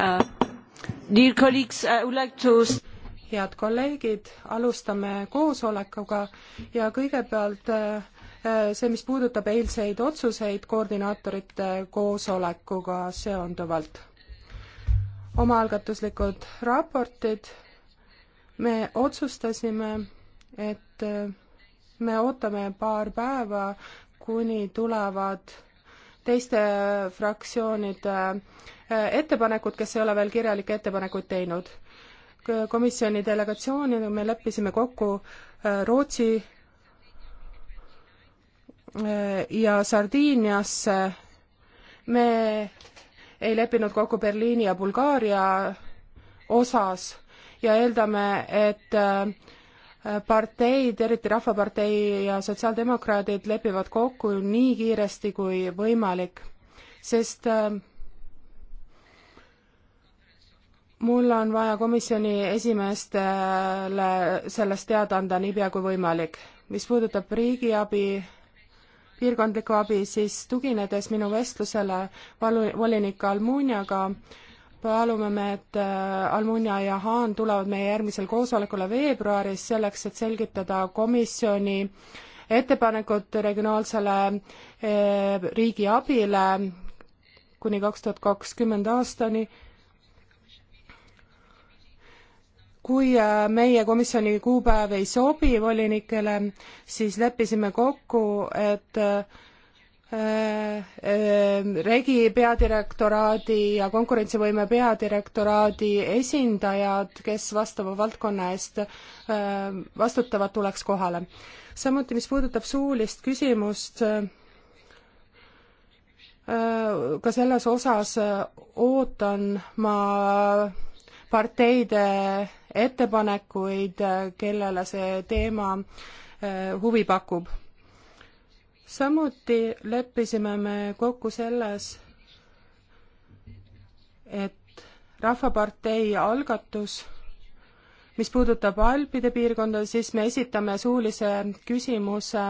Uh, head kolleegid, alustame koosolekuga ja kõigepealt äh, äh, see, mis puudutab eilseid otsuseid koordinaatorite koosolekuga seonduvalt. omaalgatuslikud raportid, me otsustasime, et äh, me ootame paar päeva, kuni tulevad teiste äh, fraktsioonide äh, ettepanekud, kes ei ole veel kirjalikke ettepanekuid teinud. komisjoni delegatsiooni me leppisime kokku äh, Rootsi ja Sardiiniasse. me ei leppinud kokku Berliini ja Bulgaaria osas ja eeldame, et parteid, eriti Rahvapartei ja Sotsiaaldemokraadid, lepivad kokku nii kiiresti kui võimalik, sest äh, mul on vaja komisjoni esimeestele sellest teada anda niipea kui võimalik. mis puudutab riigiabi, piirkondlikku abi, siis tuginedes minu vestlusele valu-, volinik Almuniaga, palume me, et äh, Almunia ja Haan tulevad meie järgmisele koosolekule veebruaris selleks, et selgitada komisjoni ettepanekut regionaalsele äh, riigiabile kuni kaks tuhat kakskümmend aastani. kui äh, meie komisjoni kuupäev ei sobi volinikele, siis leppisime kokku, et Äh, äh, regi peadirektoraadi ja konkurentsivõime peadirektoraadi esindajad, kes vastava valdkonna eest äh, vastutavad, tuleks kohale. samuti, mis puudutab suulist küsimust, ka selles osas ootan ma parteide ettepanekuid, kellele see teema huvi pakub samuti leppisime me kokku selles, et Rahvapartei algatus, mis puudutab Alpide piirkonda, siis me esitame suulise küsimuse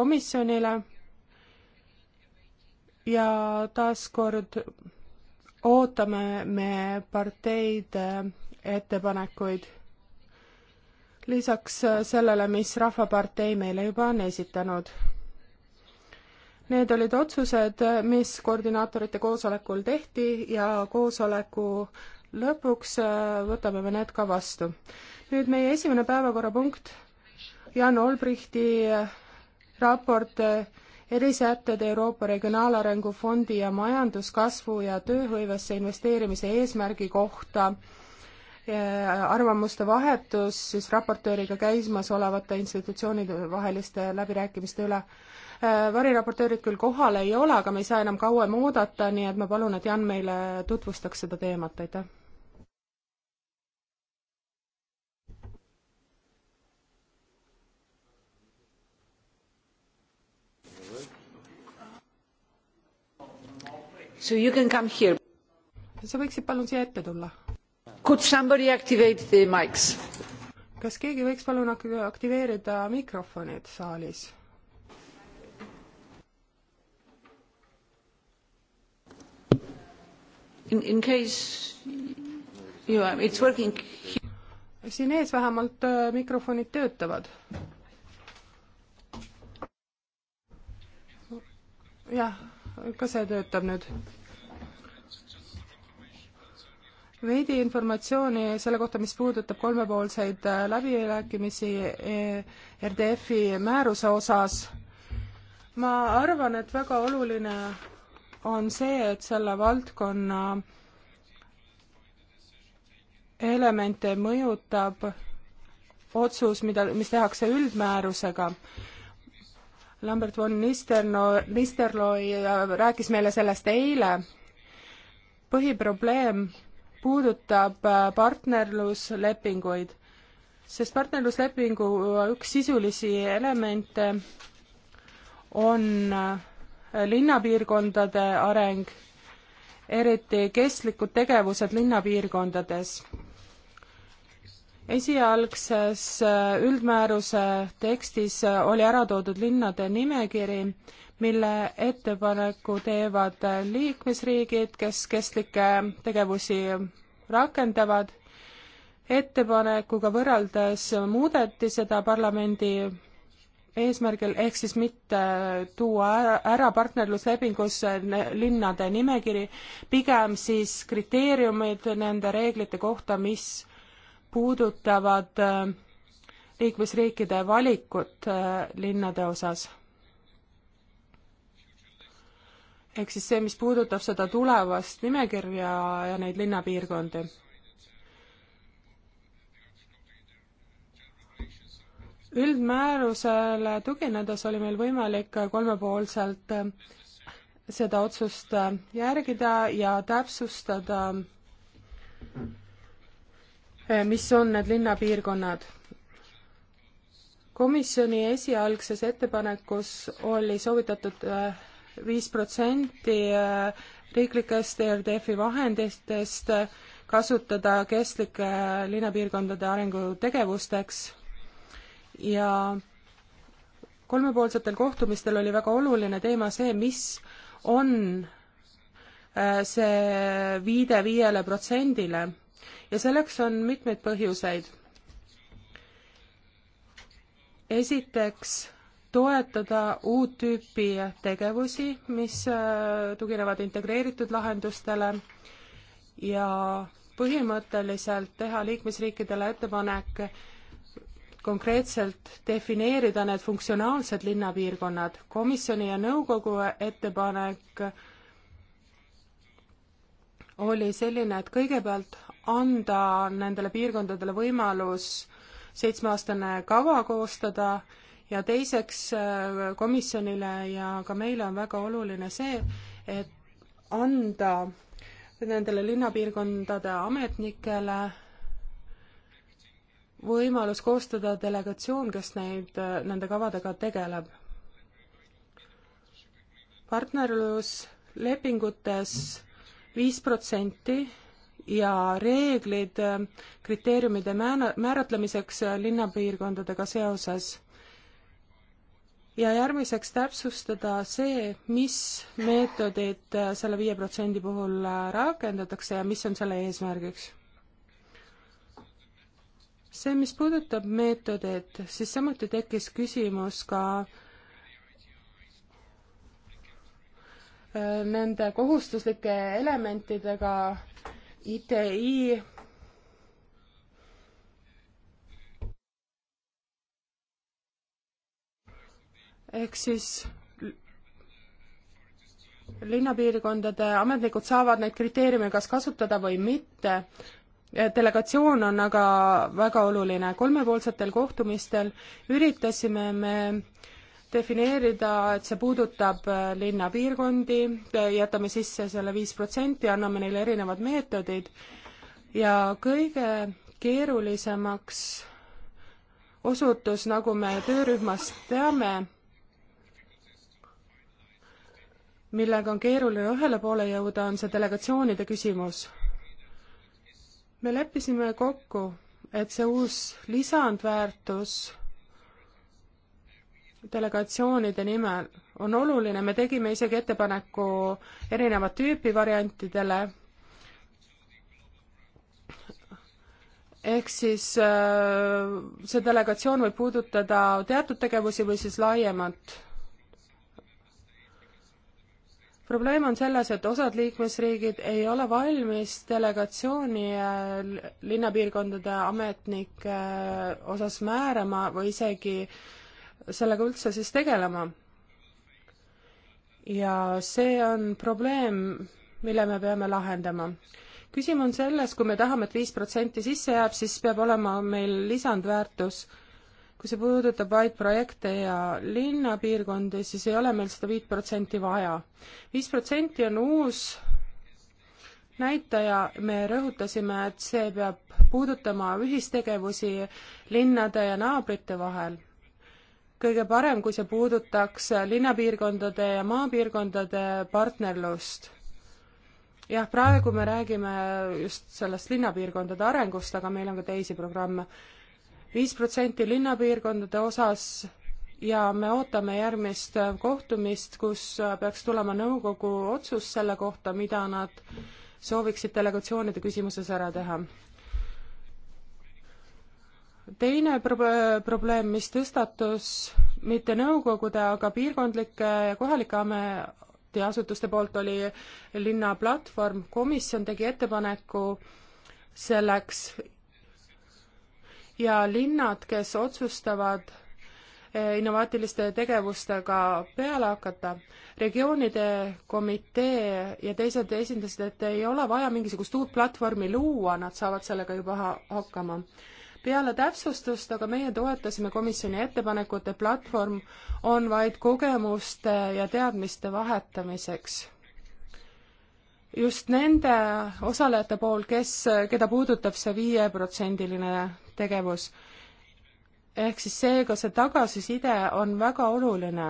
komisjonile ja taaskord ootame me parteide ettepanekuid. lisaks sellele, mis Rahvapartei meile juba on esitanud Need olid otsused, mis koordinaatorite koosolekul tehti ja koosoleku lõpuks äh, võtame me need ka vastu. nüüd meie esimene päevakorrapunkt, Jan Olbrichti äh, raport äh, erisätted Euroopa Regionaalarengu Fondi ja majanduskasvu ja tööhõivesse investeerimise eesmärgi kohta, arvamuste vahetus siis raportööriga käimasolevate institutsioonide vaheliste läbirääkimiste üle. Äh, variraportöörid küll kohal ei ole, aga me ei saa enam kauem oodata, nii et ma palun, et Jan meile tutvustaks seda teemat, aitäh. So you can come here. sa võiksid palun siia ette tulla. Could somebody activate the mics? kas keegi võiks palun aktiveerida mikrofonid saalis? In, in case you are, it's working. siin ees vähemalt äh, mikrofonid töötavad. jah, ka see töötab nüüd. veidi informatsiooni selle kohta, mis puudutab kolmepoolseid äh, läbirääkimisi e, RDF-i määruse osas. ma arvan, et väga oluline on see, et selle valdkonna elemente mõjutab otsus, mida, mis tehakse üldmäärusega. Lambert von Nisterno, Nisterloi äh, rääkis meile sellest eile. põhiprobleem puudutab äh, partnerluslepinguid, sest partnerluslepingu üks sisulisi elemente on äh, linnapiirkondade areng, eriti kestlikud tegevused linnapiirkondades. esialgses äh, üldmääruse tekstis äh, oli ära toodud linnade nimekiri, mille ettepaneku teevad äh, liikmesriigid, kes kestlikke tegevusi rakendavad. ettepanekuga võrreldes muudeti seda parlamendi eesmärgil, ehk siis mitte tuua ära, ära partnerluslepingusse linnade nimekiri, pigem siis kriteeriumid nende reeglite kohta, mis puudutavad äh, liikmesriikide valikut äh, linnade osas. ehk siis see, mis puudutab seda tulevast nimekirja ja neid linnapiirkondi üldmäärusele tuginedes oli meil võimalik kolmepoolselt äh, seda otsust äh, järgida ja täpsustada, äh, mis on need linnapiirkonnad. komisjoni esialgses ettepanekus oli soovitatud viis protsenti riiklikest ERDF-i vahenditest kasutada kestlike linnapiirkondade arengutegevusteks ja kolmepoolsetel kohtumistel oli väga oluline teema see, mis on äh, see viide viiele protsendile ja selleks on mitmeid põhjuseid. esiteks, toetada uut tüüpi tegevusi, mis äh, tuginevad integreeritud lahendustele ja põhimõtteliselt teha liikmesriikidele ettepanek konkreetselt defineerida need funktsionaalsed linnapiirkonnad. komisjoni ja nõukogu ettepanek oli selline, et kõigepealt anda nendele piirkondadele võimalus seitsmeaastane kava koostada ja teiseks äh, komisjonile ja ka meile on väga oluline see, et anda nendele linnapiirkondade ametnikele võimalus koostada delegatsioon, kes neid, nende kavadega tegeleb. partnerluslepingutes viis protsenti ja reeglid kriteeriumide määra-, määratlemiseks linnapiirkondadega seoses. ja järgmiseks täpsustada see, mis meetodid selle viie protsendi puhul rakendatakse ja mis on selle eesmärgiks see, mis puudutab meetodeid, siis samuti tekkis küsimus ka äh, nende kohustuslike elementidega ITI ehk siis linnapiirkondade ametnikud saavad neid kriteeriume kas kasutada või mitte delegatsioon on aga väga oluline. kolmepoolsetel kohtumistel üritasime me defineerida, et see puudutab äh, linnapiirkondi, jätame sisse selle viis protsenti, anname neile erinevad meetodid ja kõige keerulisemaks osutus, nagu me töörühmast teame, millega on keeruline ühele poole jõuda, on see delegatsioonide küsimus me leppisime kokku, et see uus lisandväärtus delegatsioonide nimel on oluline, me tegime isegi ettepaneku erinevat tüüpi variantidele, ehk siis äh, see delegatsioon võib puudutada teatud tegevusi või siis laiemat probleem on selles, et osad liikmesriigid ei ole valmis delegatsiooni äh, linnapiirkondade ametnike äh, osas määrama või isegi sellega üldse siis tegelema. ja see on probleem, mille me peame lahendama. küsimus on selles, kui me tahame et, et viis protsenti sisse jääb, siis peab olema meil lisandväärtus kui see puudutab vaid projekte ja linnapiirkondi, siis ei ole meil seda viit protsenti vaja. viis protsenti on uus näitaja, me rõhutasime, et see peab puudutama ühistegevusi linnade ja naabrite vahel kõige parem, kui see puudutaks linnapiirkondade ja maapiirkondade partnerlust. jah, praegu me räägime just sellest linnapiirkondade arengust, aga meil on ka teisi programme viis protsenti linnapiirkondade osas ja me ootame järgmist kohtumist, kus peaks tulema nõukogu otsus selle kohta, mida nad sooviksid delegatsioonide küsimuses ära teha. teine prob-, probleem, mis tõstatus mitte nõukogude, aga piirkondlike ja kohalike ametiasutuste poolt, oli linna platvorm, komisjon tegi ettepaneku selleks ja linnad, kes otsustavad eh, innovaatiliste tegevustega peale hakata. regioonide komitee ja teised esindasid, et ei ole vaja mingisugust uut platvormi luua, nad saavad sellega juba hakkama. peale täpsustust aga meie toetasime komisjoni ettepanekut, et platvorm on vaid kogemuste ja teadmiste vahetamiseks. just nende osalejate pool, kes, keda puudutab see viieprotsendiline tegevus. ehk siis seega see tagasiside on väga oluline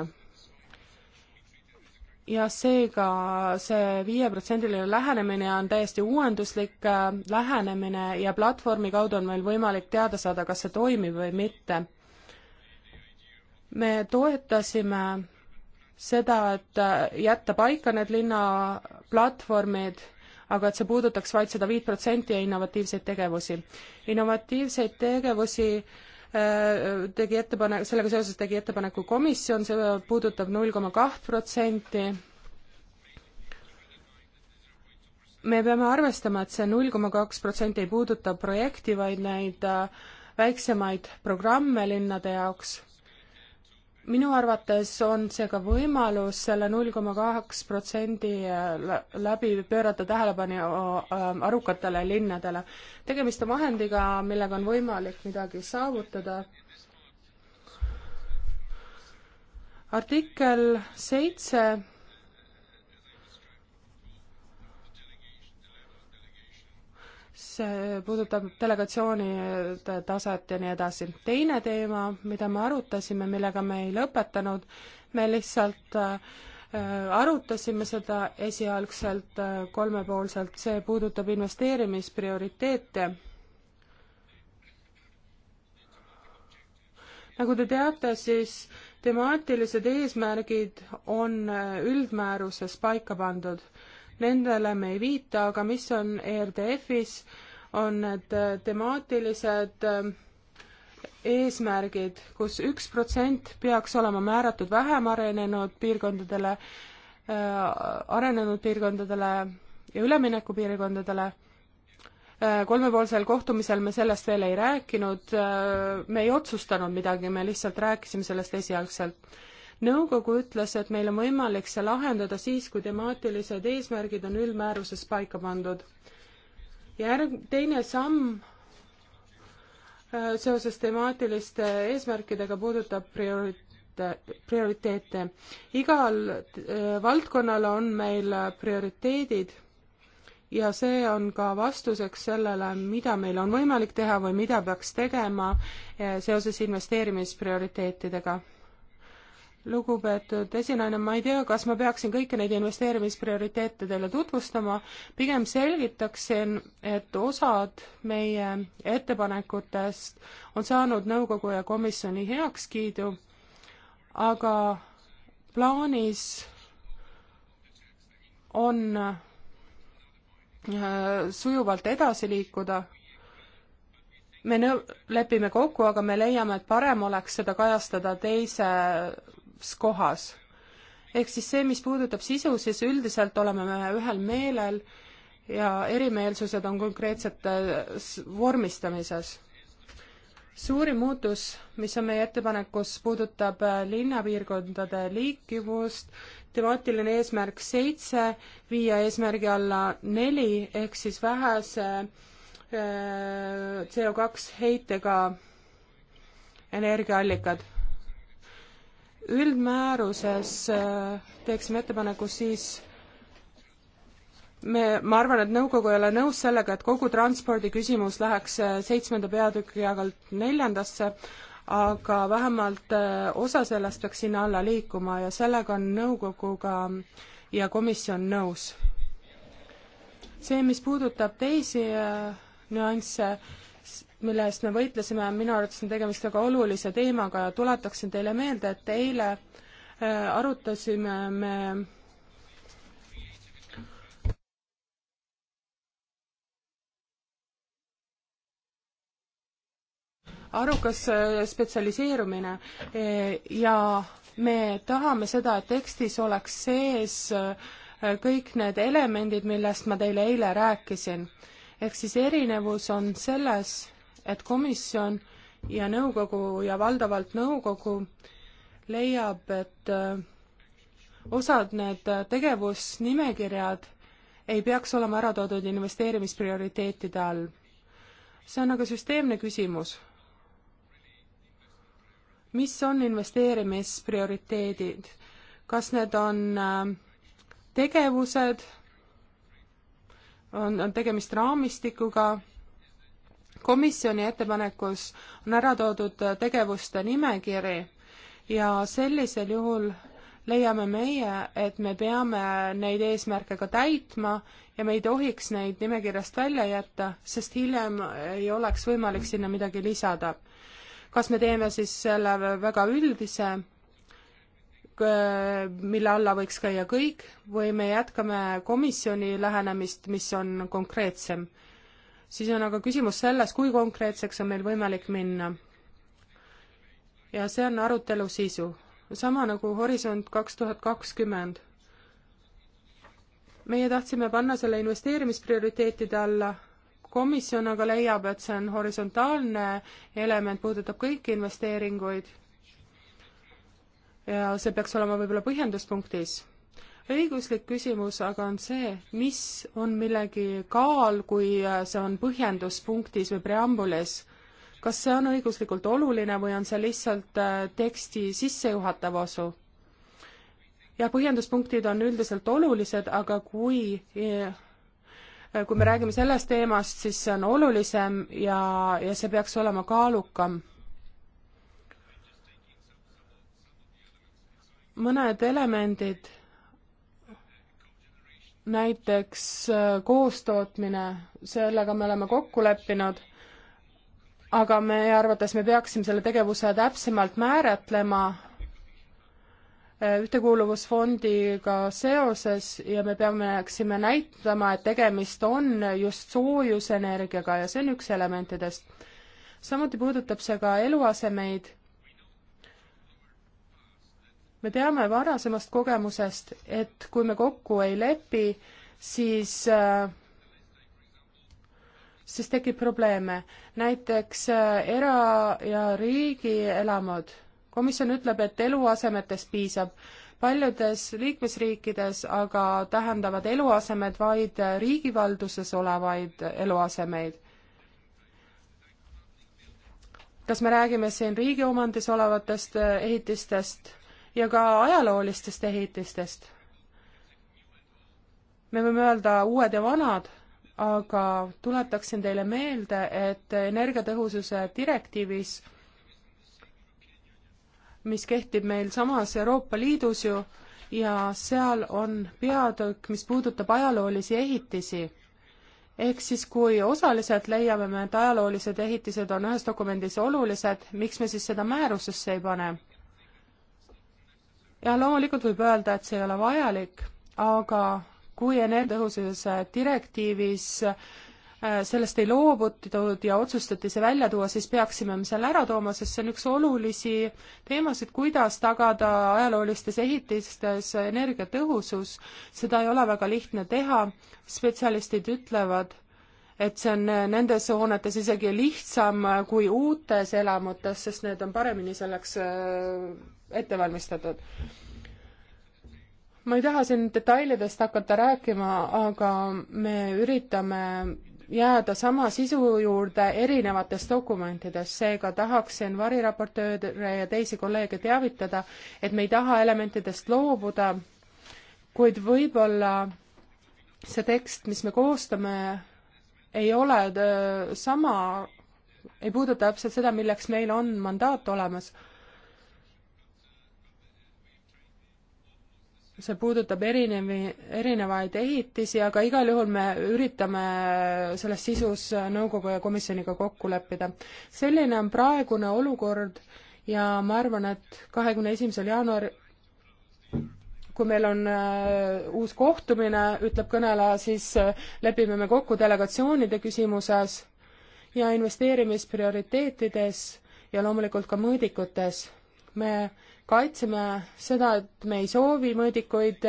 ja seega see viieprotsendiline lähenemine on täiesti uuenduslik äh, lähenemine ja platvormi kaudu on meil võimalik teada saada, kas see toimib või mitte. me toetasime seda, et äh, jätta paika need linnaplatvormid aga et see puudutaks vaid seda viit protsenti ja innovatiivseid tegevusi. innovatiivseid tegevusi äh, tegi ettepanek, sellega seoses tegi ettepaneku komisjon, see puudutab null koma kaht protsenti. me peame arvestama, et see null koma kaks protsenti ei puuduta projekti, vaid neid äh, väiksemaid programme linnade jaoks minu arvates on see ka võimalus selle null koma kaks protsendi äh, läbi pöörata tähelepanu äh, arukatele linnadele. tegemist on vahendiga, millega on võimalik midagi saavutada. artikkel seitse see puudutab delegatsioonide taset ja nii edasi. teine teema, mida me arutasime, millega me ei lõpetanud, me lihtsalt äh, arutasime seda esialgselt äh, kolmepoolselt, see puudutab investeerimisprioriteete nagu te teate, siis temaatilised eesmärgid on äh, üldmääruses paika pandud nendele me ei viita, aga mis on ERDF-is, on need äh, temaatilised äh, eesmärgid kus, kus üks protsent peaks olema määratud vähem arenenud piirkondadele, äh, arenenud piirkondadele ja üleminekupiirkondadele kolmepoolsel kohtumisel me sellest veel ei rääkinud, me ei otsustanud midagi, me lihtsalt rääkisime sellest esialgselt nõukogu ütles, et meil on võimalik see lahendada siis, kui temaatilised eesmärgid on üldmääruses paika pandud. järg, teine samm äh, seoses temaatiliste eesmärkidega puudutab priori-, prioriteete. igal äh, valdkonnal on meil prioriteedid ja see on ka vastuseks sellele, mida meil on võimalik teha või mida peaks tegema äh, seoses investeerimisprioriteetidega lugupeetud esinaine, ma ei tea, kas ma peaksin kõiki neid investeerimisprioriteete teile tutvustama, pigem selgitaksin, et osad meie ettepanekutest on saanud nõukogu ja komisjoni heakskiidu, aga plaanis on äh, sujuvalt edasi liikuda me nõu-, lepime kokku, aga me leiame, et parem oleks seda kajastada teise kohas. ehk siis see, mis puudutab sisu, siis üldiselt oleme me ühel meelel ja erimeelsused on konkreetsetes vormistamises. suurim muutus, mis on meie ettepanekus, puudutab äh, linnapiirkondade liikuvust, temaatiline eesmärk seitse, viia eesmärgi alla neli, ehk siis vähese äh, CO2 heitega energiaallikad üldmääruses äh, teeksime ettepaneku siis me, ma arvan, et nõukogu ei ole nõus sellega, et kogu transpordi küsimus läheks äh, seitsmenda peatüki jagalt neljandasse, aga vähemalt äh, osa sellest peaks sinna alla liikuma ja sellega on nõukoguga ja komisjon nõus. see, mis puudutab teisi nüansse, mille eest me võitlesime, minu arvates on tegemist väga olulise teemaga ja tuletaksin teile meelde, et eile äh, arutasime me arukas äh, spetsialiseerumine äh, ja me tahame seda, et tekstis oleks sees kõik need elemendid, millest ma teile eile rääkisin. ehk siis erinevus on selles, et komisjon ja nõukogu ja valdavalt nõukogu leiab, et äh, osad need äh, tegevusnimekirjad ei peaks olema ära toodud investeerimisprioriteetide all. see on aga süsteemne küsimus. mis on investeerimisprioriteedid? kas need on äh, tegevused, on, on tegemist raamistikuga, komisjoni ettepanekus on ära toodud tegevuste nimekiri ja sellisel juhul leiame meie, et me peame neid eesmärke ka täitma ja me ei tohiks neid nimekirjast välja jätta, sest hiljem ei oleks võimalik sinna midagi lisada. kas me teeme siis selle väga üldise, mille alla võiks käia kõik, või me jätkame komisjoni lähenemist, mis on konkreetsem siis on aga küsimus selles, kui konkreetseks on meil võimalik minna. ja see on arutelu sisu. sama nagu Horisont kaks tuhat kakskümmend. meie tahtsime panna selle investeerimisprioriteetide alla, komisjon aga leiab, et see on horisontaalne element, puudutab kõiki investeeringuid ja see peaks olema võib-olla põhjenduspunktis õiguslik küsimus aga on see, mis on millegi kaal, kui äh, see on põhjenduspunktis või preambulis. kas see on õiguslikult oluline või on see lihtsalt äh, teksti sissejuhatav osu? ja põhjenduspunktid on üldiselt olulised, aga kui äh, kui me räägime sellest teemast, siis see on olulisem ja, ja see peaks olema kaalukam mõned elemendid, näiteks äh, koostootmine, sellega me oleme kokku leppinud, aga meie arvates me peaksime selle tegevuse täpsemalt määratlema äh, ühtekuuluvusfondiga seoses ja me peaksime näitama, et tegemist on just soojusenergiaga ja see on üks elementidest. samuti puudutab see ka eluasemeid me teame varasemast kogemusest, et kui me kokku ei lepi, siis, äh, siis tekib probleeme. näiteks äh, era- ja riigielamud. komisjon ütleb, et eluasemetest piisab. paljudes liikmesriikides aga tähendavad eluasemed vaid riigivalduses olevaid eluasemeid kas me räägime siin riigi omandis olevatest äh, ehitistest ja ka ajaloolistest ehitistest. me võime öelda uued ja vanad, aga tuletaksin teile meelde, et energiatõhususe direktiivis, mis kehtib meil samas Euroopa Liidus ju, ja seal on peatükk, mis puudutab ajaloolisi ehitisi ehk siis, kui osaliselt leiame me, et ajaloolised ehitised on ühes dokumendis olulised, miks me siis seda määrusesse ei pane? ja loomulikult võib öelda, et see ei ole vajalik, aga kui energiatõhususe direktiivis äh, sellest ei loobutud ja otsustati see välja tuua, siis peaksime me selle ära tooma, sest see on üks olulisi teemasid, kuidas tagada ajaloolistes ehitistes energiatõhusus. seda ei ole väga lihtne teha, spetsialistid ütlevad, et see on äh, nendes hoonetes isegi lihtsam äh, kui uutes elamutes, sest need on paremini selleks ette valmistatud. ma ei taha siin detailidest hakata rääkima, aga me üritame jääda sama sisu juurde erinevates dokumentides, seega tahaksin variraportööre ja teisi kolleege teavitada, et me ei taha elementidest loobuda, kuid võib-olla see tekst, mis me koostame, ei ole äh, sama, ei puuduta täpselt seda, milleks meil on mandaat olemas see puudutab erinevi, erinevaid ehitisi, aga igal juhul me üritame selles sisus nõukogu ja komisjoniga kokku leppida. selline on praegune olukord ja ma arvan, et kahekümne esimesel jaanuar, kui meil on äh, uus kohtumine, ütleb kõneleja, siis äh, lepime me kokku delegatsioonide küsimuses ja investeerimisprioriteetides ja loomulikult ka mõõdikutes. me kaitseme seda, et me ei soovi mõõdikuid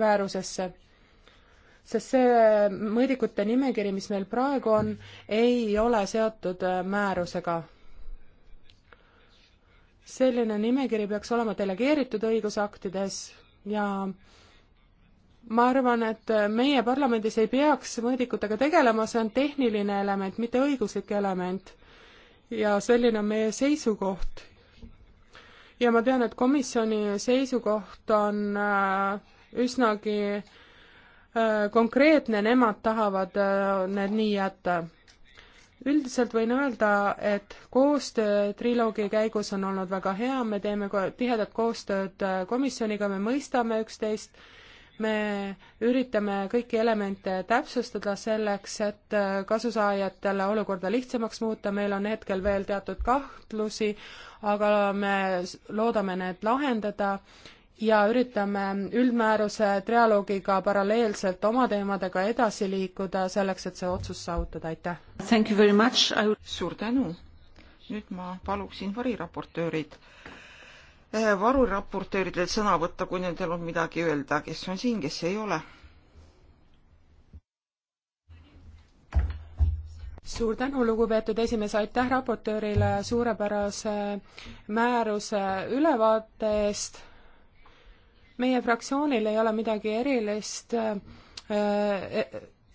määrusesse, äh, sest see äh, mõõdikute nimekiri, mis meil praegu on, ei ole seotud äh, määrusega. selline nimekiri peaks olema delegeeritud õigusaktides ja ma arvan, et meie parlamendis ei peaks mõõdikutega tegelema, see on tehniline element, mitte õiguslik element. ja selline on meie seisukoht ja ma tean, et komisjoni seisukoht on äh, üsnagi äh, konkreetne, nemad tahavad äh, need nii jätta. üldiselt võin öelda, et koostöö triloogi käigus on olnud väga hea, me teeme tihedat koostööd komisjoniga, me mõistame üksteist me üritame kõiki elemente täpsustada selleks, et kasusaajatele olukorda lihtsamaks muuta, meil on hetkel veel teatud kahtlusi, aga me loodame need lahendada ja üritame üldmääruse trialoogiga paralleelselt oma teemadega edasi liikuda, selleks et see otsus saavutada, aitäh! Will... suur tänu! nüüd ma paluksin variraportöörid varuraportööridel sõna võtta, kui nendel on midagi öelda, kes on siin, kes ei ole. suur tänu, lugupeetud esimees, aitäh raportöörile suurepärase määruse ülevaate eest. meie fraktsioonil ei ole midagi erilist äh,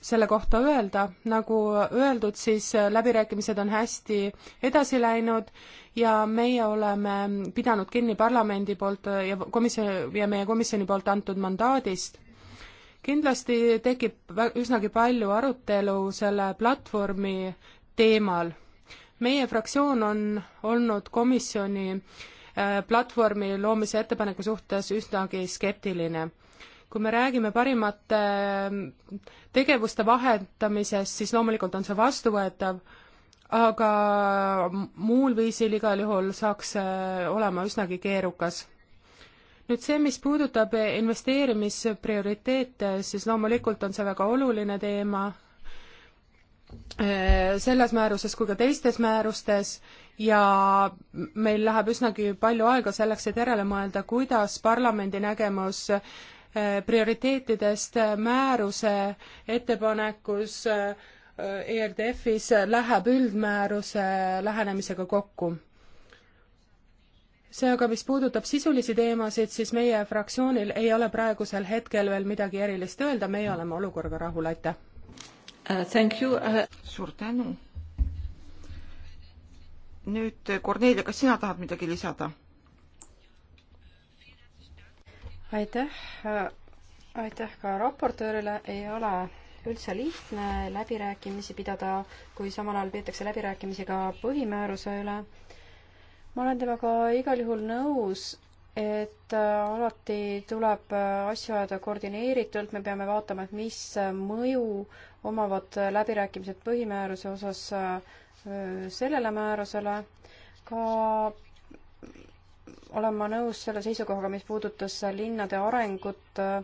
selle kohta öelda, nagu öeldud, siis läbirääkimised on hästi edasi läinud ja meie oleme pidanud kinni parlamendi poolt ja komisjoni ja meie komisjoni poolt antud mandaadist. kindlasti tekib üsnagi palju arutelu selle platvormi teemal. meie fraktsioon on olnud komisjoni äh, platvormi loomise ettepaneku suhtes üsnagi skeptiline kui me räägime parimate ähm, tegevuste vahetamisest, siis loomulikult on see vastuvõetav, aga muul viisil igal juhul saaks see olema üsnagi keerukas. nüüd see, mis puudutab investeerimisprioriteete, siis loomulikult on see väga oluline teema, äh, selles määruses kui ka teistes määrustes ja meil läheb üsnagi palju aega selleks, et järele mõelda, kuidas parlamendi nägemus prioriteetidest määruse ettepanekus äh, ERDF-is läheb üldmääruse lähenemisega kokku. see aga, mis puudutab sisulisi teemasid, siis meie fraktsioonil ei ole praegusel hetkel veel midagi erilist öelda, meie oleme olukorraga rahul, aitäh uh,! Thank you uh...! suur tänu! nüüd Kornelia, kas sina tahad midagi lisada? aitäh, äh, aitäh ka raportöörile, ei ole üldse lihtne läbirääkimisi pidada, kui samal ajal peetakse läbirääkimisi ka põhimääruse üle. ma olen temaga igal juhul nõus, et äh, alati tuleb äh, asju ajada koordineeritult, me peame vaatama, et mis mõju omavad läbirääkimised põhimääruse osas sellele määrusele, ka olen ma nõus selle seisukohaga, mis puudutas linnade arengut äh,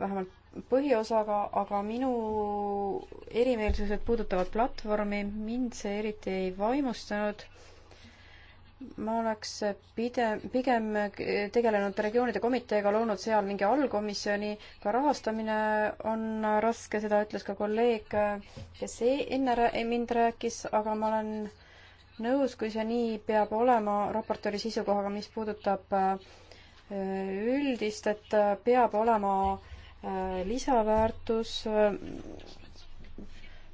vähemalt põhiosaga, aga minu erimeelsused puudutavad platvormi, mind see eriti ei vaimustanud. ma oleks pide-, pigem tegelenud regioonide komiteega, loonud seal mingi allkomisjoni, ka rahastamine on raske, seda ütles ka kolleeg, kes e-, enne mind rääkis, aga ma olen nõus, kui see nii peab olema raportööri seisukohaga, mis puudutab äh, üldist, et äh, peab olema äh, lisaväärtus,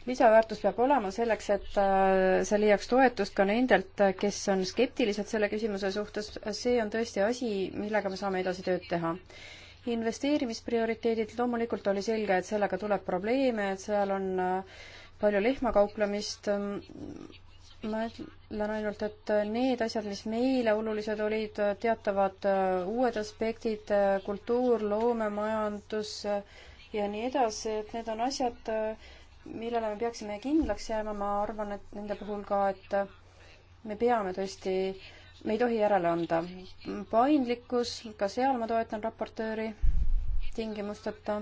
lisaväärtus peab olema selleks, et see leiaks toetust ka nendelt, kes on skeptilised selle küsimuse suhtes, see on tõesti asi, millega me saame edasi tööd teha investeerimisprioriteedid, loomulikult oli selge, et sellega tuleb probleeme, et seal on palju lehmakauplemist, ma ütlen ainult, et need asjad, mis meile olulised olid, teatavad äh, uued aspektid, äh, kultuur, loomemajandus äh, ja nii edasi, et need on asjad, millele me peaksime kindlaks jääma, ma arvan, et nende puhul ka, et me peame tõesti, me ei tohi järele anda. paindlikkus, ka seal ma toetan raportööri tingimusteta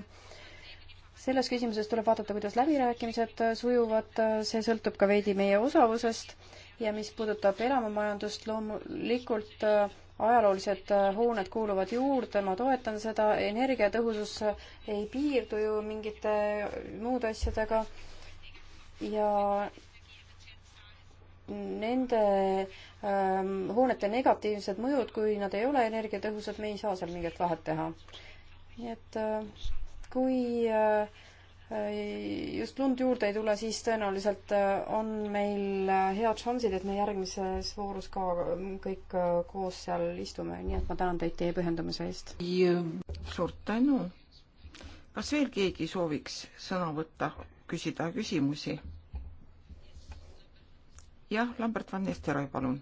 selles küsimuses tuleb vaadata, kuidas läbirääkimised sujuvad, see sõltub ka veidi meie osavusest ja mis puudutab elamumajandust, loomulikult äh, ajaloolised äh, hooned kuuluvad juurde, ma toetan seda, energiatõhusus ei piirdu ju mingite muude asjadega ja nende ähm, hoonete negatiivsed mõjud, kui nad ei ole energiatõhusad, me ei saa seal mingit vahet teha. nii et äh, kui äh, äh, just lund juurde ei tule, siis tõenäoliselt äh, on meil head šansid, et me järgmises voorus ka kõik koos seal istume, nii et ma tänan teid teie pühendumise eest. suur tänu. kas veel keegi sooviks sõna võtta, küsida küsimusi? jah, Lambert van Nesteroi, palun.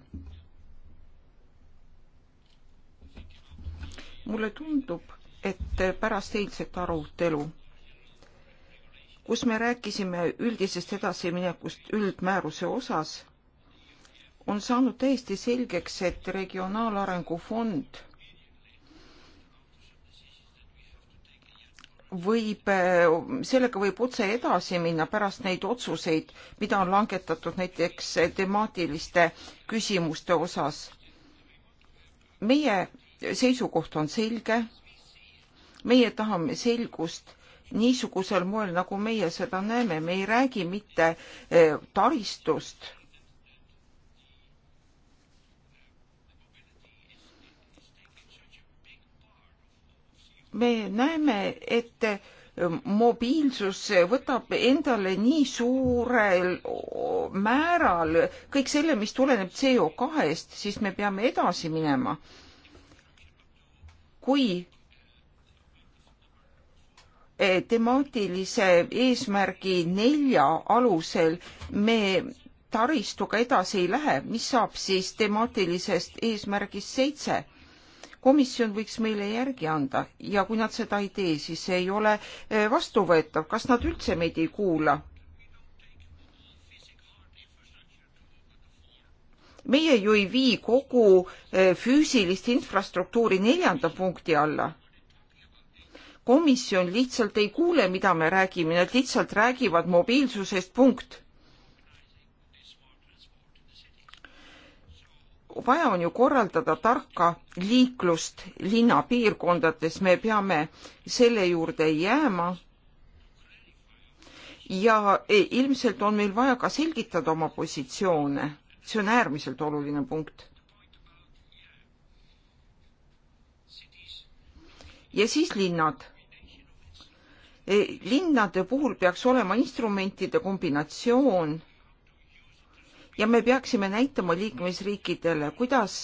mulle tundub, et pärast eilset arutelu, kus me rääkisime üldisest edasiminekust üldmääruse osas, on saanud täiesti selgeks, et Regionaalarengu Fond võib, sellega võib otse edasi minna pärast neid otsuseid, mida on langetatud näiteks temaatiliste küsimuste osas. meie seisukoht on selge meie tahame selgust niisugusel moel, nagu meie seda näeme, me ei räägi mitte eh, taristust. me näeme, et eh, mobiilsus võtab endale nii suurel määral kõik selle, mis tuleneb CO kahest, siis me peame edasi minema. kui Eh, temaatilise eesmärgi nelja alusel me taristuga edasi ei lähe, mis saab siis temaatilisest eesmärgist seitse? komisjon võiks meile järgi anda ja kui nad seda ei tee, siis see ei ole eh, vastuvõetav, kas nad üldse meid ei kuula? meie ju ei vii kogu eh, füüsilist infrastruktuuri neljanda punkti alla komisjon lihtsalt ei kuule, mida me räägime, nad lihtsalt räägivad mobiilsusest, punkt. vaja on ju korraldada tarka liiklust linnapiirkondades, me peame selle juurde jääma. ja ilmselt on meil vaja ka selgitada oma positsioone, see on äärmiselt oluline punkt ja siis linnad. Eh, linnade puhul peaks olema instrumentide kombinatsioon ja me peaksime näitama liikmesriikidele, kuidas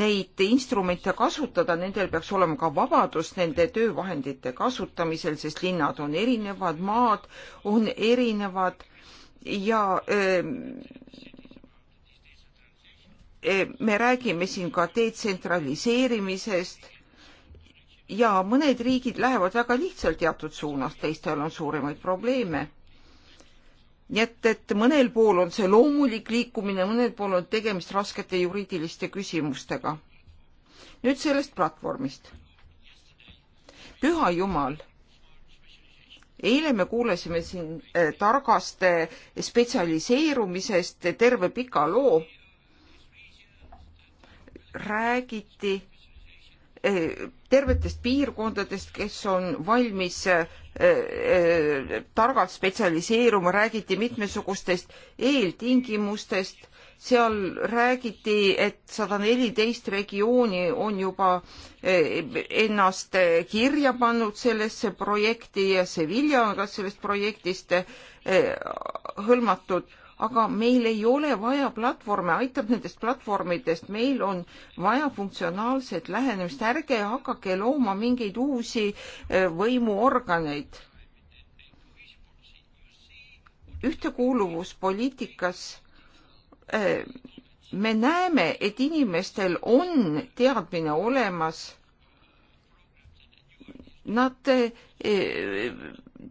neid instrumente kasutada, nendel peaks olema ka vabadus nende töövahendite kasutamisel, sest linnad on erinevad, maad on erinevad ja öö, ehm, ehm, me räägime siin ka detsentraliseerimisest ja mõned riigid lähevad väga lihtsalt teatud suunas, teistel on suuremaid probleeme. nii et, et mõnel pool on see loomulik liikumine, mõnel pool on tegemist raskete juriidiliste küsimustega. nüüd sellest platvormist. püha jumal, eile me kuulasime siin eh, targaste spetsialiseerumisest terve pika loo. räägiti Eh, tervetest piirkondadest, kes on valmis eh, eh, targalt spetsialiseeruma, räägiti mitmesugustest eeltingimustest, seal räägiti, et sada neliteist regiooni on juba ennast kirja pannud sellesse projekti ja Sevilla on ka sellest projektist hõlmatud aga meil ei ole vaja platvorme, aitab nendest platvormidest, meil on vaja funktsionaalset lähenemist, ärge hakake looma mingeid uusi eh, võimuorganeid. ühtekuuluvuspoliitikas eh, me näeme, et inimestel on teadmine olemas. Nad eh,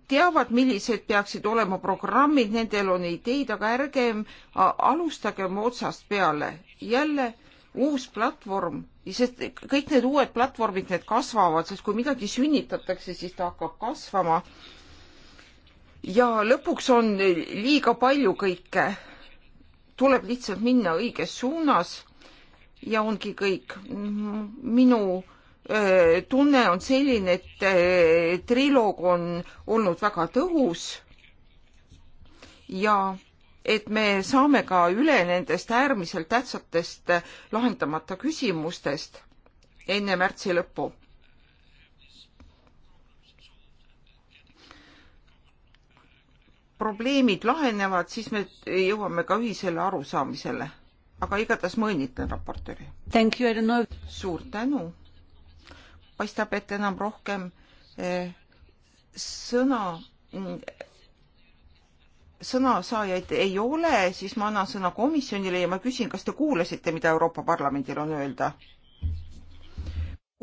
teavad, millised peaksid olema programmid, nendel on ideid, aga ärgem alustagem otsast peale. jälle uus platvorm, sest kõik need uued platvormid, need kasvavad, sest kui midagi sünnitatakse, siis ta hakkab kasvama. ja lõpuks on liiga palju kõike. tuleb lihtsalt minna õiges suunas ja ongi kõik. minu Äh, tunne on selline, et äh, triloog on olnud väga tõhus ja et me saame ka üle nendest äärmiselt tähtsatest äh, lahendamata küsimustest enne märtsi lõppu. probleemid lahenevad, siis me jõuame ka ühisele arusaamisele. aga igatahes ma õnnitlen raportööri. suur tänu paistab, et enam rohkem eh, sõna, sõnasaajaid ei ole, siis ma annan sõna komisjonile ja ma küsin, kas te kuulasite, mida Euroopa Parlamendil on öelda?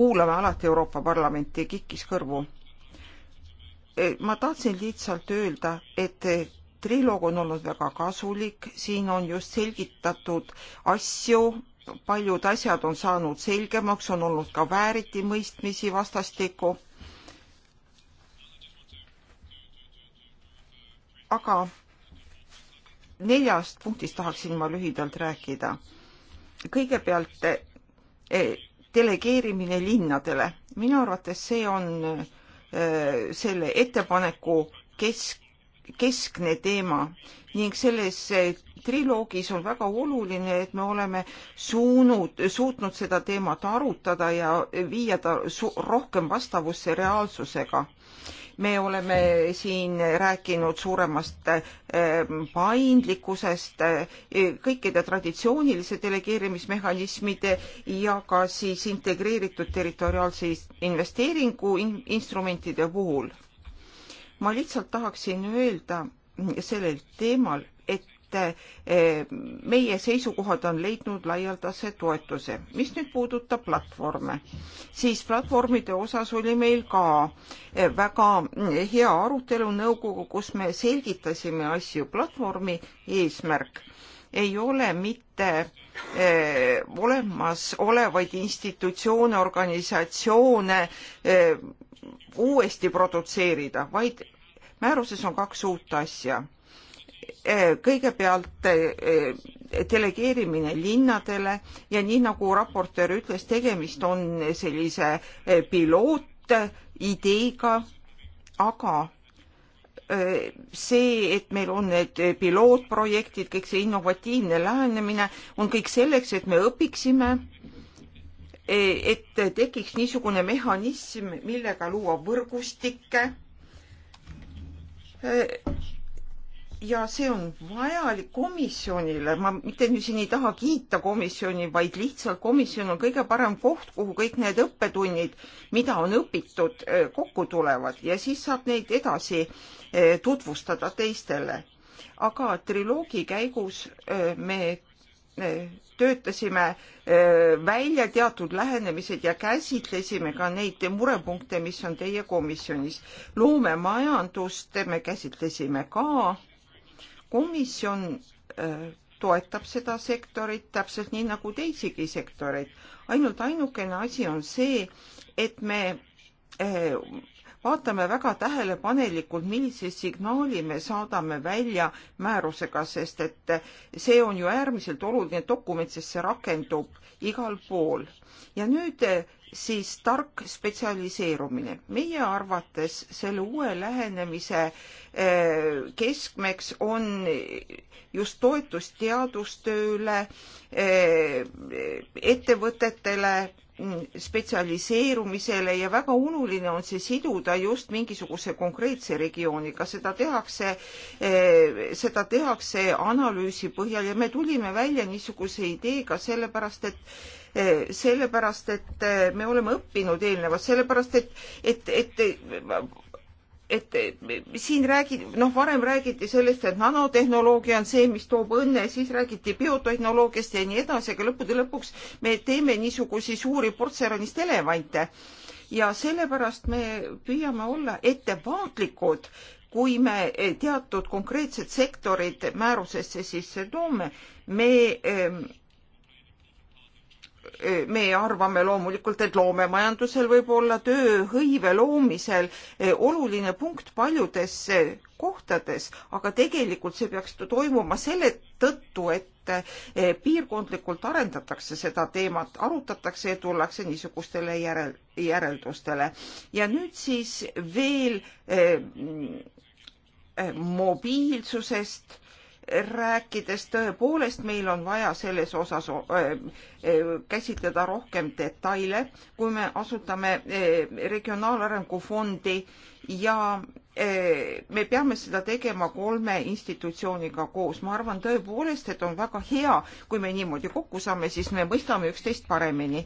kuulame alati Euroopa Parlamenti, kikkis kõrvu. Eh, ma tahtsin lihtsalt öelda, et triloog on olnud väga kasulik, siin on just selgitatud asju, paljud asjad on saanud selgemaks, on olnud ka vääritimõistmisi vastastikku. aga neljast punktist tahaksin ma lühidalt rääkida. kõigepealt eh, delegeerimine linnadele. minu arvates see on eh, selle ettepaneku kesk, keskne teema ning selles eh, triloogis on väga oluline, et me oleme suunud, suutnud seda teemat arutada ja viia ta rohkem vastavusse reaalsusega. me oleme siin rääkinud suuremast ähm, paindlikkusest, äh, kõikide traditsioonilise delegeerimismehhanismide ja ka siis integreeritud territoriaalse investeeringu instrumentide puhul. ma lihtsalt tahaksin öelda sellel teemal, et et eh, meie seisukohad on leidnud laialdase toetuse. mis nüüd puudutab platvorme, siis platvormide osas oli meil ka eh, väga mm, hea arutelu nõukogu, kus me selgitasime asju. platvormi eesmärk ei ole mitte eh, olemasolevaid institutsioone, organisatsioone eh, uuesti produtseerida, vaid määruses on kaks uut asja E, kõigepealt e, e, delegeerimine linnadele ja nii nagu raportöör ütles, tegemist on sellise pilootideega, aga see, et meil on need pilootprojektid, kõik see innovatiivne lähenemine on kõik selleks, et me õpiksime, et tekiks niisugune mehhanism, millega luua võrgustikke ja see on vajalik komisjonile, ma mitte nüüd siin ei taha kiita komisjoni, vaid lihtsalt komisjon on kõige parem koht, kuhu kõik need õppetunnid, mida on õpitud, eh, kokku tulevad ja siis saab neid edasi eh, tutvustada teistele. aga triloogi käigus eh, me töötasime välja teatud lähenemised ja käsitlesime ka neid murepunkte, mis on teie komisjonis. loomemajandust me käsitlesime ka komisjon äh, toetab seda sektorit täpselt nii nagu teisigi sektoreid. ainult ainukene asi on see, et me äh, vaatame väga tähelepanelikult, millise signaali me saadame välja määrusega, sest et see on ju äärmiselt oluline dokument, sest see rakendub igal pool. ja nüüd eh, siis tark spetsialiseerumine. meie arvates selle uue lähenemise eh, keskmeks on just toetus teadustööle, eh, ettevõtetele, spetsialiseerumisele ja väga oluline on see siduda just mingisuguse konkreetse regiooniga, seda tehakse, eh, seda tehakse analüüsi põhjal ja me tulime välja niisuguse ideega sellepärast, et eh, sellepärast, et eh, me oleme õppinud eelnevast, sellepärast et, et, et et siin räägi-, noh, varem räägiti sellest, et nanotehnoloogia on see, mis toob õnne, siis räägiti biotehnoloogiast ja nii edasi, aga lõppude lõpuks me teeme niisugusi suuri portseranist elevante. ja sellepärast me püüame olla ettevaatlikud, kui me teatud konkreetsed sektorid määrusesse sisse toome, me ähm, me arvame loomulikult, et loomemajandusel võib olla tööhõive loomisel oluline punkt paljudes kohtades, aga tegelikult see peaks toimuma selle tõttu, et piirkondlikult arendatakse seda teemat, arutatakse ja tullakse niisugustele järel, järeldustele. ja nüüd siis veel eh, mobiilsusest rääkides tõepoolest meil on vaja selles osas eh, eh, käsitleda rohkem detaile, kui me asutame eh, Regionaalarengu Fondi ja me peame seda tegema kolme institutsiooniga koos. ma arvan tõepoolest, et on väga hea, kui me niimoodi kokku saame, siis me mõistame üksteist paremini.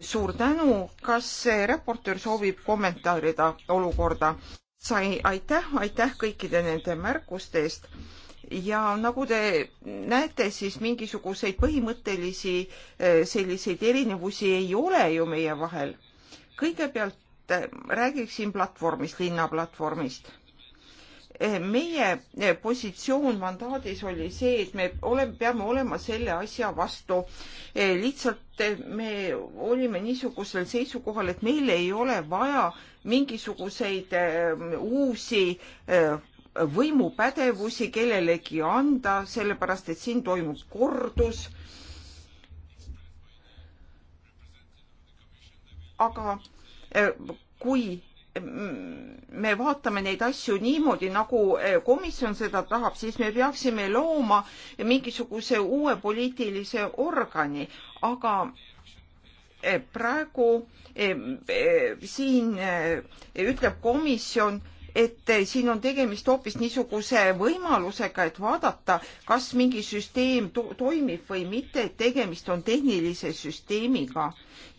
suur tänu, kas raportöör soovib kommentaarida olukorda? sai, aitäh, aitäh kõikide nende märkuste eest ja nagu te näete, siis mingisuguseid põhimõttelisi eh, selliseid erinevusi ei ole ju meie vahel. kõigepealt eh, räägiksin platvormist, linnaplatvormist. Eh, meie positsioon mandaadis oli see, et me oleme, peame olema selle asja vastu. lihtsalt me olime niisugusel seisukohal, et meil ei ole vaja mingisuguseid uusi võimupädevusi kellelegi anda, sellepärast et siin toimub kordus. aga eh, kui me vaatame neid asju niimoodi, nagu eh, komisjon seda tahab, siis me peaksime looma mingisuguse uue poliitilise organi, aga eh, praegu siin ütleb komisjon et siin on tegemist hoopis niisuguse võimalusega, et vaadata, kas mingi süsteem to toimib või mitte, et tegemist on tehnilise süsteemiga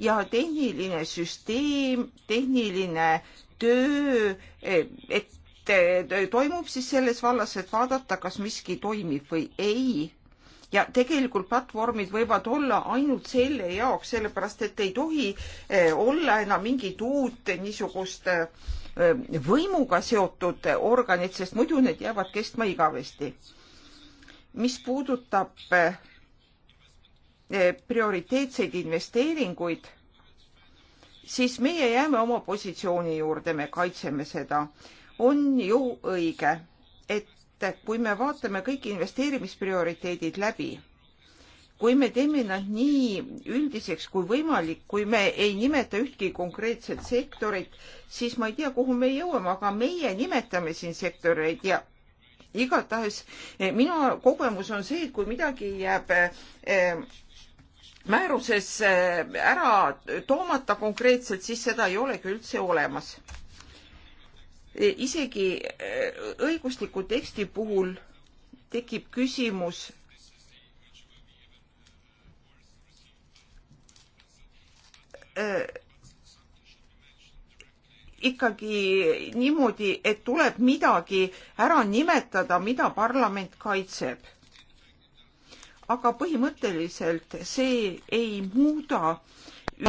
ja tehniline süsteem, tehniline töö, et toimub siis selles vallas, et vaadata, kas miski toimib või ei ja tegelikult platvormid võivad olla ainult selle jaoks, sellepärast et ei tohi eh, olla enam mingit uut niisugust äh, Äh, võimuga seotud organid, sest muidu need jäävad kestma igavesti. mis puudutab äh, prioriteetseid investeeringuid, siis meie jääme oma positsiooni juurde, me kaitseme seda. on ju õige, et kui me vaatame kõik investeerimisprioriteedid läbi kui me teeme nad nii üldiseks kui võimalik, kui me ei nimeta ühtki konkreetset sektorit, siis ma ei tea, kuhu me jõuame, aga meie nimetame siin sektoreid ja igatahes eh, minu kogemus on see, et kui midagi jääb eh, määruses eh, ära toomata konkreetselt, siis seda ei olegi üldse olemas. isegi õigusliku teksti puhul tekib küsimus Äh, ikkagi niimoodi, et tuleb midagi ära nimetada, mida parlament kaitseb. aga põhimõtteliselt see ei muuda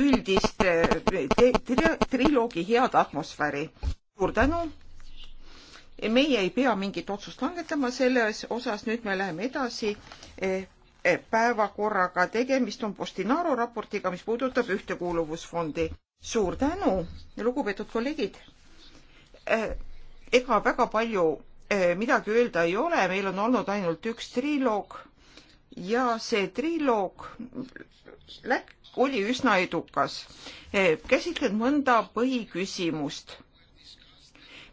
üldist äh, triloogi head atmosfääri. suur tänu. meie ei pea mingit otsust langetama selles osas, nüüd me läheme edasi äh, päevakorraga, tegemist on Postinaro raportiga, mis puudutab ühtekuuluvusfondi. suur tänu, lugupeetud kolleegid. Eh, ega väga palju eh, midagi öelda ei ole, meil on olnud ainult üks triloog ja see triloog läk-, oli üsna edukas. Eh, käsitlen mõnda põhiküsimust,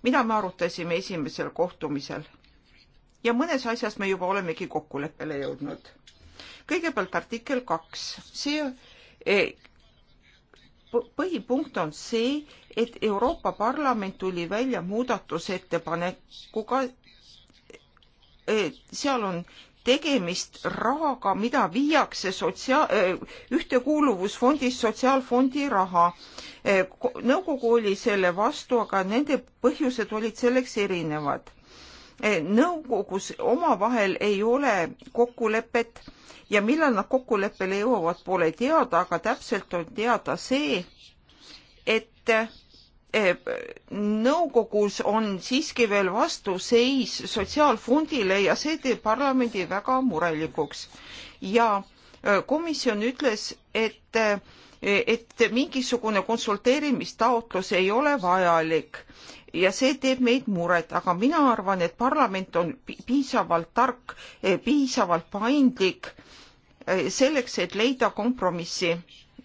mida me arutasime esimesel kohtumisel ja mõnes asjas me juba olemegi kokkuleppele jõudnud kõigepealt artikkel kaks, see e, põhipunkt on see, et Euroopa Parlament tuli välja muudatusettepanekuga, e, seal on tegemist rahaga, mida viiakse sotsiaal, e, ühtekuuluvusfondist sotsiaalfondi raha. nõukogu oli selle vastu, aga nende põhjused olid selleks erinevad Eh, nõukogus omavahel ei ole kokkulepet ja millal nad kokkuleppele jõuavad, pole teada, aga täpselt on teada see, et eh, nõukogus on siiski veel vastuseis sotsiaalfondile ja see teeb parlamendi väga murelikuks. ja eh, komisjon ütles, et, et mingisugune konsulteerimistaotlus ei ole vajalik ja see teeb meid muret, aga mina arvan, et parlament on piisavalt tark, eh, piisavalt paindlik eh, selleks, et leida kompromissi,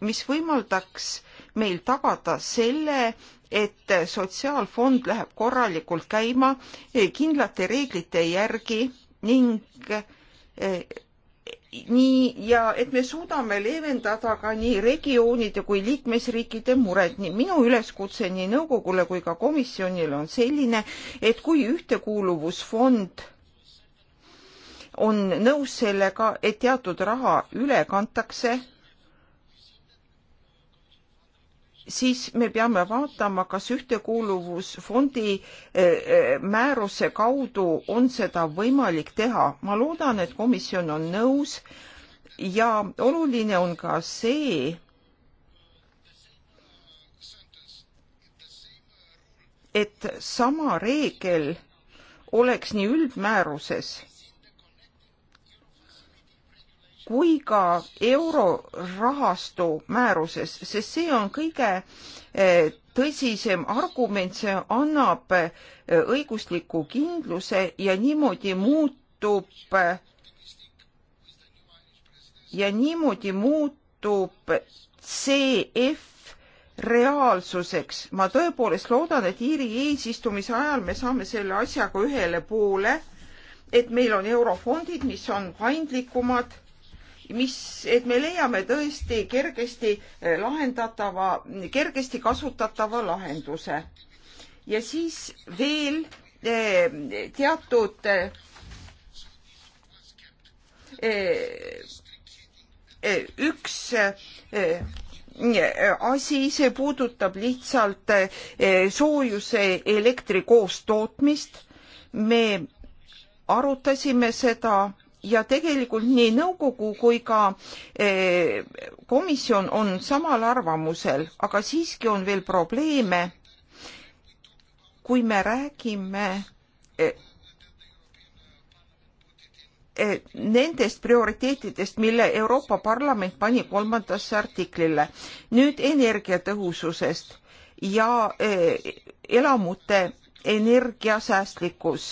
mis võimaldaks meil tagada selle, et sotsiaalfond läheb korralikult käima eh, kindlate reeglite järgi ning nii ja et me suudame leevendada ka nii regioonide kui liikmesriikide mured. nii minu üleskutse nii nõukogule kui ka komisjonile on selline, et kui ühtekuuluvusfond on nõus sellega, et teatud raha üle kantakse siis me peame vaatama, kas ühtekuuluvusfondi eh, eh, määruse kaudu on seda võimalik teha. ma loodan, et komisjon on nõus ja oluline on ka see, et sama reegel oleks nii üldmääruses kui ka eurorahastu määruses, sest see on kõige eh, tõsisem argument, see annab eh, õigusliku kindluse ja niimoodi muutub eh, ja niimoodi muutub CF reaalsuseks. ma tõepoolest loodan, et Iiri eesistumise ajal me saame selle asjaga ühele poole, et meil on eurofondid, mis on paindlikumad mis, et me leiame tõesti kergesti eh, lahendatava, kergesti kasutatava lahenduse. ja siis veel eh, teatud eh, üks asi, see puudutab lihtsalt soojuse elektri koostootmist. me arutasime seda ja tegelikult nii nõukogu kui ka eh, komisjon on samal arvamusel, aga siiski on veel probleeme. kui me räägime eh, eh, nendest prioriteetidest, mille Euroopa Parlament pani kolmandasse artiklile. nüüd energiatõhususest ja elamute energiasäästlikkus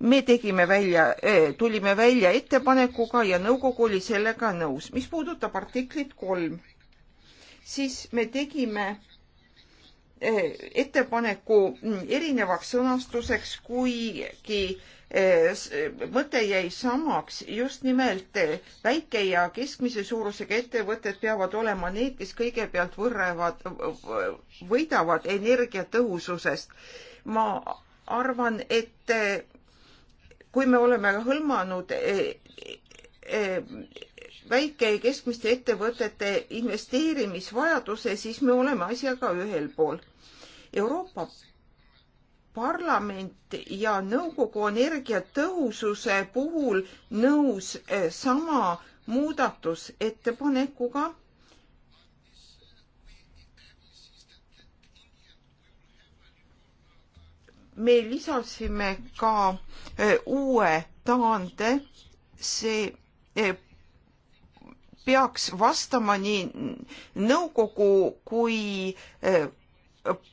me tegime välja, tulime välja ettepanekuga ja nõukogu oli sellega nõus. mis puudutab artiklit kolm, siis me tegime ettepaneku erinevaks sõnastuseks, kuigi mõte jäi samaks, just nimelt väike ja keskmise suurusega ettevõtted peavad olema need, kes kõigepealt võrrevad, võidavad energiatõhususest. ma arvan, et kui me oleme hõlmanud e, e, väike ja keskmiste ettevõtete investeerimisvajaduse, siis me oleme asjaga ühel pool. Euroopa Parlament ja nõukogu energiatõhususe puhul nõus e, sama muudatusettepanekuga me lisasime ka eh, uue taande, see eh, peaks vastama nii nõukogu kui eh,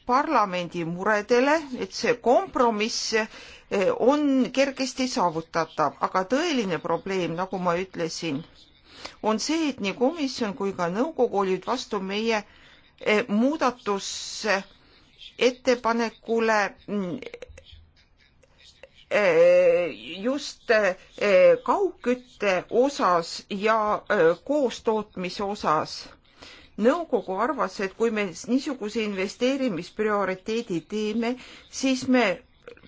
parlamendi muredele, et see kompromiss on kergesti saavutatav, aga tõeline probleem, nagu ma ütlesin, on see, et nii komisjon kui ka nõukogu olid vastu meie muudatus ettepanekule mm, eh, just eh, kaugkütte osas ja eh, koostootmise osas. nõukogu arvas, et kui me niisuguse investeerimisprioriteedi teeme, siis me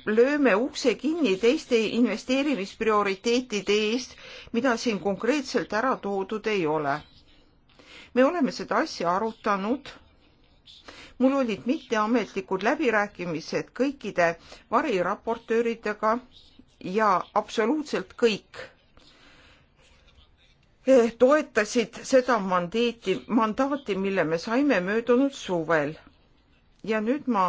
lööme ukse kinni teiste investeerimisprioriteetide eest, mida siin konkreetselt ära toodud ei ole. me oleme seda asja arutanud mul olid mitteametlikud läbirääkimised kõikide variraportööridega ja absoluutselt kõik eh, toetasid seda mandeeti, mandaati, mille me saime möödunud suvel. ja nüüd ma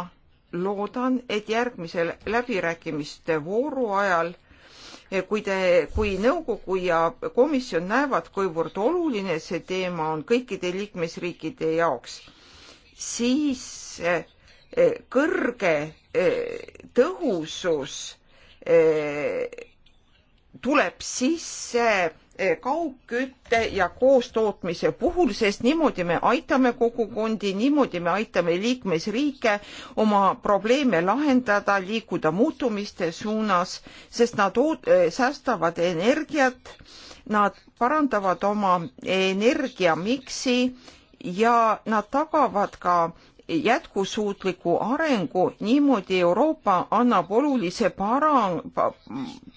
loodan, et järgmisel läbirääkimiste vooru ajal eh, kui te, kui nõukogu ja komisjon näevad, kuivõrd oluline see teema on kõikide liikmesriikide jaoks siis eh, eh, kõrge eh, tõhusus tuleb sisse kaugkütte ja koostootmise puhul, sest niimoodi me aitame kogukondi, niimoodi me aitame liikmesriike oma probleeme lahendada, liikuda muutumiste suunas, sest nad säästavad energiat, nad parandavad oma energiamiksi ja nad tagavad ka jätkusuutliku arengu, niimoodi Euroopa annab olulise para-,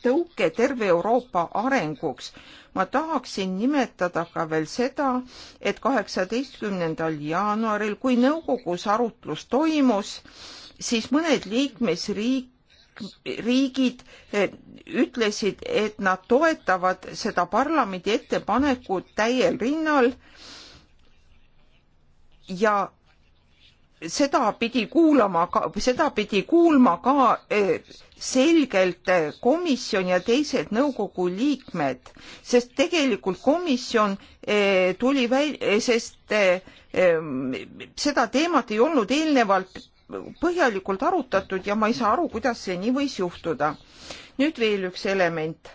tõuke terve Euroopa arenguks. ma tahaksin nimetada ka veel seda, et kaheksateistkümnendal jaanuaril, kui nõukogus arutlus toimus, siis mõned liikmesriik, riigid eh, ütlesid, et nad toetavad seda parlamendi ettepanekut täiel rinnal ja seda pidi kuulama, seda pidi kuulma ka eh, selgelt eh, komisjon ja teised nõukogu liikmed, sest tegelikult komisjon eh, tuli välja, sest seda teemat ei olnud eelnevalt põhjalikult arutatud ja ma ei saa aru, kuidas see nii võis juhtuda. nüüd veel üks element,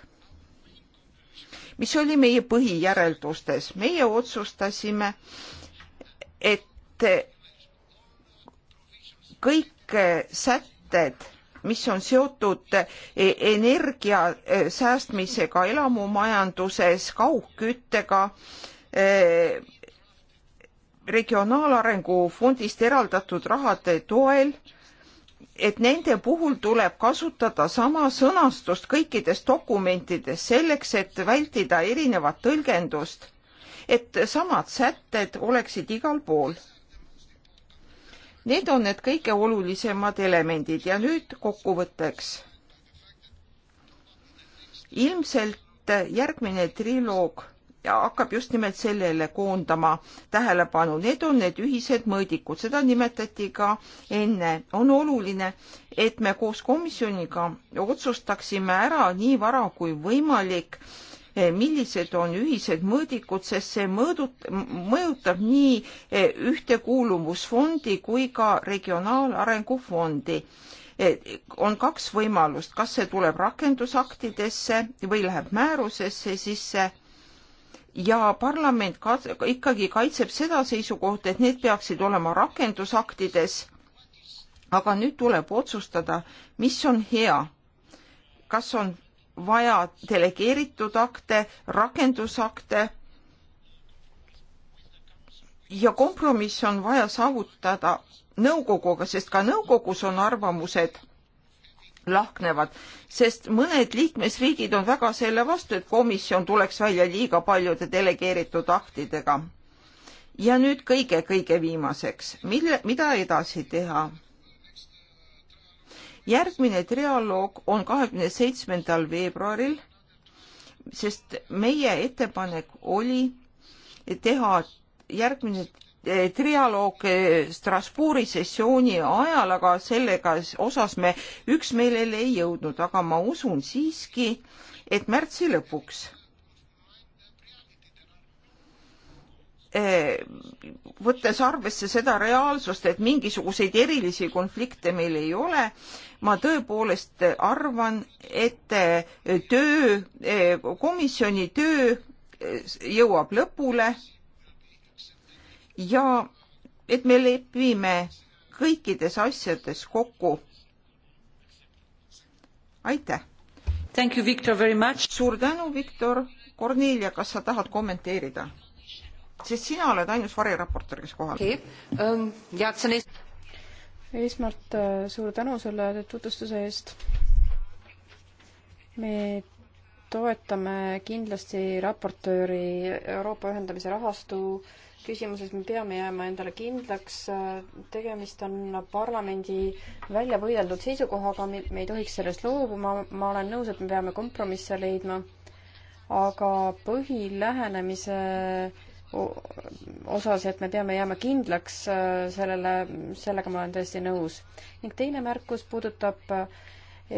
mis oli meie põhijäreldustes. meie otsustasime äh, et kõik sätted mis on seotud energia säästmisega elamumajanduses, kaugküttega, regionaalarengu fondist eraldatud rahade toel, et nende puhul tuleb kasutada sama sõnastust kõikides dokumentides selleks, et vältida erinevat tõlgendust et samad sätted oleksid igal pool. Need on need kõige olulisemad elemendid ja nüüd kokkuvõtteks. ilmselt järgmine triloog hakkab just nimelt sellele koondama tähelepanu. Need on need ühised mõõdikud, seda nimetati ka enne. on oluline, et me koos komisjoniga otsustaksime ära nii vara kui võimalik Eh, millised on ühised mõõdikud, sest see mõõdut-, mõjutab nii eh, ühtekuuluvusfondi kui ka regionaalarengu fondi eh, on kaks võimalust, kas see tuleb rakendusaktidesse või läheb määrusesse sisse ja parlament ka, ikkagi kaitseb seda seisukohta, et need peaksid olema rakendusaktides. aga nüüd tuleb otsustada, mis on hea, kas on vaja delegeeritud akte, rakendusakte ja kompromiss on vaja saavutada nõukoguga, sest ka nõukogus on arvamused lahknevad, sest mõned liikmesriigid on väga selle vastu, et komisjon tuleks välja liiga paljude delegeeritud aktidega. ja nüüd kõige-kõige viimaseks, mille, mida edasi teha? järgmine trialoog on kahekümne seitsmendal veebruaril, sest meie ettepanek oli teha järgmine eh, trialoog eh, Strasbourgi sessiooni ajal, aga sellega osas me üksmeelele ei jõudnud, aga ma usun siiski, et märtsi lõpuks Eh, võttes arvesse seda reaalsust, et mingisuguseid erilisi konflikte meil ei ole, ma tõepoolest arvan, et eh, töö, eh, komisjoni töö jõuab lõpule ja et me lepime kõikides asjades kokku. aitäh! suur tänu, Viktor! Kornelia, kas sa tahad kommenteerida? sest sina oled ainus variraportor, kes kohal on okay.. Ähm, esmalt äh, suur tänu selle tutvustuse eest. me toetame kindlasti raportööri Euroopa ühendamise rahastu küsimuses, me peame jääma endale kindlaks. tegemist on parlamendi välja võideldud seisukohaga, me ei tohiks sellest loobuma. ma olen nõus, et me peame kompromisse leidma, aga põhilähenemise äh, osas, et me peame jääma kindlaks äh, sellele, sellega ma olen täiesti nõus. ning teine märkus puudutab äh,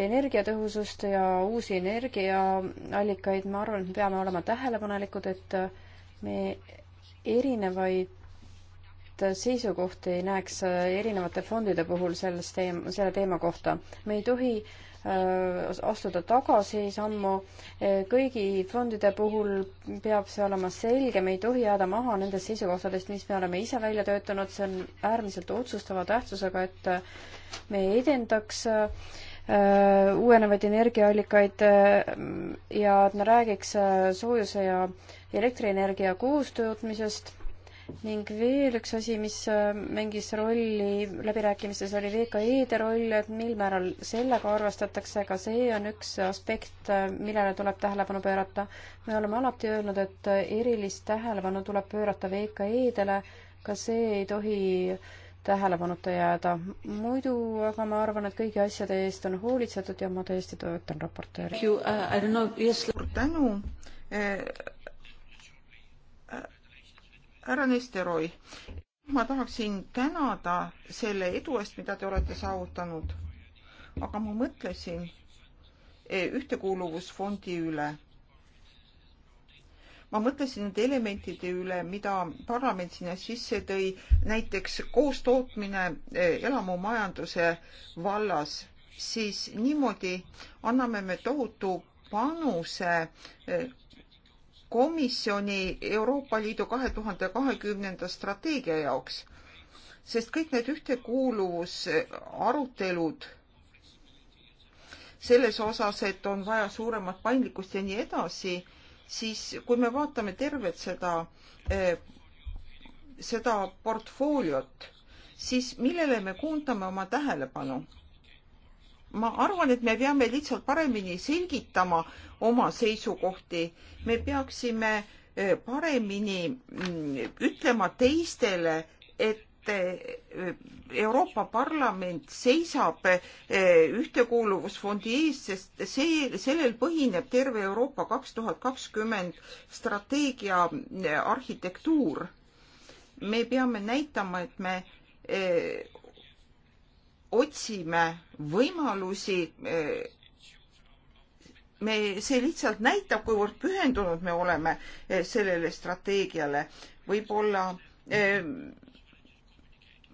energiatõhusust ja uusi energiaallikaid, ma arvan, et me peame olema tähelepanelikud, et äh, me erinevaid seisukohti ei näeks erinevate fondide puhul selles teem-, selle teema kohta. me ei tohi äh, Äh, astuda tagasi sammu. Äh, kõigi fondide puhul peab see olema selge, me ei tohi jääda maha nendest seisukohtadest, mis me oleme ise välja töötanud, see on äärmiselt otsustava tähtsusega, et äh, me edendaks uuenevaid energiaallikaid ja et me räägiks soojuse ja elektrienergia koostootmisest ning veel üks asi, mis äh, mängis rolli läbirääkimistes, oli VKE-de roll, et mil määral sellega arvestatakse, ka see on üks aspekt, äh, millele tuleb tähelepanu pöörata. me oleme alati öelnud, et äh, erilist tähelepanu tuleb pöörata VKE-dele, ka see ei tohi tähelepanuta jääda. muidu aga ma arvan, et kõigi asjade eest on hoolitsetud ja ma tõesti toetan raportööri. Uh, suur tänu eh, härra Nesteroi, ma tahaksin tänada selle edu eest, mida te olete saavutanud. aga ma mõtlesin e, ühtekuuluvusfondi üle. ma mõtlesin nende elementide üle, mida parlament sinna sisse tõi, näiteks koostootmine e, elamumajanduse vallas, siis niimoodi anname me tohutu panuse e, komisjoni Euroopa Liidu kahe tuhande kahekümnenda strateegia jaoks, sest kõik need ühtekuuluvusarutelud selles osas, et on vaja suuremat paindlikkust ja nii edasi, siis kui me vaatame tervet seda, eh, seda portfooliot, siis millele me koondame oma tähelepanu? ma arvan, et me peame lihtsalt paremini selgitama oma seisukohti. me peaksime e, paremini mm, ütlema teistele, et e, Euroopa Parlament seisab e, Ühtekuuluvusfondi ees, sest see, sellel põhineb terve Euroopa kaks tuhat kakskümmend strateegia arhitektuur. me peame näitama, et me otsime võimalusi. Eh, me, see lihtsalt näitab, kuivõrd pühendunud me oleme eh, sellele strateegiale. võib-olla eh,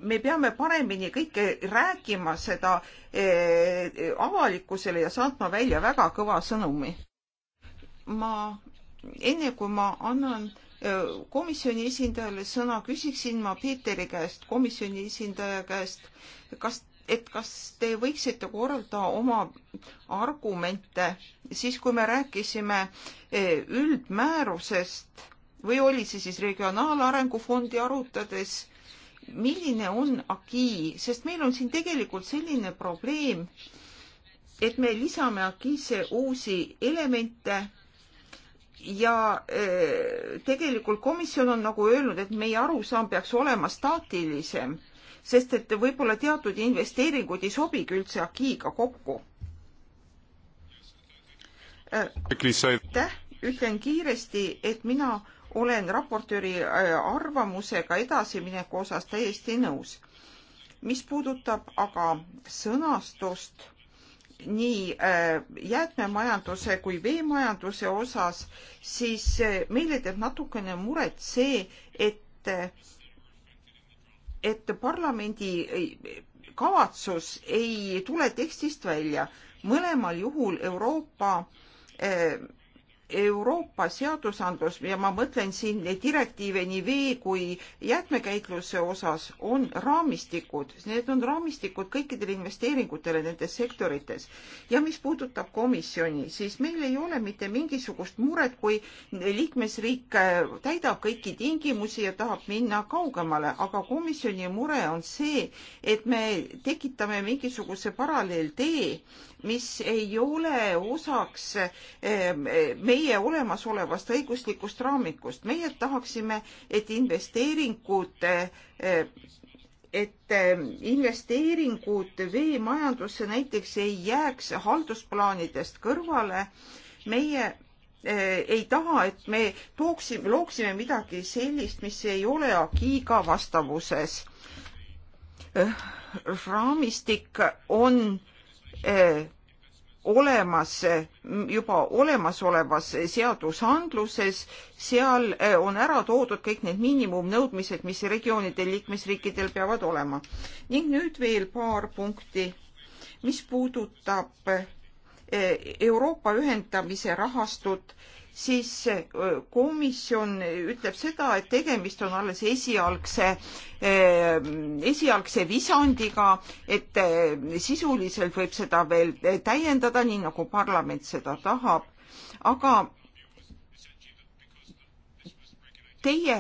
me peame paremini kõike rääkima seda avalikkusele ja saatma välja väga kõva sõnumi. ma enne kui ma annan komisjoni esindajale sõna, küsiksin ma Peeteri käest, komisjoni esindaja käest, kas et kas te võiksite korraldada oma argumente siis, kui me rääkisime e, üldmäärusest või oli see siis Regionaalarengu fondi arutades, milline on agi, sest meil on siin tegelikult selline probleem, et me lisame agiisse uusi elemente ja e, tegelikult komisjon on nagu öelnud, et meie arusaam peaks olema staatilisem sest et võib-olla teatud investeeringud ei sobigi üldse akiiga kokku. aitäh, ütlen kiiresti, et mina olen raportööri äh, arvamusega edasimineku osas täiesti nõus. mis puudutab aga sõnastust nii äh, jäätmemajanduse kui veemajanduse osas, siis äh, meile teeb natukene muret see, et et parlamendi kavatsus ei tule tekstist välja. mõlemal juhul Euroopa eh, Euroopa seadusandlus ja ma mõtlen siin direktiive nii vee kui jäätmekäitluse osas on raamistikud, need on raamistikud kõikidele investeeringutele nendes sektorites. ja mis puudutab komisjoni, siis meil ei ole mitte mingisugust muret, kui liikmesriik äh, täidab kõiki tingimusi ja tahab minna kaugemale, aga komisjoni mure on see, et me tekitame mingisuguse paralleeltee mis ei ole osaks ehm, meie olemasolevast õiguslikust raamikust. meie tahaksime, et ehm, ehm, investeeringud et investeeringud veemajandusse näiteks ei jääks haldusplaanidest kõrvale. meie ei taha, et me tooksime, looksime midagi sellist, mis ei ole agiiga vastavuses. raamistik on olemas, juba olemasolevas seadusandluses, seal eh, on ära toodud kõik need miinimumnõudmised, mis regioonidel, liikmesriikidel peavad olema. ning nüüd veel paar punkti, mis puudutab eh, Euroopa ühendamise rahastut siis komisjon ütleb seda, et tegemist on alles esialgse, esialgse visandiga, et sisuliselt võib seda veel täiendada, nii nagu parlament seda tahab, aga teie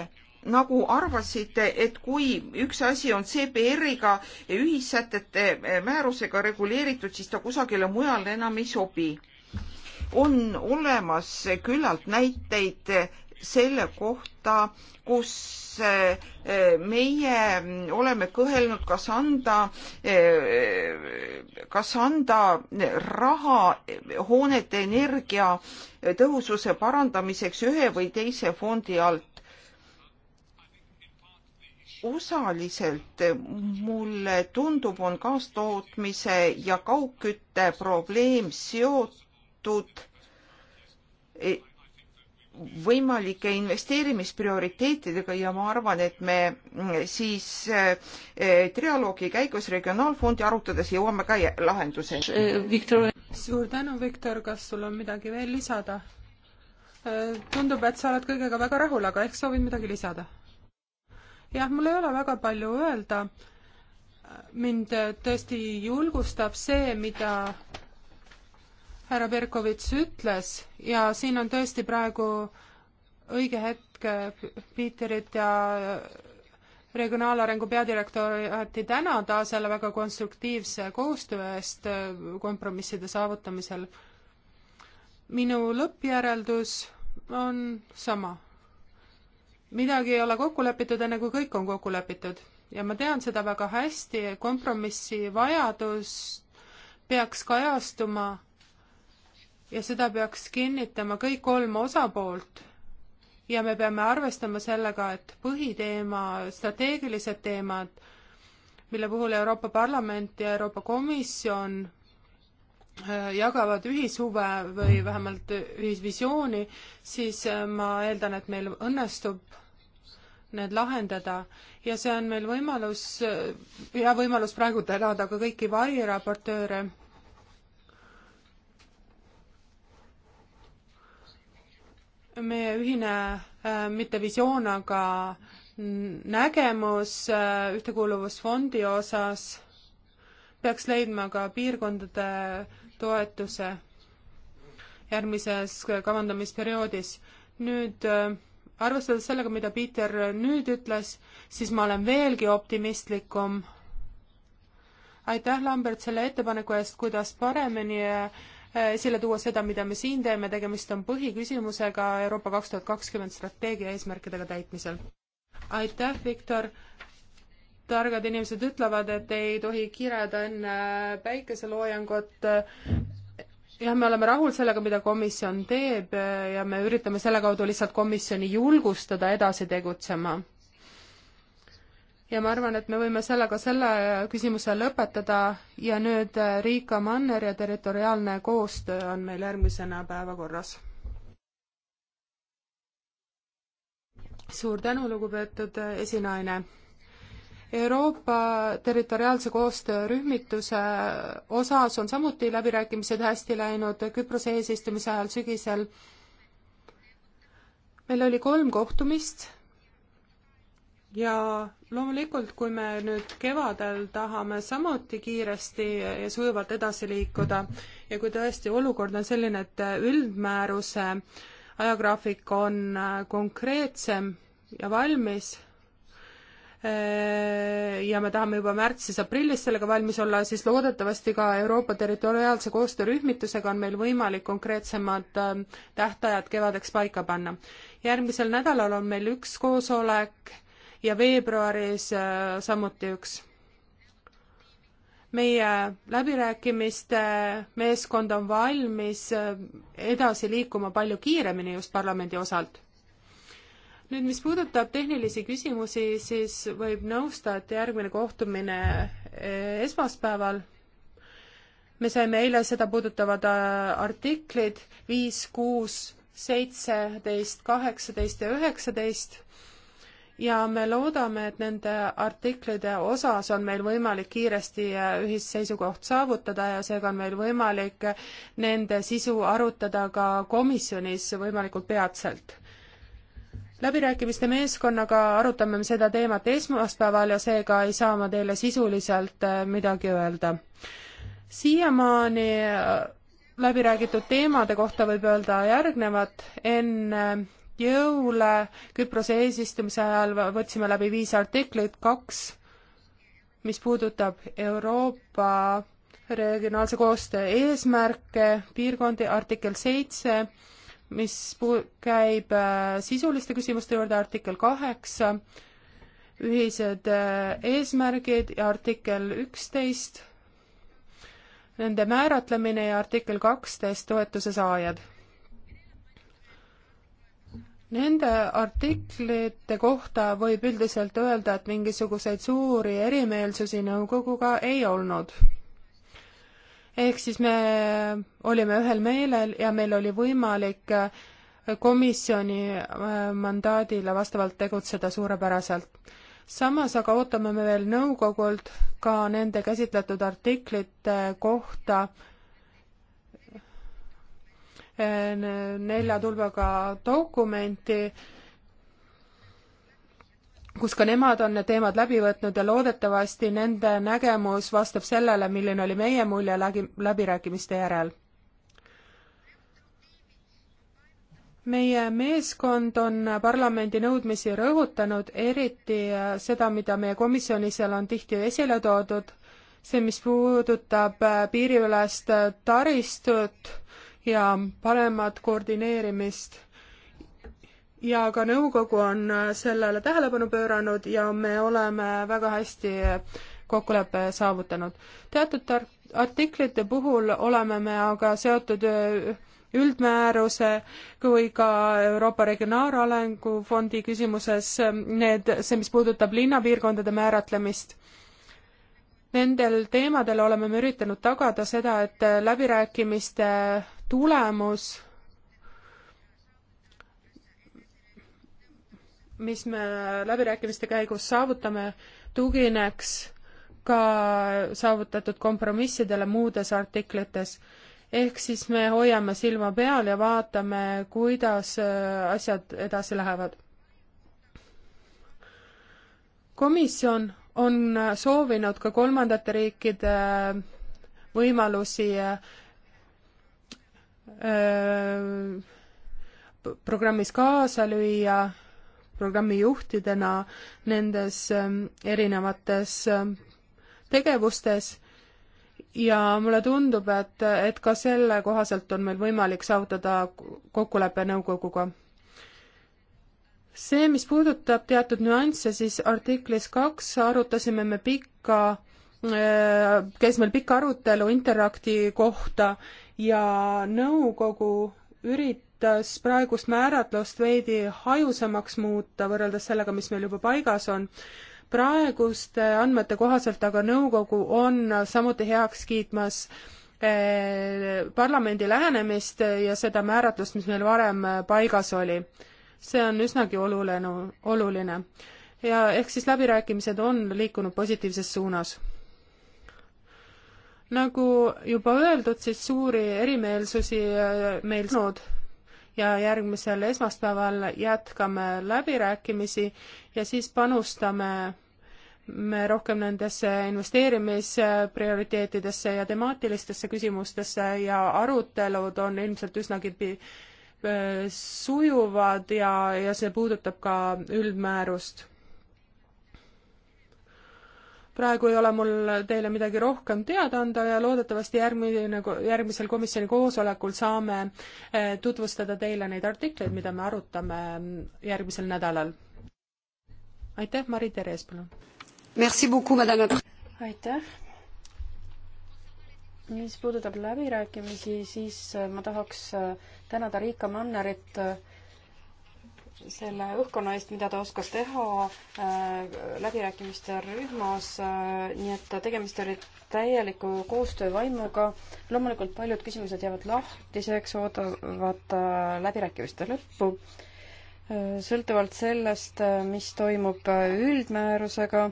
nagu arvasite, et kui üks asi on CPR-iga ühissätete määrusega reguleeritud, siis ta kusagile mujale enam ei sobi on olemas küllalt näiteid selle kohta, kus eh, meie oleme kõhelnud, kas anda, eh, kas anda raha hoonete energiatõhususe parandamiseks ühe või teise fondi alt. osaliselt mulle tundub, on kaastootmise ja kaugkütte probleem seotud seotud e, võimalike investeerimisprioriteetidega ja ma arvan, et me siis e, e, trialoogi käigus regionaalfondi arutades jõuame ka lahenduseni. suur tänu, Viktor, kas sul on midagi veel lisada? tundub, et sa oled kõigega väga rahul, aga ehk soovid midagi lisada? jah, mul ei ole väga palju öelda. mind tõesti julgustab see, mida härra Berkovitš ütles ja siin on tõesti praegu õige hetk Piiterit ja regionaalarengu peadirektorati tänada selle väga konstruktiivse koostöö eest äh, kompromisside saavutamisel. minu lõppjäreldus on sama. midagi ei ole kokku lepitud, enne kui kõik on kokku lepitud ja ma tean seda väga hästi, kompromissi vajadus peaks kajastuma ja seda peaks kinnitama kõik kolm osapoolt. ja me peame arvestama sellega, et põhiteema, strateegilised teemad, mille puhul Euroopa Parlament ja Euroopa Komisjon äh, jagavad ühishuve või vähemalt ühisvisiooni, siis äh, ma eeldan, et meil õnnestub need lahendada ja see on meil võimalus, äh, hea võimalus praegu tänada ka kõiki variraportööre meie ühine äh, mitte visioon, aga nägemus äh, Ühtekuuluvusfondi osas peaks leidma ka piirkondade toetuse järgmises kavandamisperioodis. nüüd äh, arvestades sellega, mida Peter nüüd ütles, siis ma olen veelgi optimistlikum. aitäh, Lambert, selle ettepaneku eest, kuidas paremini Äh, esile tuua seda, mida me siin teeme, tegemist on põhiküsimusega Euroopa kaks tuhat kakskümmend strateegia eesmärkidega täitmisel. aitäh, Viktor! targad inimesed ütlevad, et ei tohi kireda enne päikeseloojangut. jah, me oleme rahul sellega, mida komisjon teeb ja me üritame selle kaudu lihtsalt komisjoni julgustada edasi tegutsema ja ma arvan, et me võime sellega selle küsimuse lõpetada ja nüüd äh, Riika Manner ja territoriaalne koostöö on meil järgmisena päevakorras. suur tänu, lugupeetud äh, esinaine Euroopa territoriaalse koostöö rühmituse äh, osas on samuti läbirääkimised hästi läinud Küprose eesistumise ajal sügisel. meil oli kolm kohtumist ja loomulikult, kui me nüüd kevadel tahame samuti kiiresti ja sujuvalt edasi liikuda ja kui tõesti olukord on selline, et üldmääruse ajagraafik on äh, konkreetsem ja valmis äh, ja me tahame juba märtsis-aprillis sellega valmis olla, siis loodetavasti ka Euroopa territoriaalse koostöörühmitusega on meil võimalik konkreetsemad äh, tähtajad kevadeks paika panna. järgmisel nädalal on meil üks koosolek ja veebruaris äh, samuti üks. meie läbirääkimiste meeskond on valmis äh, edasi liikuma palju kiiremini just parlamendi osalt. nüüd, mis puudutab tehnilisi küsimusi, siis võib nõusta, et järgmine kohtumine äh, esmaspäeval me saime eile seda puudutavad artiklid viis, kuus, seitseteist, kaheksateist ja üheksateist ja me loodame, et nende artiklide osas on meil võimalik kiiresti äh, ühisseisukoht saavutada ja seega on meil võimalik äh, nende sisu arutada ka komisjonis võimalikult peatselt läbirääkimiste meeskonnaga arutame me seda teemat esmaspäeval ja seega ei saa ma teile sisuliselt äh, midagi öelda. siiamaani läbiräägitud teemade kohta võib öelda järgnevat, enne jõule, Küprose eesistumise ajal võtsime läbi viis artiklit, kaks, mis puudutab Euroopa regionaalse koostöö eesmärke, piirkondi, artikkel seitse, mis puu-, käib äh, sisuliste küsimuste juurde, artikkel kaheksa, ühised äh, eesmärgid ja artikkel üksteist, nende määratlemine ja artikkel kaksteist, toetuse saajad Nende artiklite kohta võib üldiselt öelda, et mingisuguseid suuri erimeelsusi nõukoguga ei olnud. ehk siis me olime ühel meelel ja meil oli võimalik komisjoni äh, mandaadile vastavalt tegutseda suurepäraselt. samas aga ootame me veel nõukogult ka nende käsitletud artiklite kohta nelja tulbaga dokumenti, kus ka nemad on need teemad läbi võtnud ja loodetavasti nende nägemus vastab sellele, milline oli meie mulje läbi, läbirääkimiste järel. meie meeskond on parlamendi nõudmisi rõhutanud, eriti seda, mida meie komisjonis seal on tihti esile toodud, see, mis puudutab piiriülest taristut ja paremat koordineerimist. ja ka nõukogu on sellele tähelepanu pööranud ja me oleme väga hästi kokkuleppe saavutanud. teatud artiklite puhul oleme me aga seotud üldmääruse kui ka Euroopa Regionaalarengu Fondi küsimuses need, see, mis puudutab linnapiirkondade määratlemist. Nendel teemadel oleme me üritanud tagada seda, et läbirääkimiste tulemus, mis me läbirääkimiste käigus saavutame, tugineks ka saavutatud kompromissidele muudes artiklites. ehk siis me hoiame silma peal ja vaatame, kuidas äh, asjad edasi lähevad. komisjon on soovinud ka kolmandate riikide võimalusi äh, programmis kaasa lüüa programmi juhtidena nendes erinevates tegevustes ja mulle tundub, et, et ka selle kohaselt on meil võimalik saavutada kokkulepe nõukoguga. see, mis puudutab teatud nüansse, siis artiklis kaks arutasime me pikka käis meil pikk arutelu Interacti kohta ja nõukogu üritas praegust määratlust veidi hajusamaks muuta võrreldes sellega, mis meil juba paigas on. praeguste andmete kohaselt aga nõukogu on samuti heaks kiitmas eh, parlamendi lähenemist ja seda määratlust, mis meil varem paigas oli. see on üsnagi oluline, oluline ja ehk siis läbirääkimised on liikunud positiivses suunas nagu juba öeldud, siis suuri erimeelsusi äh, meil olnud ja järgmisel esmaspäeval jätkame läbirääkimisi ja siis panustame me rohkem nendesse investeerimisprioriteetidesse ja temaatilistesse küsimustesse ja arutelud on ilmselt üsnagi äh, sujuvad ja, ja see puudutab ka üldmäärust praegu ei ole mul teile midagi rohkem teada anda ja loodetavasti järgmine, järgmisel komisjoni koosolekul saame eh, tutvustada teile neid artikleid, mida me arutame mm, järgmisel nädalal. aitäh, Mari-Teres, palun! aitäh! mis puudutab läbirääkimisi, siis eh, ma tahaks eh, tänada Riika Mannerit äh, selle õhkkonna eest, mida ta oskas teha äh, läbirääkimiste rühmas äh,, nii et tegemist oli täieliku koostöövaimuga. loomulikult paljud küsimused jäävad lahtiseks, ootavad äh, läbirääkimiste lõppu äh,. sõltuvalt sellest äh,, mis toimub äh, üldmäärusega,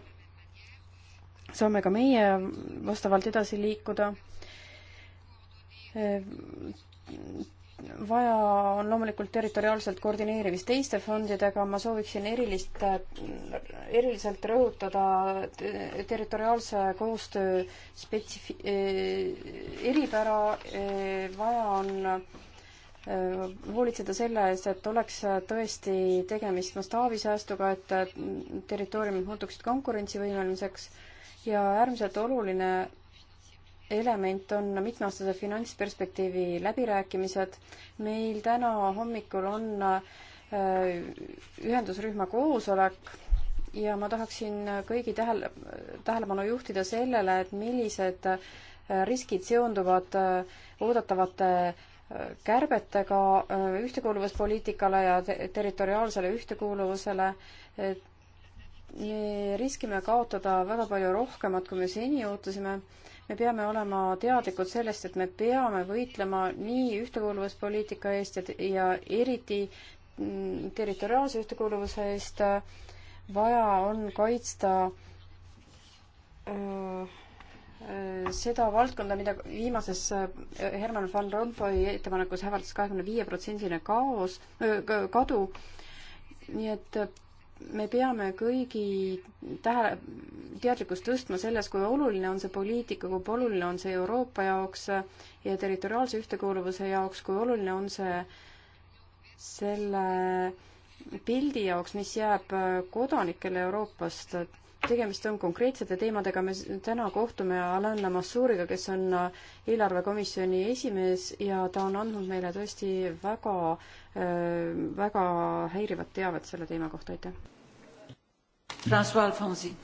saame ka meie vastavalt edasi liikuda äh, vaja on loomulikult territoriaalselt koordineerimist teiste fondidega, ma sooviksin erilist, eriliselt rõhutada territoriaalse koostöö spetsifi-, eh, eripära, eh, vaja on eh, hoolitseda selle eest, et oleks tõesti tegemist mastaabisäästuga, et territooriumid muutuksid konkurentsivõimeliseks ja äärmiselt oluline element on mitmeaastase finantsperspektiivi läbirääkimised. meil täna hommikul on äh, ühendusrühma koosolek ja ma tahaksin kõigi tähele, tähelepanu juhtida sellele, et millised äh, riskid seonduvad äh, oodatavate kärbetega ühtekuuluvuspoliitikale ja territoriaalsele ühtekuuluvusele. me riskime kaotada väga palju rohkemat, kui me seni ootasime me peame olema teadlikud sellest, et me peame võitlema nii ühtekuuluvuspoliitika eest ja, ja eriti mm, territoriaalse ühtekuuluvuse eest. vaja on kaitsta öö, seda valdkonda, mida viimases Herman Van Rompuy ettepanekus ähvardas kahekümne viie protsendine kaos, kadu. nii et me peame kõigi tähele, teadlikkust tõstma selles, kui oluline on see poliitika, kui oluline on see Euroopa jaoks ja territoriaalse ühtekuuluvuse jaoks, kui oluline on see selle pildi jaoks, mis jääb kodanikele Euroopast, et tegemist on konkreetsete teemadega, me täna kohtume Alain Lamassouriga, kes on eelarvekomisjoni esimees ja ta on andnud meile tõesti väga, väga häirivat teavet selle teema kohta, aitäh! Francois Alfonsi.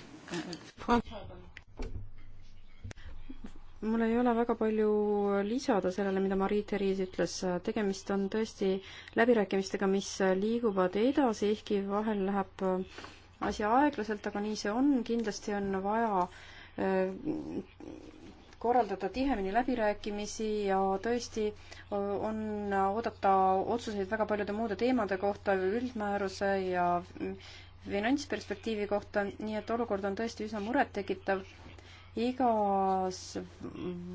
mul ei ole väga palju lisada sellele, mida Marie-Therese ütles, tegemist on tõesti läbirääkimistega, mis liiguvad edasi, ehkki vahel läheb asi aeglaselt, aga nii see on, kindlasti on vaja eh, korraldada tihemini läbirääkimisi ja tõesti eh, on oodata otsuseid väga paljude muude teemade kohta, üldmääruse ja finantsperspektiivi kohta, nii et olukord on tõesti üsna murettekitav. igas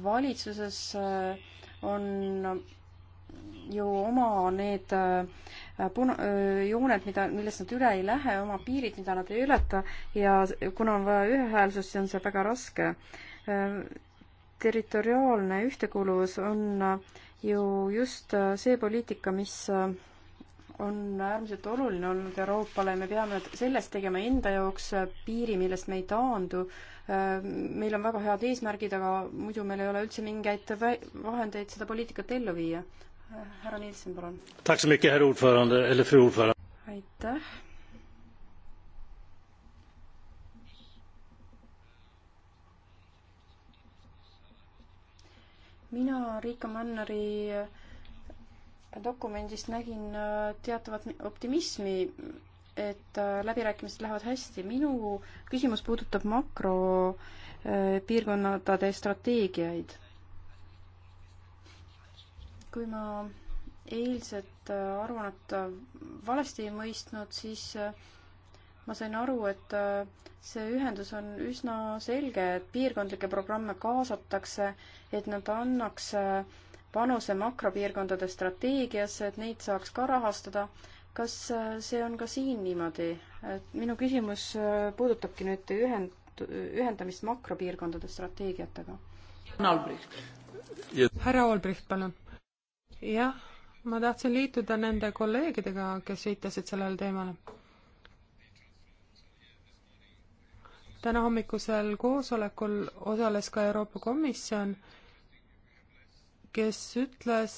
valitsuses äh, on ju oma need äh, puna-, äh, jooned, mida, millest nad üle ei lähe, oma piirid, mida nad ei ületa ja kuna on vaja ühehäälsust, siis on see väga raske. territoriaalne ühtekuuluvus on ju just see poliitika, mis on äärmiselt oluline olnud Euroopale, me peame sellest tegema enda jaoks piiri, millest me ei taandu. Äh, meil on väga head eesmärgid, aga muidu meil ei ole üldse mingeid vahendeid seda poliitikat ellu viia. härra Nielsen, palun. aitäh. mina Riika Manneri dokumendist nägin äh, teatavat optimismi, et äh, läbirääkimised lähevad hästi. minu küsimus puudutab makropiirkonnade äh, strateegiaid. kui ma eilset aruannet valesti ei mõistnud, siis ma sain aru, et see ühendus on üsna selge, et piirkondlikke programme kaasatakse, et nad annaks äh, panuse makropiirkondade strateegiasse, et neid saaks ka rahastada. kas äh, see on ka siin niimoodi? et minu küsimus äh, puudutabki nüüd ühend, ühendamist makropiirkondade strateegiatega. härra Olbricht, palun. jah, ma tahtsin liituda nende kolleegidega, kes viitasid sellele teemale. täna hommikusel koosolekul osales ka Euroopa Komisjon kes ütles,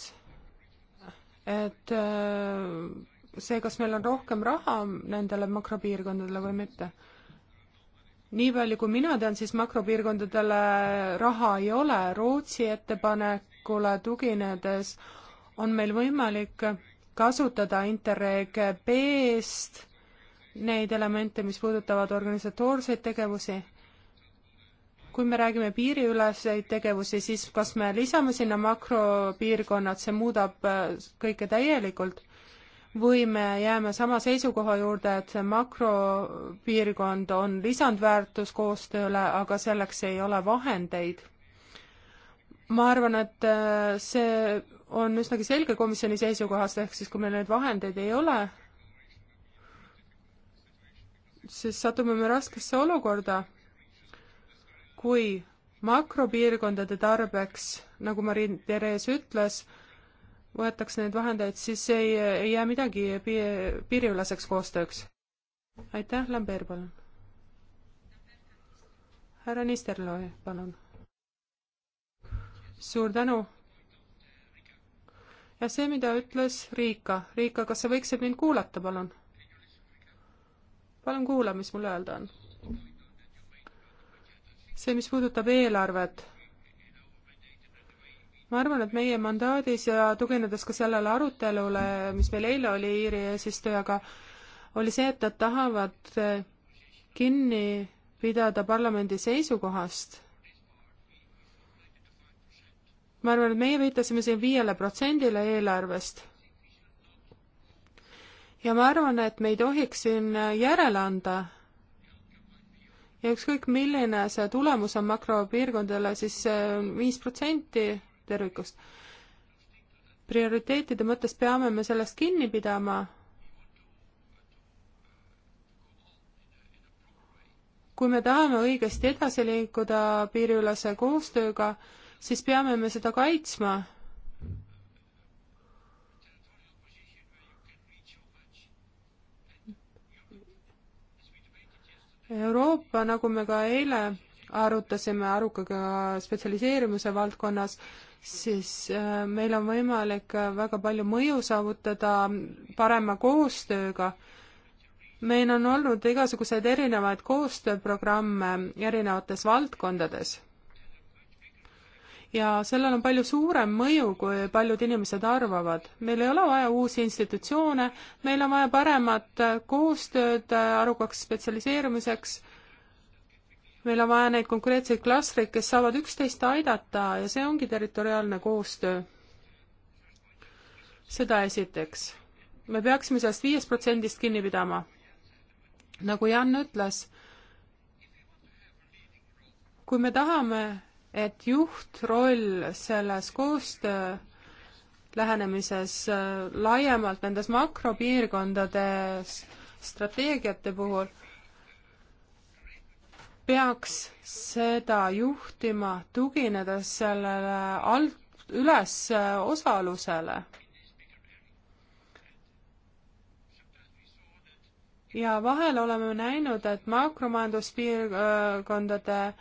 et äh, see, kas meil on rohkem raha nendele makropiirkondadele või mitte. nii palju, kui mina tean, siis makropiirkondadele raha ei ole, Rootsi ettepanekule tuginedes on meil võimalik kasutada Interreg B-st neid elemente, mis puudutavad organisatoorseid tegevusi kui me räägime piiriüleseid tegevusi, siis kas me lisame sinna makropiirkonnad, see muudab äh, kõike täielikult, või me jääme sama seisukoha juurde, et see makropiirkond on lisandväärtus koostööle, aga selleks ei ole vahendeid? ma arvan, et äh, see on üsnagi selge komisjoni seisukohast, ehk siis kui meil neid vahendeid ei ole, siis satume me raskesse olukorda kui makropiirkondade tarbeks, nagu Marin-Therese ütles, võetakse neid vahendeid, siis ei, ei jää midagi piir, piiriülaseks koostööks. aitäh, Lambert, palun. härra Nisterloi, palun. suur tänu. ja see, mida ütles Riika. Riika, kas sa võiksid mind kuulata, palun? palun kuula, mis mul öelda on see, mis puudutab eelarvet, ma arvan, et meie mandaadis ja tuginedes ka sellele arutelule, mis meil eile oli Iiri eesistujaga, oli see, et nad tahavad kinni pidada parlamendi seisukohast. ma arvan, et meie viitasime siin viiele protsendile eelarvest. ja ma arvan, et me ei tohiks siin järele anda ja ükskõik, milline see tulemus on makropiirkondadele, siis äh, viis protsenti tervikust. prioriteetide mõttes peame me sellest kinni pidama. kui me tahame õigesti edasi liikuda piiriülese koostööga, siis peame me seda kaitsma Euroopa, nagu me ka eile arutasime arukaga spetsialiseerumise valdkonnas, siis äh, meil on võimalik äh, väga palju mõju saavutada parema koostööga. meil on olnud igasuguseid erinevaid koostööprogramme erinevates valdkondades ja sellel on palju suurem mõju, kui paljud inimesed arvavad. meil ei ole vaja uusi institutsioone, meil on vaja paremat koostööd arukaks spetsialiseerumiseks, meil on vaja neid konkreetseid klastreid, kes saavad üksteist aidata ja see ongi territoriaalne koostöö. seda esiteks. me peaksime sellest viiest protsendist kinni pidama. nagu Jan ütles, kui me tahame et juhtroll selles koostöö lähenemises äh, laiemalt nendes makropiirkondade strateegiate puhul peaks seda juhtima, tuginedes sellele alt üles äh, osalusele. ja vahel oleme näinud, et makromajanduspiirkondade äh,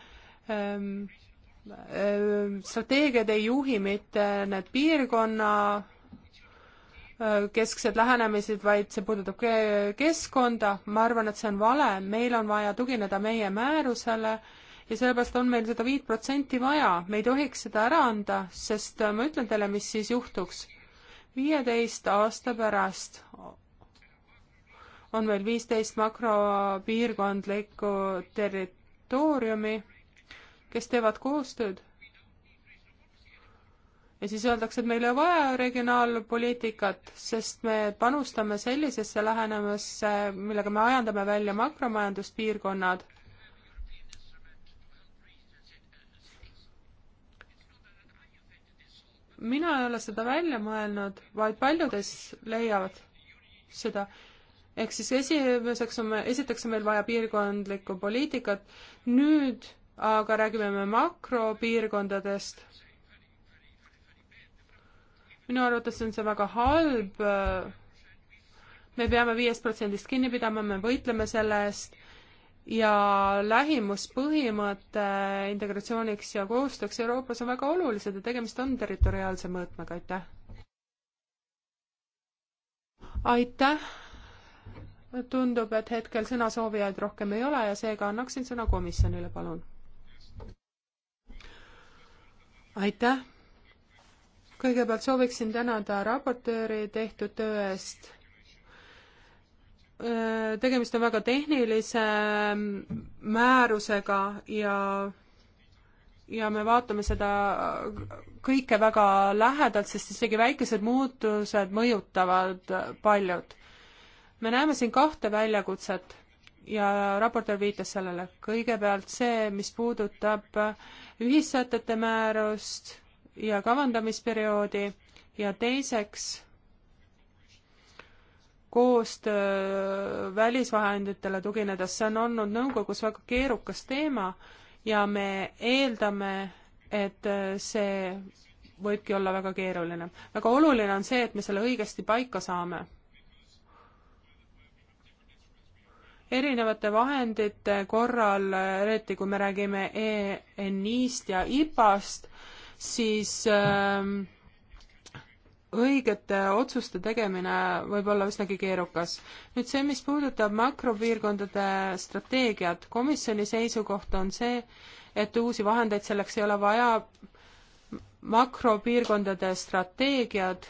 ähm, strateegiad ei juhi mitte need piirkonna äh, kesksed lähenemised, vaid see puudutab keskkonda, ma arvan, et see on vale, meil on vaja tugineda meie määrusele ja sellepärast on meil seda viit protsenti vaja, me ei tohiks seda ära anda, sest äh, ma ütlen teile, mis siis juhtuks. viieteist aasta pärast on meil viisteist makropiirkondlikku territooriumi kes teevad koostööd. ja siis öeldakse, et meil ei ole vaja regionaalpoliitikat, sest me panustame sellisesse lähenemisse, millega me ajendame välja makromajanduspiirkonnad. mina ei ole seda välja mõelnud, vaid paljudes leiavad seda ehk siis esimeseks on, esiteks on meil vaja piirkondlikku poliitikat, nüüd aga räägime me makropiirkondadest. minu arvates on see väga halb. me peame viiest protsendist kinni pidama, me võitleme selle eest ja lähimuspõhimõte integratsiooniks ja koostööks Euroopas on väga olulised ja tegemist on territoriaalse mõõtmega, aitäh. aitäh tundub, et hetkel sõnasoovijaid rohkem ei ole ja seega annaksin sõna komisjonile, palun aitäh! kõigepealt sooviksin tänada raportööri tehtud töö eest. tegemist on väga tehnilise mm, määrusega ja ja me vaatame seda kõike väga lähedalt, sest isegi väikesed muutused mõjutavad paljud. me näeme siin kahte väljakutset ja raportöör viitas sellele. kõigepealt see, mis puudutab äh, ühissätete määrust ja kavandamisperioodi ja teiseks koostöö välisvahenditele tuginedes, see on olnud nõukogus väga keerukas teema ja me eeldame, et see võibki olla väga keeruline. väga oluline on see, et me selle õigesti paika saame. erinevate vahendite korral, eriti kui me räägime ENI-st ja IPA-st, siis äh, õigete otsuste tegemine võib olla üsnagi keerukas. nüüd see, mis puudutab makropiirkondade strateegiat, komisjoni seisukoht on see, et uusi vahendeid selleks ei ole vaja, makropiirkondade strateegiad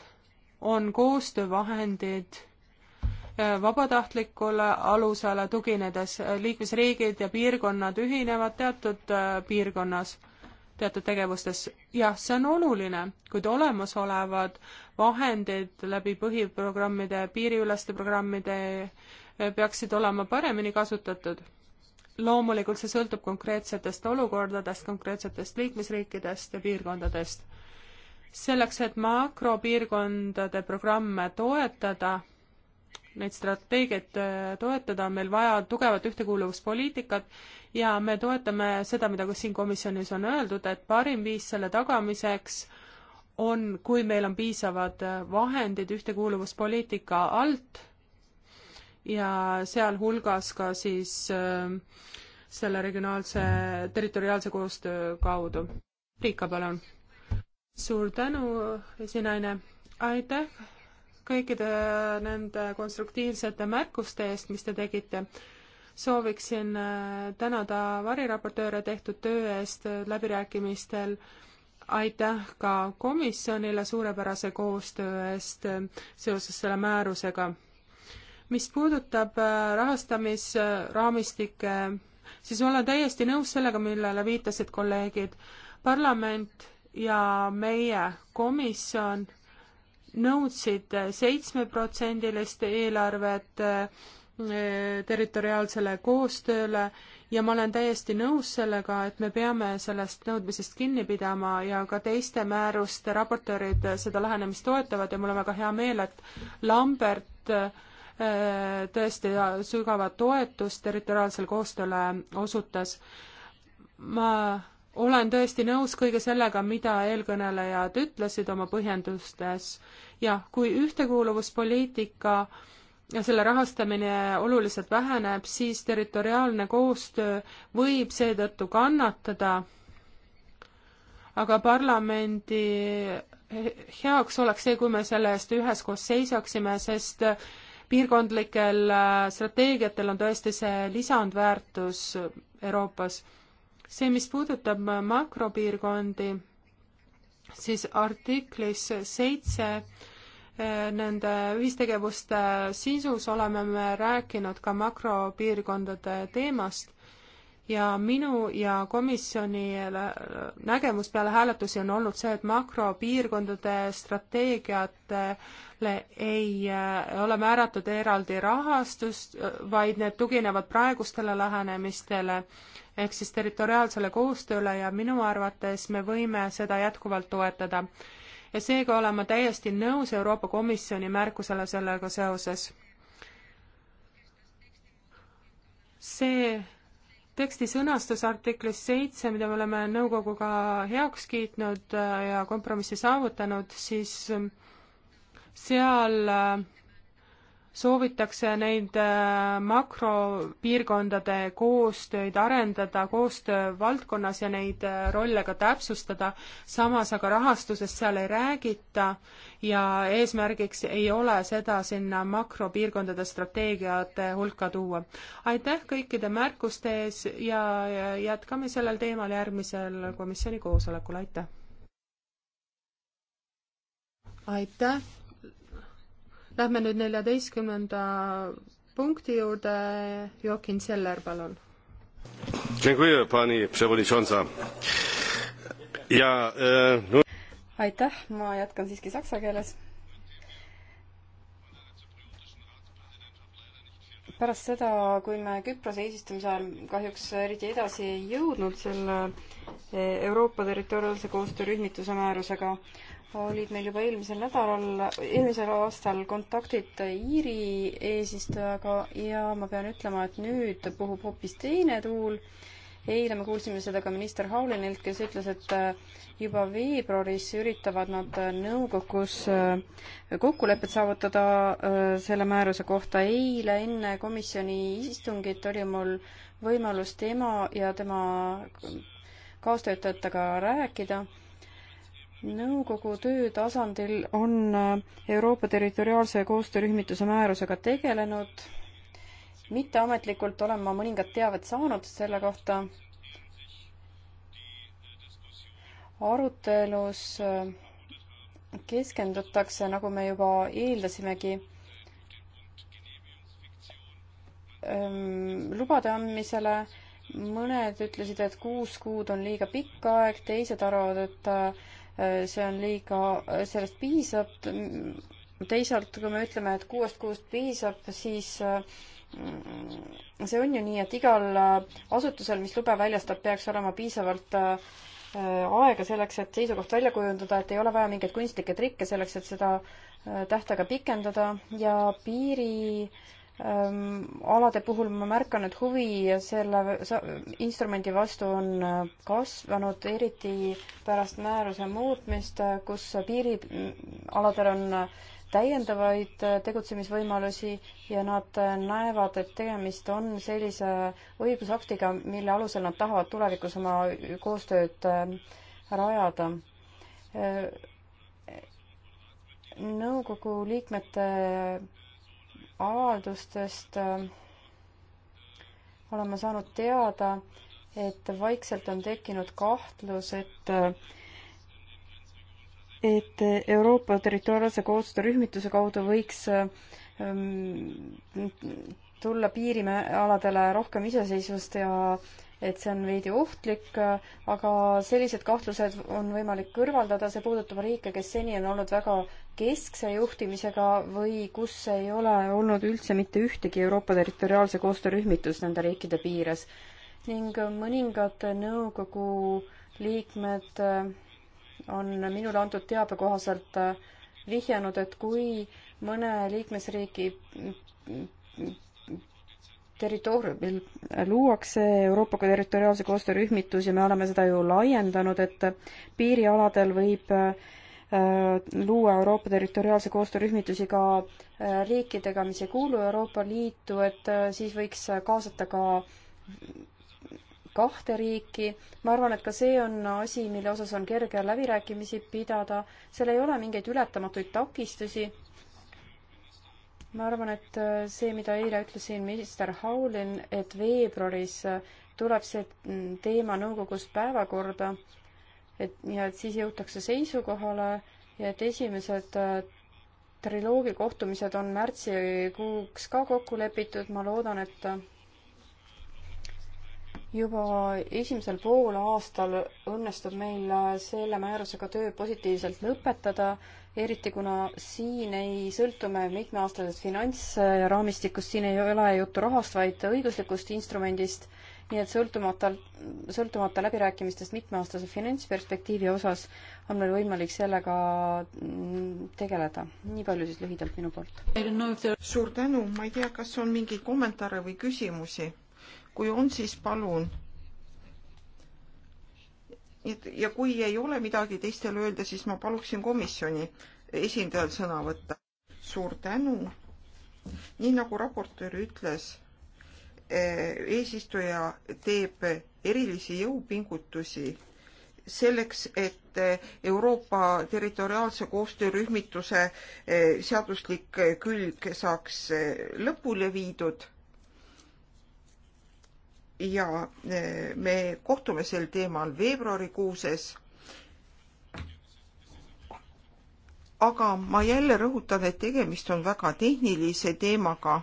on koostöövahendid vabatahtlikule alusele tuginedes liikmesriigid ja piirkonnad ühinevad teatud äh, piirkonnas, teatud tegevustes. jah, see on oluline, kuid olemasolevad vahendid läbi põhiprogrammide, piiriüleste programmide äh, peaksid olema paremini kasutatud. loomulikult see sõltub konkreetsetest olukordadest, konkreetsetest liikmesriikidest ja piirkondadest selleks, et makropiirkondade programme toetada, neid strateegiaid äh, toetada, on meil vaja tugevat ühtekuuluvuspoliitikat ja me toetame seda, mida ka siin komisjonis on öeldud, et parim viis selle tagamiseks on, kui meil on piisavad äh, vahendid ühtekuuluvuspoliitika alt ja sealhulgas ka siis äh, selle regionaalse territoriaalse koostöö kaudu. Riika, palun. suur tänu, esinaine. aitäh kõikide nende konstruktiivsete märkuste eest, mis te tegite. sooviksin äh, tänada variraportööre tehtud töö eest äh, läbirääkimistel. aitäh ka komisjonile suurepärase koostöö eest äh, seoses selle määrusega. mis puudutab rahastamisraamistikke, siis olen täiesti nõus sellega, millele viitasid kolleegid. parlament ja meie komisjon nõudsid seitsmeprotsendilist eelarvet eh, territoriaalsele koostööle ja ma olen täiesti nõus sellega, et me peame sellest nõudmisest kinni pidama ja ka teiste määruste raportöörid seda lähenemist toetavad ja mul on väga hea meel, et Lambert eh, tõesti sügavat toetust territoriaalsele koostööle osutas. ma olen tõesti nõus kõige sellega, mida eelkõnelejad ütlesid oma põhjendustes. jah, kui ühtekuuluvuspoliitika ja selle rahastamine oluliselt väheneb, siis territoriaalne koostöö võib seetõttu kannatada, aga parlamendi heaks oleks see, kui me selle eest üheskoos seisaksime, sest piirkondlikel strateegiatel on tõesti see lisandväärtus Euroopas see, mis puudutab makropiirkondi, siis artiklis seitse eh, nende ühistegevuste sisus oleme me rääkinud ka makropiirkondade teemast ja minu ja komisjoni nägemus peale hääletusi on olnud see, et makropiirkondade strateegiatele ei äh, ole määratud eraldi rahastust, vaid need tuginevad praegustele lähenemistele ehk siis territoriaalsele koostööle ja minu arvates me võime seda jätkuvalt toetada. ja seega olen ma täiesti nõus Euroopa Komisjoni märkusele sellega seoses. see teksti sõnastus artiklis seitse, mida me oleme nõukoguga heaks kiitnud äh, ja kompromissi saavutanud, siis äh, seal äh, soovitakse neid äh, makropiirkondade koostöid arendada koostöövaldkonnas ja neid äh, rolle ka täpsustada, samas aga rahastusest seal ei räägita ja eesmärgiks ei ole seda sinna makropiirkondade strateegiate hulka tuua. aitäh kõikide märkuste ees ja jätkame sellel teemal järgmisel komisjoni koosolekul, aitäh! aitäh! Lähme nüüd neljateistkümnenda punkti juurde, Joakim Seller, palun. E, aitäh, ma jätkan siiski saksa keeles pärast seda, kui me Küprose eesistumise ajal kahjuks eriti edasi ei jõudnud selle Euroopa territoriaalse koostöö rühmituse määrusega, olid meil juba eelmisel nädalal, eelmisel aastal kontaktid Iiri eesistujaga ja ma pean ütlema, et nüüd puhub hoopis teine tuul. eile me kuulsime seda ka minister Haulinilt, kes ütles, et äh, juba veebruaris üritavad nad äh, nõukogus äh, kokkulepet saavutada selle määruse kohta. eile enne komisjoni istungit oli mul võimalus tema ja tema kaastöötajatega rääkida nõukogu töö tasandil on äh, Euroopa territoriaalse koostöörühmituse määrusega tegelenud. mitteametlikult olen ma mõningat teavet saanud selle kohta. arutelus äh, keskendutakse, nagu me juba eeldasimegi, ähm, lubade andmisele mõned ütlesid, et kuus kuud on liiga pikk aeg, teised arvavad, et äh, see on liiga, sellest piisab. teisalt, kui me ütleme, et kuuest kuust piisab, siis mm, see on ju nii, et igal asutusel, mis lube väljastab, peaks olema piisavalt äh, aega selleks, et seisukoht välja kujundada, et ei ole vaja mingeid kunstlikke trikke selleks, et seda äh, tähtaega pikendada ja piiri äh, Ehm, alade puhul ma märkan, et huvi selle instrumendi vastu on äh, kasvanud, eriti pärast määruse muutmist, äh, kus piirialadel mm, on äh, täiendavaid tegutsemisvõimalusi ja nad näevad, et tegemist on sellise õigusaktiga, mille alusel nad tahavad tulevikus oma koostööd rajada. nõukogu liikmete avaldustest äh, olen ma saanud teada, et vaikselt on tekkinud kahtlus, et äh, et Euroopa territoriaalse koostöö rühmituse kaudu võiks ähm, tulla piirialadele rohkem iseseisvust ja et see on veidi ohtlik, aga sellised kahtlused on võimalik kõrvaldada, see puudutab riike, kes seni on olnud väga keskse juhtimisega või kus ei ole olnud üldse mitte ühtegi Euroopa territoriaalse koostöö rühmitust nende riikide piires. ning mõningad nõukogu liikmed on minule antud teabe kohaselt vihjanud, et kui mõne liikmesriigi territooriumil luuakse Euroopa territoriaalse koostöö rühmitus ja me oleme seda ju laiendanud, et piirialadel võib äh, luua Euroopa territoriaalse koostöö rühmitusi ka äh, riikidega, mis ei kuulu Euroopa Liitu, et äh, siis võiks kaasata ka kahte riiki. ma arvan, et ka see on asi, mille osas on kerge läbirääkimisi pidada. seal ei ole mingeid ületamatuid takistusi ma arvan, et äh, see, mida eile ütles siin minister Haulin, et veebruaris äh, tuleb see mm, teema nõukogust päevakorda, et ja et siis jõutakse seisukohale ja et esimesed äh, triloogi kohtumised on märtsikuuks ka kokku lepitud, ma loodan, et juba esimesel poolaastal õnnestub meil selle määrusega töö positiivselt lõpetada eriti kuna siin ei sõltu me mitmeaastasest finantsraamistikust, siin ei ole juttu rahast, vaid õiguslikust instrumendist, nii et sõltumata, sõltumata läbirääkimistest mitmeaastase finantsperspektiivi osas on meil võimalik sellega tegeleda. nii palju siis lühidalt minu poolt. suur tänu, ma ei tea, kas on mingeid kommentaare või küsimusi. kui on, siis palun ja kui ei ole midagi teistele öelda, siis ma paluksin komisjoni esindajal sõna võtta. suur tänu. nii nagu raportöör ütles, eh, eesistuja teeb erilisi jõupingutusi selleks, et eh, Euroopa territoriaalse koostöörühmituse eh, seaduslik külg saaks lõpule viidud ja e, me kohtume sel teemal veebruarikuuses. aga ma jälle rõhutan, et tegemist on väga tehnilise teemaga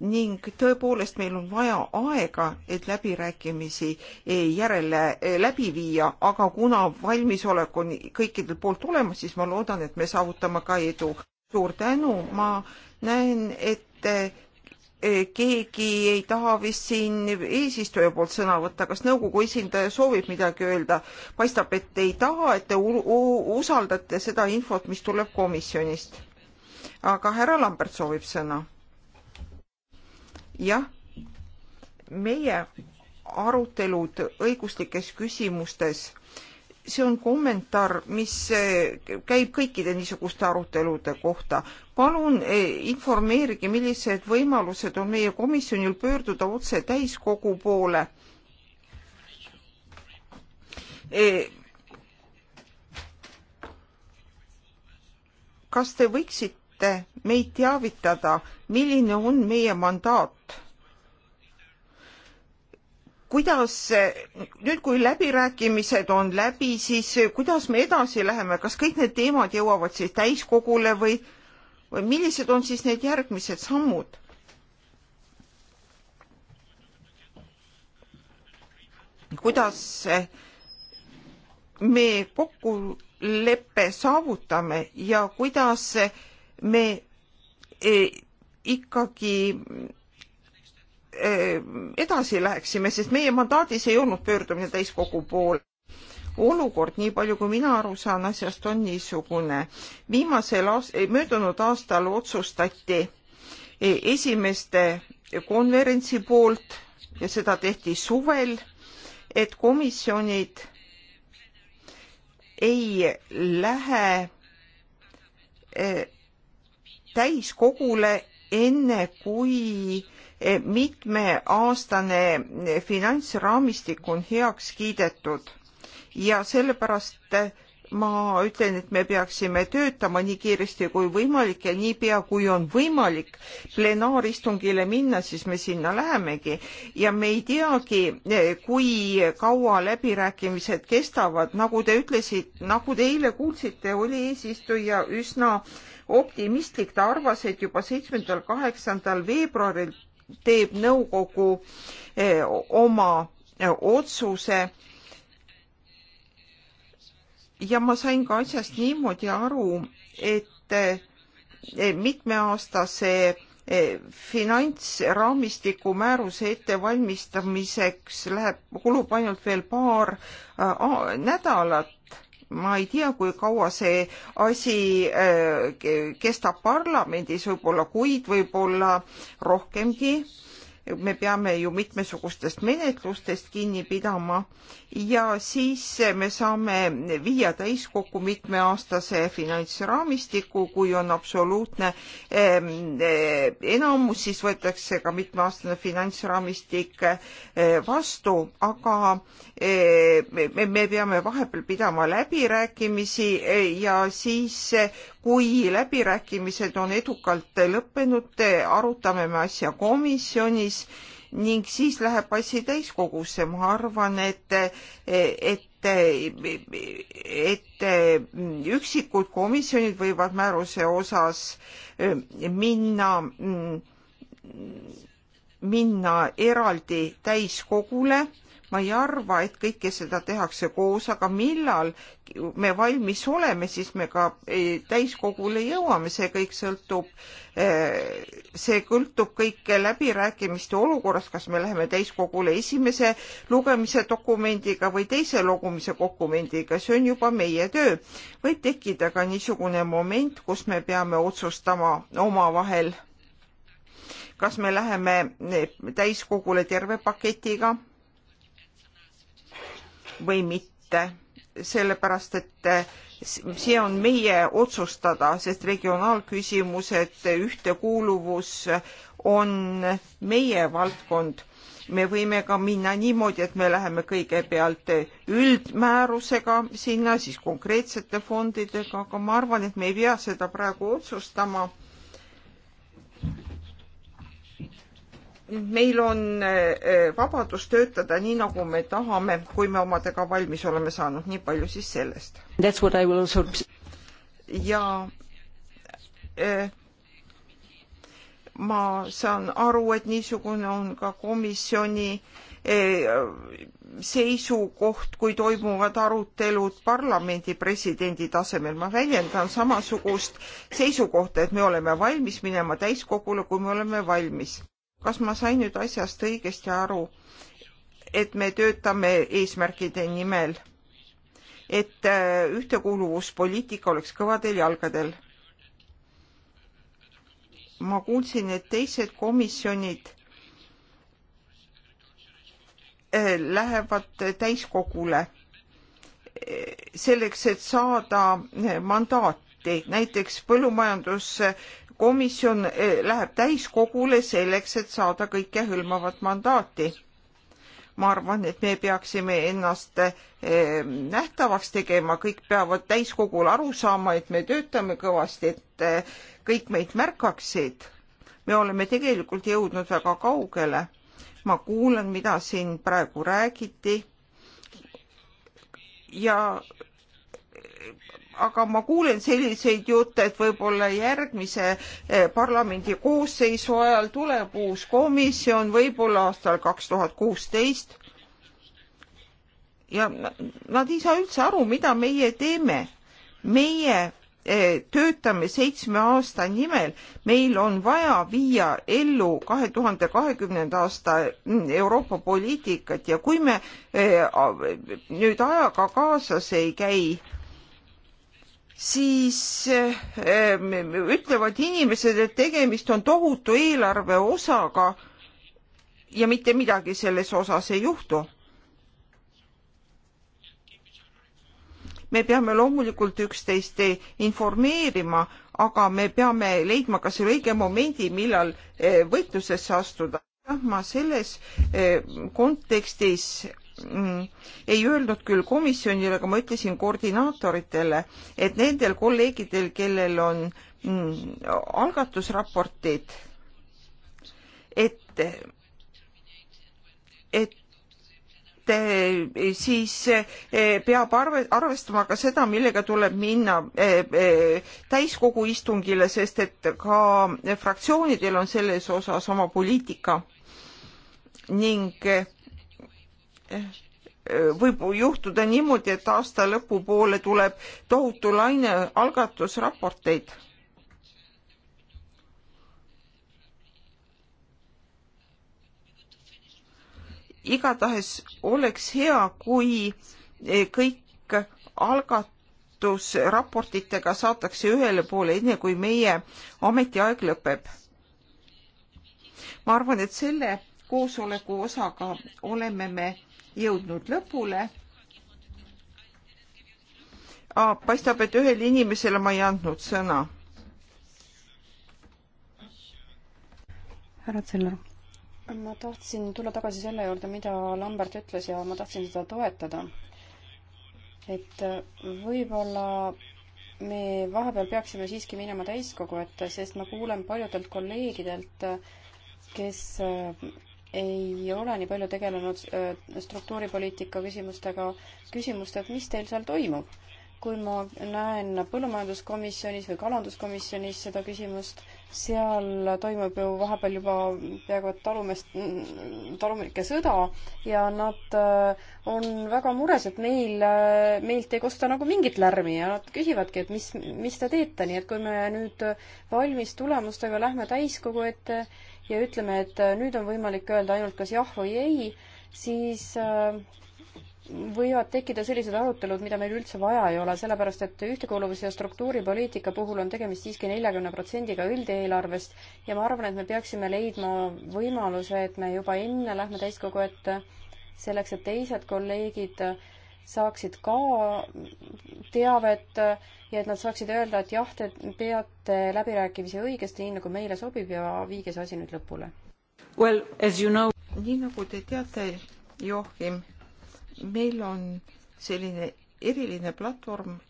ning tõepoolest meil on vaja aega, et läbirääkimisi e, järele e, läbi viia, aga kuna valmisolek on kõikidel poolt olemas, siis ma loodan, et me saavutame ka edu. suur tänu, ma näen, et keegi ei taha vist siin eesistuja poolt sõna võtta, kas nõukogu esindaja soovib midagi öelda? paistab, et ei taha, et te usaldate seda infot, mis tuleb komisjonist. aga härra Lambert soovib sõna. jah, meie arutelud õiguslikes küsimustes see on kommentaar, mis eh, käib kõikide niisuguste arutelude kohta. palun eh, informeerige, millised võimalused on meie komisjonil pöörduda otse täiskogu poole e kas te võiksite meid teavitada, milline on meie mandaat? kuidas nüüd, kui läbirääkimised on läbi, siis kuidas me edasi läheme, kas kõik need teemad jõuavad siis täiskogule või, või millised on siis need järgmised sammud? kuidas me kokkuleppe saavutame ja kuidas me eh, ikkagi Äh, edasi läheksime, sest meie mandaadis ei olnud pöördumine täiskogu poole. olukord, nii palju kui mina aru saan asjast, on niisugune. viimasel aast-, möödunud aastal otsustati e, esimeste konverentsi poolt ja seda tehti suvel, et komisjonid ei lähe e, täiskogule enne, kui mitmeaastane finantsraamistik on heaks kiidetud ja sellepärast ma ütlen, et me peaksime töötama nii kiiresti kui võimalik ja niipea kui on võimalik plenaaristungile minna, siis me sinna lähemegi ja me ei teagi, kui kaua läbirääkimised kestavad, nagu te ütlesite, nagu te eile kuulsite, oli eesistuja üsna optimistlik, ta arvas, et juba seitsmendal, kaheksandal veebruaril teeb nõukogu eh, oma eh, otsuse. ja ma sain ka asjast niimoodi aru, et eh, mitmeaastase finantsraamistiku määruse ettevalmistamiseks läheb, kulub ainult veel paar äh, nädalat ma ei tea, kui kaua see asi äh, kestab parlamendis, võib-olla kuid, võib-olla rohkemgi. me peame ju mitmesugustest menetlustest kinni pidama ja siis me saame viia täiskokku mitmeaastase finantsraamistiku, kui on absoluutne eh, enamus, siis võetakse ka mitmeaastane finantsraamistik eh, vastu, aga eh, me peame vahepeal pidama läbirääkimisi ja siis, kui läbirääkimised on edukalt lõppenud, arutame me asja komisjonis ning siis läheb asi täiskogusse. ma arvan, et, et et, et üksikud komisjonid võivad määruse osas minna, minna eraldi täiskogule ma ei arva, et kõike seda tehakse koos, aga millal me valmis oleme, siis me ka eh, täiskogule jõuame, see kõik sõltub, eh, see kõltub kõik läbirääkimiste olukorrast, kas me läheme täiskogule esimese lugemise dokumendiga või teise lugemise dokumendiga, see on juba meie töö. võib tekkida ka niisugune moment, kus me peame otsustama omavahel kas me läheme täiskogule terve paketiga või mitte, sellepärast et see on meie otsustada, sest regionaalküsimused, ühtekuuluvus on meie valdkond. me võime ka minna niimoodi, et me läheme kõigepealt üldmäärusega sinna, siis konkreetsete fondidega, aga ma arvan, et me ei pea seda praegu otsustama meil on äh, äh, vabadus töötada nii, nagu me tahame, kui me omadega valmis oleme saanud, nii palju siis sellest. Also... ja äh, ma saan aru, et niisugune on ka komisjoni seisukoht, kui toimuvad arutelud parlamendi presidendi tasemel. ma väljendan samasugust seisukohta, et me oleme valmis minema täiskogule, kui me oleme valmis kas ma sain nüüd asjast õigesti aru, et me töötame eesmärkide nimel, et äh, ühtekuuluvuspoliitika oleks kõvadel jalgadel? ma kuulsin, et teised komisjonid äh, lähevad täiskogule äh, selleks, et saada mandaat näiteks põllumajandus komisjon eh, läheb täiskogule selleks, et saada kõikehõlmavat mandaati. ma arvan, et me peaksime ennast eh, nähtavaks tegema, kõik peavad täiskogul aru saama, et me töötame kõvasti, et eh, kõik meid märkaksid. me oleme tegelikult jõudnud väga kaugele. ma kuulan, mida siin praegu räägiti ja aga ma kuulen selliseid jutte, et võib-olla järgmise eh, parlamendi koosseisu ajal tuleb uus komisjon, võib-olla aastal kaks tuhat kuusteist. ja nad ei saa üldse aru, mida meie teeme. meie eh, töötame seitsme aasta nimel, meil on vaja viia ellu kahe tuhande kahekümnenda aasta mm, Euroopa poliitikat ja kui me eh, nüüd ajaga kaasas ei käi, siis eh, ütlevad inimesed, et tegemist on tohutu eelarve osaga ja mitte midagi selles osas ei juhtu. me peame loomulikult üksteist informeerima, aga me peame leidma ka selle õige momendi, millal eh, võitlusesse astuda. jah, ma selles eh, kontekstis Mm, ei öelnud küll komisjonile, aga ma ütlesin koordinaatoritele, et nendel kolleegidel, kellel on mm, algatusraportid, et, et et eh, siis eh, peab arve, arvestama ka seda, millega tuleb minna eh, täiskogu istungile, sest et ka fraktsioonidel on selles osas oma poliitika ning võib juhtuda niimoodi, et aasta lõpupoole tuleb tohutu laine algatusraporteid. igatahes oleks hea, kui kõik algatusraportitega saadakse ühele poole, enne kui meie ametiaeg lõpeb. ma arvan, et selle koosoleku osaga oleme me jõudnud lõpule ah,. paistab, et ühele inimesele ma ei andnud sõna. härra Zeller. ma tahtsin tulla tagasi selle juurde, mida Lambert ütles ja ma tahtsin seda toetada. et võib-olla me vahepeal peaksime siiski minema täiskogu ette, sest ma kuulen paljudelt kolleegidelt, kes ei ole nii palju tegelenud struktuuripoliitika küsimustega, küsimust, et mis teil seal toimub. kui ma näen põllumajanduskomisjonis või kalanduskomisjonis seda küsimust, seal toimub ju vahepeal juba peaaegu et talumeest, talumike sõda ja nad äh, on väga mures, et meil, äh, meilt ei kosta nagu mingit lärmi ja nad küsivadki, et mis, mis te teete, nii et kui me nüüd valmis tulemustega lähme täiskogu ette ja ütleme, et nüüd on võimalik öelda ainult kas jah või ei, siis äh, võivad tekkida sellised arutelud, mida meil üldse vaja ei ole, sellepärast et ühtekuuluvuse ja struktuuripoliitika puhul on tegemist siiski neljakümne protsendiga üldeelarvest ja ma arvan, et me peaksime leidma võimaluse, et me juba enne lähme täiskogu ette selleks, et teised kolleegid saaksid ka teavet ja et nad saaksid öelda, et jah, te peate läbirääkimisi õigesti, nii nagu meile sobib ja viige see asi nüüd lõpule. Well, as you know nii nagu te teate, Joachim meil on selline eriline platvorm,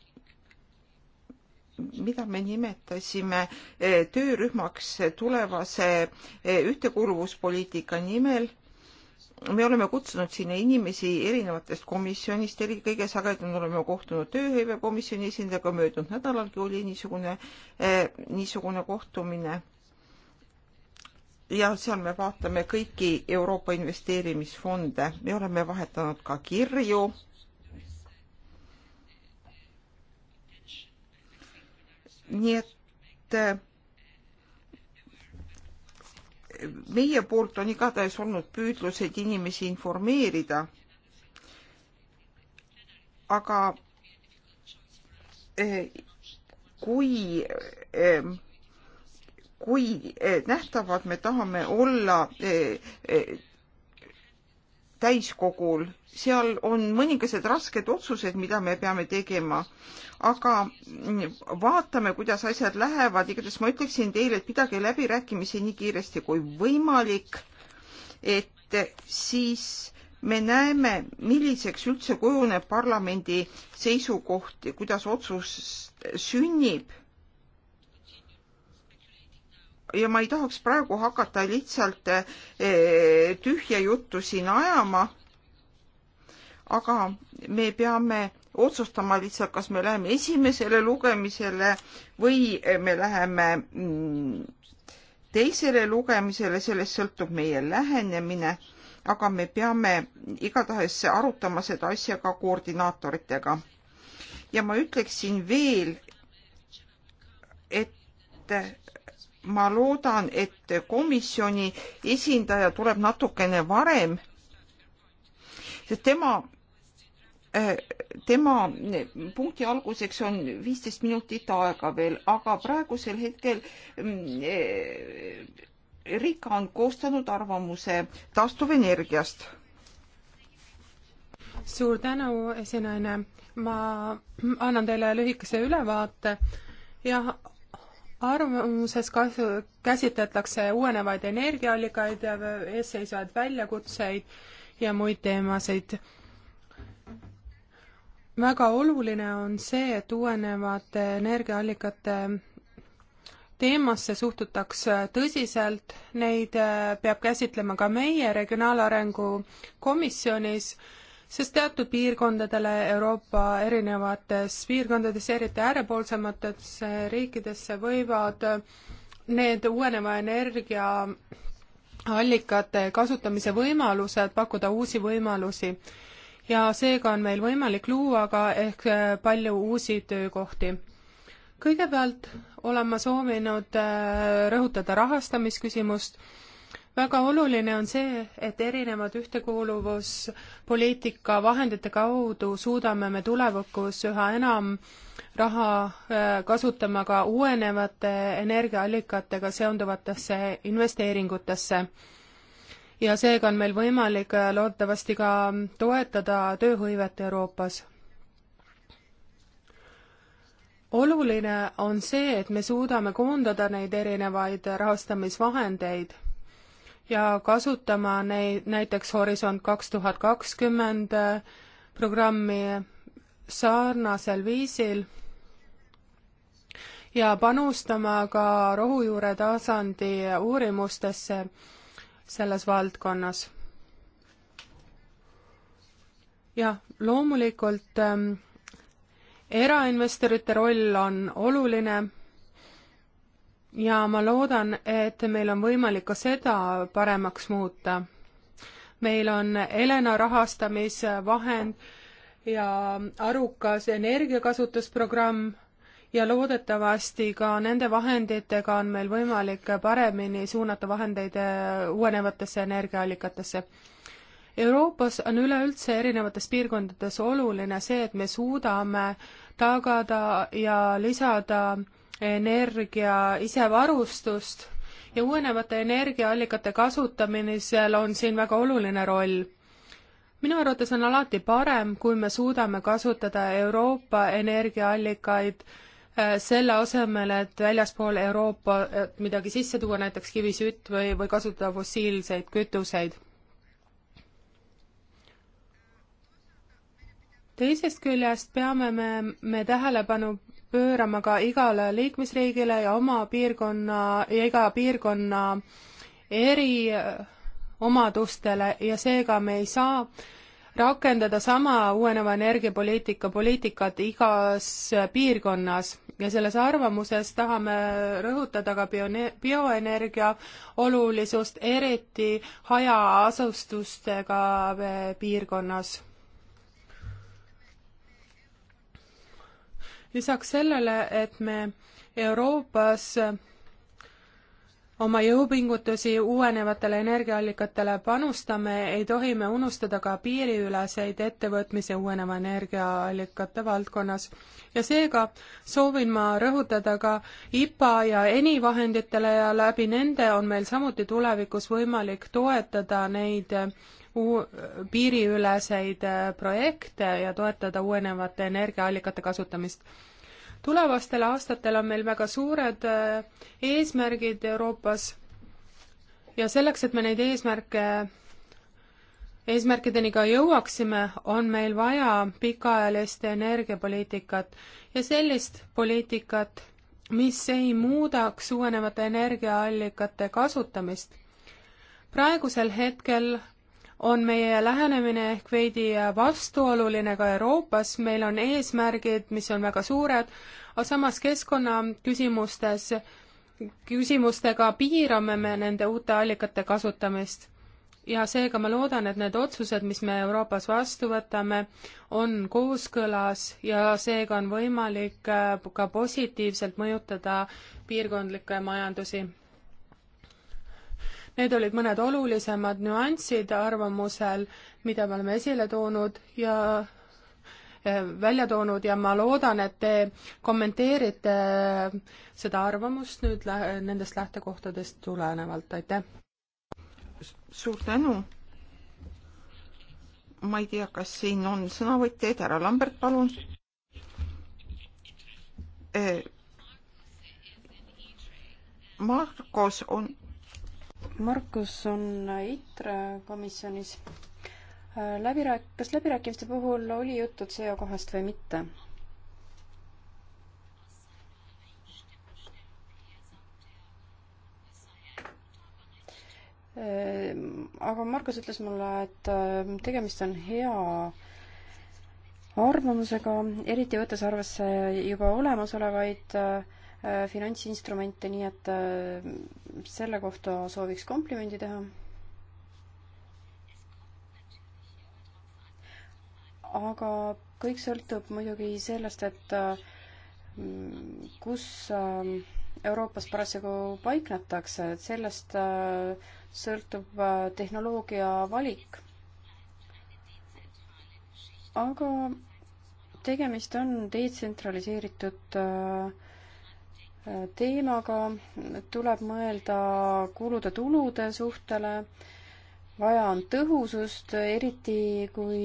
mida me nimetasime eh, töörühmaks tulevase eh, ühtekuuluvuspoliitika nimel. me oleme kutsunud sinna inimesi erinevatest komisjonist, eri, kõige sagedamini oleme kohtunud tööhõivekomisjoni esindajaga, möödunud nädalalgi oli niisugune, eh, niisugune kohtumine ja seal me vaatame kõiki Euroopa investeerimisfonde, me oleme vahetanud ka kirju. nii et eh, meie poolt on igatahes olnud püüdlused inimesi informeerida. aga eh, kui eh, kui eh, nähtavad me tahame olla eh, eh, täiskogul, seal on mõningased rasked otsused, mida me peame tegema, aga vaatame, kuidas asjad lähevad, igatahes ma ütleksin teile, et pidage läbirääkimisi nii kiiresti kui võimalik, et siis me näeme, milliseks üldse kujuneb parlamendi seisukoht ja kuidas otsus sünnib ja ma ei tahaks praegu hakata lihtsalt eh, tühja juttu siin ajama. aga me peame otsustama lihtsalt, kas me läheme esimesele lugemisele või me läheme mm, teisele lugemisele, sellest sõltub meie lähenemine, aga me peame igatahes arutama seda asja ka koordinaatoritega. ja ma ütleksin veel, et ma loodan, et komisjoni esindaja tuleb natukene varem, sest tema, eh, tema punkti alguseks on viisteist minutit aega veel, aga praegusel hetkel mm, eh, Rika on koostanud arvamuse taastuvenergiast. suur tänu, esinaine. ma annan teile lühikese ülevaate jah, arvamuses kasu, käsitletakse uuenevaid energiaallikaid ja eesseisvaid väljakutseid ja muid teemasid. väga oluline on see, et uuenevate energiaallikate teemasse suhtutakse tõsiselt, neid äh, peab käsitlema ka meie Regionaalarengu Komisjonis sest teatud piirkondadele Euroopa erinevates piirkondades, eriti äärepoolsematesse riikidesse, võivad need uueneva energia allikate kasutamise võimalused pakkuda uusi võimalusi. ja seega on meil võimalik luua ka ehk palju uusi töökohti kõigepealt olen ma soovinud äh, rõhutada rahastamisküsimust väga oluline on see, et erinevad ühtekuuluvuspoliitika vahendite kaudu suudame me tulevikus üha enam raha äh, kasutama ka uuenevate energiaallikatega seonduvatesse investeeringutesse. ja seega on meil võimalik äh, loodetavasti ka toetada tööhõivet Euroopas oluline on see, et me suudame koondada neid erinevaid rahastamisvahendeid ja kasutama neid näiteks Horisont kaks tuhat kakskümmend äh, programmi sarnasel viisil ja panustama ka rohujuure tasandi uurimustesse selles valdkonnas. jah, loomulikult ähm, erainvestorite roll on oluline ja ma loodan, et meil on võimalik ka seda paremaks muuta. meil on Helena rahastamisvahend ja arukas energiakasutusprogramm ja loodetavasti ka nende vahenditega on meil võimalik paremini suunata vahendeid äh, uuenevatesse energiaallikatesse. Euroopas on üleüldse erinevates piirkondades oluline see, et me suudame tagada ja lisada energia isevarustust ja uuenevate energiaallikate kasutamisel on siin väga oluline roll. minu arvates on alati parem, kui me suudame kasutada Euroopa energiaallikaid äh, selle asemel, et väljaspool Euroopa midagi sisse tuua, näiteks kivisütt või, või kasutada fossiilseid kütuseid. teisest küljest peame me, me tähelepanu pöörama ka igale liikmesriigile ja oma piirkonna ja iga piirkonna eriomadustele äh, ja seega me ei saa rakendada sama uueneva energiapoliitika poliitikat igas piirkonnas ja selles arvamuses tahame rõhutada ka bione-, bioenergia olulisust, eriti hajaasustustega piirkonnas lisaks sellele, et me Euroopas oma jõupingutusi uuenevatele energiaallikatele panustame, ei tohi me unustada ka piiriüleseid ettevõtmisi uueneva energiaallikate valdkonnas. ja seega soovin ma rõhutada ka IPA ja ENI vahenditele ja läbi nende on meil samuti tulevikus võimalik toetada neid piiriüleseid äh, projekte ja toetada uuenevate energiaallikate kasutamist tulevastel aastatel on meil väga suured äh, eesmärgid Euroopas ja selleks, et me neid eesmärke, eesmärkideni ka jõuaksime, on meil vaja pikaajalist energiapoliitikat ja sellist poliitikat, mis ei muudaks uuenevate energiaallikate kasutamist. praegusel hetkel on meie lähenemine ehk veidi vastuoluline ka Euroopas, meil on eesmärgid, mis on väga suured, aga samas keskkonnaküsimustes, küsimustega piirame me nende uute allikate kasutamist. ja seega ma loodan, et need otsused, mis me Euroopas vastu võtame, on kooskõlas ja seega on võimalik ka positiivselt mõjutada piirkondlikke majandusi Need olid mõned olulisemad nüansid arvamusel, mida me oleme esile toonud ja eh, välja toonud ja ma loodan, et te kommenteerite seda arvamust nüüd lä nendest lähtekohtadest tulenevalt, aitäh! suur tänu! ma ei tea, kas siin on sõnavõtjaid, härra Lambert, palun e. Eh, Markos on Markus on ITRE komisjonis. läbirääk-, kas läbirääkimiste puhul oli juttu CO kahest või mitte? aga Margus ütles mulle, et ähm, tegemist on hea arvamusega, eriti võttes arvesse juba olemasolevaid äh, Äh, finantsinstrumente, nii et äh, selle kohta sooviks komplimendi teha. aga kõik sõltub muidugi sellest, et äh, kus Euroopas parasjagu paiknetakse, et sellest sõltub tehnoloogia valik. aga tegemist on detsentraliseeritud äh, teemaga, tuleb mõelda kulude-tulude suhtele, vaja on tõhusust, eriti kui,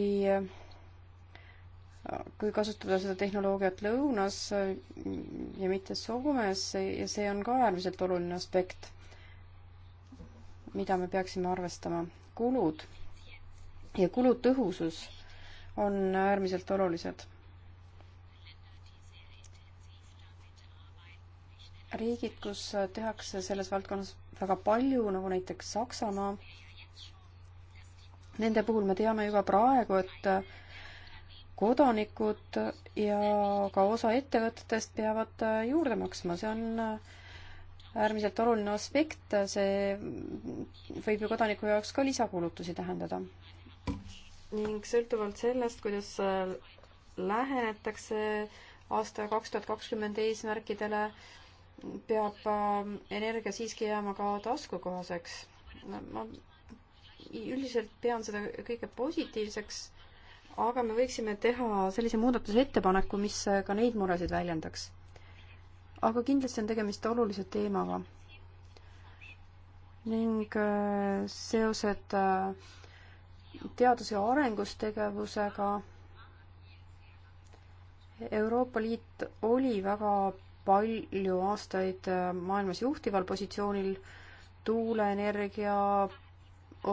kui kasutada seda tehnoloogiat lõunas ja mitte Soomes ja see on ka äärmiselt oluline aspekt, mida me peaksime arvestama. kulud ja kulutõhusus on äärmiselt olulised riigid, kus tehakse selles valdkonnas väga palju, nagu näiteks Saksamaa, nende puhul me teame juba praegu, et kodanikud ja ka osa ettevõtetest peavad juurde maksma, see on äärmiselt oluline aspekt, see võib ju kodaniku jaoks ka lisakulutusi tähendada. ning sõltuvalt sellest, kuidas lähenetakse aasta kaks tuhat kakskümmend eesmärkidele, peab ähm, energia siiski jääma ka taskukohaseks. ma üldiselt pean seda kõige positiivseks, aga me võiksime teha sellise muudatusettepaneku, mis ka neid muresid väljendaks. aga kindlasti on tegemist olulise teemaga. ning äh, seosed äh, teadus- ja arengustegevusega Euroopa Liit oli väga palju aastaid äh, maailmas juhtival positsioonil tuuleenergia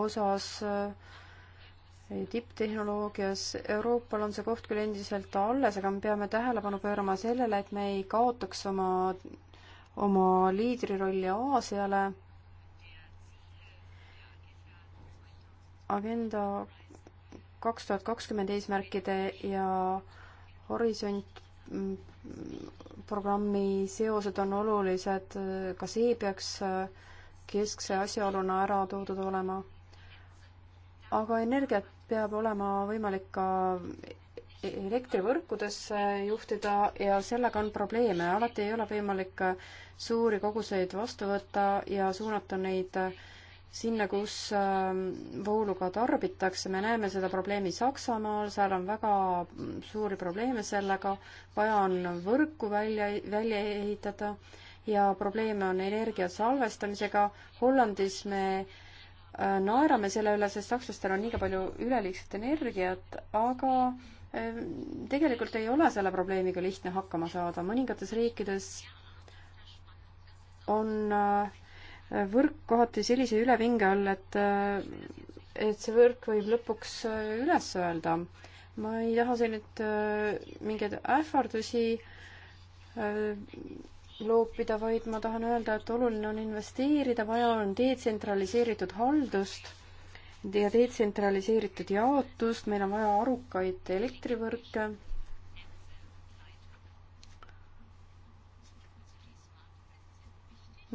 osas, äh, tipptehnoloogias, Euroopal on see koht küll endiselt alles, aga me peame tähelepanu pöörama sellele, et me ei kaotaks oma, oma liidrirolli Aasiale. agenda kaks tuhat kakskümmend eesmärkide ja Horisont programmi seosed on olulised, ka see peaks äh, keskse asjaoluna ära toodud olema. aga energiat peab olema võimalik ka elektrivõrkudesse juhtida ja sellega on probleeme, alati ei ole võimalik äh, suuri koguseid vastu võtta ja suunata neid äh, sinna, kus ähm, voolu ka tarbitakse, me näeme seda probleemi Saksamaal, seal on väga suuri probleeme sellega, vaja on võrku välja, välja ehitada ja probleeme on energia salvestamisega. Hollandis me äh, naerame selle üle, sest sakslastel on liiga palju üleliigset energiat, aga ähm, tegelikult ei ole selle probleemiga lihtne hakkama saada. mõningates riikides on äh, võrk kohati sellise ülepinge all, et, äh, et see võrk võib lõpuks äh, üles öelda. ma ei taha siin nüüd äh, mingeid ähvardusi loopida, vaid ma tahan öelda, et oluline on investeerida, vaja on detsentraliseeritud haldust ja detsentraliseeritud jaotust, meil on vaja arukaid elektrivõrke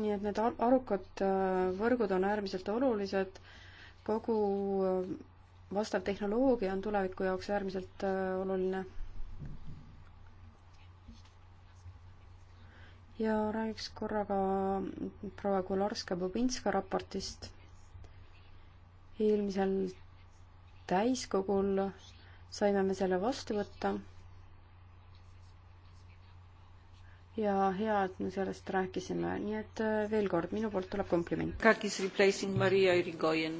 nii et need arukad äh, võrgud on äärmiselt olulised, kogu äh, vastav tehnoloogia on tuleviku jaoks äärmiselt äh, oluline. ja räägiks korra ka proua Kularska-Bubinska raportist. eelmisel täiskogul saime me selle vastu võtta ja hea, et me sellest rääkisime, nii et äh, veel kord, minu poolt tuleb kompliment. Kakis replacing Maria Irigoyen.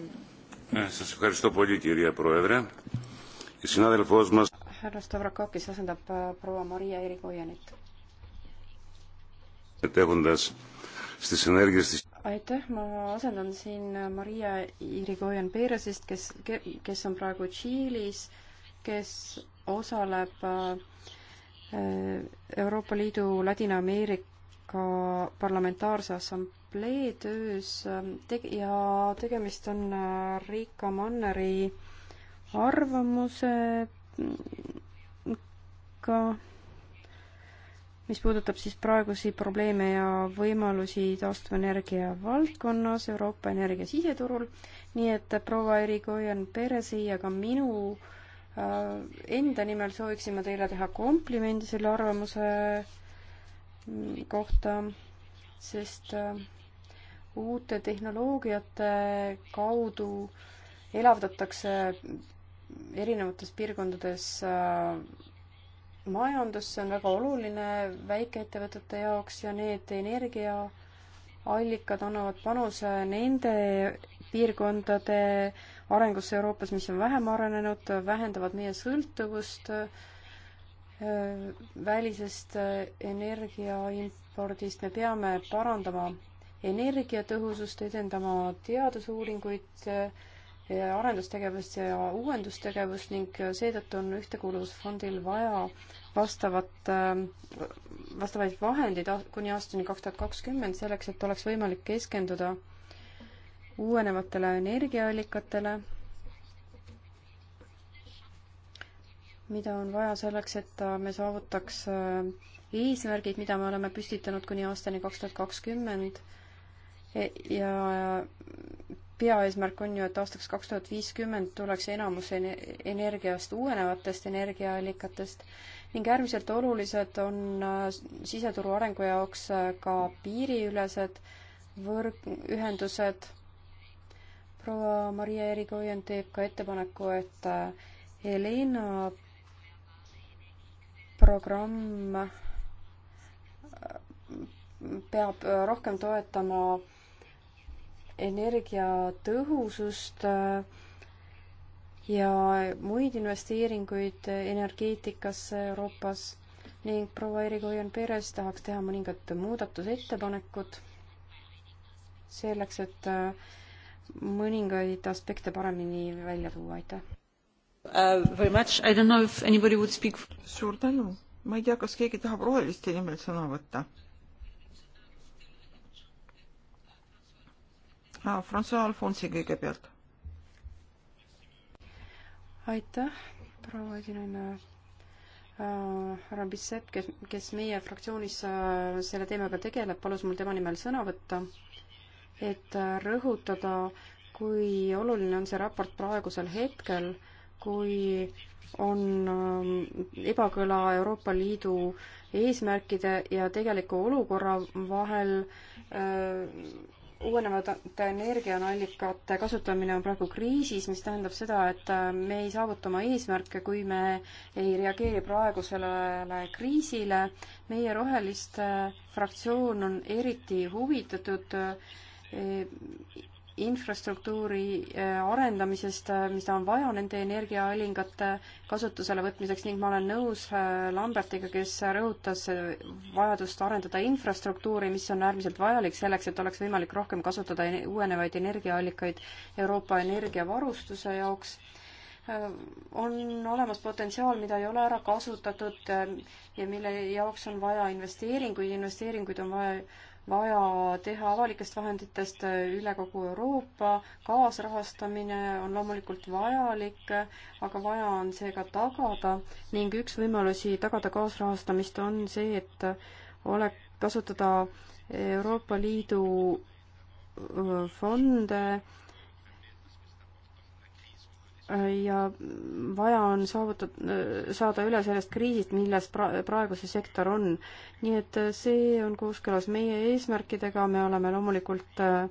härra Stavrakakis asendab äh, proua Maria Irigoyenit. aitäh, ma asendan siin äh, Maria Irigoyen Peeresist, kes, kes on praegu Tšiilis, kes osaleb äh, Euroopa Liidu Ladina-Ameerika Parlamentaarse Assamblee töös teg- ja tegemist on äh, Riika Manneri arvamusega, mis puudutab siis praegusi probleeme ja võimalusi taastuvenergia valdkonnas Euroopa energia siseturul, nii et proua Erikoian Peresi ja ka minu äh, Äh, enda nimel sooviksin ma teile teha komplimendi selle arvamuse mm, kohta, sest äh, uute tehnoloogiate kaudu elavdatakse erinevates piirkondades äh, majandust, see on väga oluline väikeettevõtete jaoks ja need energiaallikad annavad panuse nende piirkondade arengusse Euroopas, mis on vähem arenenud, vähendavad meie sõltuvust äh, välisest äh, energiaimpordist, me peame parandama energiatõhusust, edendama teadusuuringuid, äh, arendustegevust ja uuendustegevust ning seetõttu on Ühtekuuluvusfondil vaja vastavat, vastavaid vahendeid kuni aastani kaks tuhat kakskümmend selleks, et oleks võimalik keskenduda uuenevatele energiaallikatele, mida on vaja selleks, et me saavutaks äh, eesmärgid, mida me oleme püstitanud kuni aastani kaks tuhat kakskümmend e, ja peaeesmärk on ju, et aastaks kaks tuhat viiskümmend tuleks enamus energiast uuenevatest energiaallikatest ning äärmiselt olulised on äh, siseturu arengu jaoks äh, ka piiriülesed võrgühendused proua Maria Erikoien teeb ka ettepaneku, et Helena äh, programm äh, peab äh, rohkem toetama energiatõhusust ja muid investeeringuid energeetikasse Euroopas ning proua Erikoien Peres tahaks teha mõningad muudatusettepanekud selleks, et mõningaid aspekte paremini välja tuua, aitäh uh,! suur tänu! ma ei tea, kas keegi tahab roheliste nimel sõna võtta ah,. Francois Alfonsi kõigepealt. aitäh, proua esinaine ah, härra Bissep, kes, kes meie fraktsioonis ah, selle teemaga tegeleb, palus mul tema nimel sõna võtta et rõhutada, kui oluline on see raport praegusel hetkel, kui on ähm, ebakõla Euroopa Liidu eesmärkide ja tegeliku olukorra vahel äh, uuenevate energiaallikate kasutamine on praegu kriisis, mis tähendab seda, et äh, me ei saavuta oma eesmärke, kui me ei reageeri praegusele kriisile. meie Roheliste fraktsioon on eriti huvitatud äh, Eh, infrastruktuuri eh, arendamisest, eh, mida on vaja nende energiaallikate kasutusele võtmiseks ning ma olen nõus Lambertiga, kes rõhutas vajadust arendada infrastruktuuri, mis on äärmiselt vajalik selleks, et oleks võimalik rohkem kasutada uuenevaid energiaallikaid Euroopa energiavarustuse jaoks on olemas potentsiaal, mida ei ole ära kasutatud ja mille jaoks on vaja investeeringuid, investeeringuid on vaja vaja teha avalikest vahenditest üle kogu Euroopa, kaasrahastamine on loomulikult vajalik, aga vaja on see ka tagada ning üks võimalusi tagada kaasrahastamist on see, et ole, kasutada Euroopa Liidu fonde ja vaja on saavutada, saada üle sellest kriisist, milles pra-, praegu see sektor on. nii et äh, see on kooskõlas meie eesmärkidega, me oleme loomulikult äh,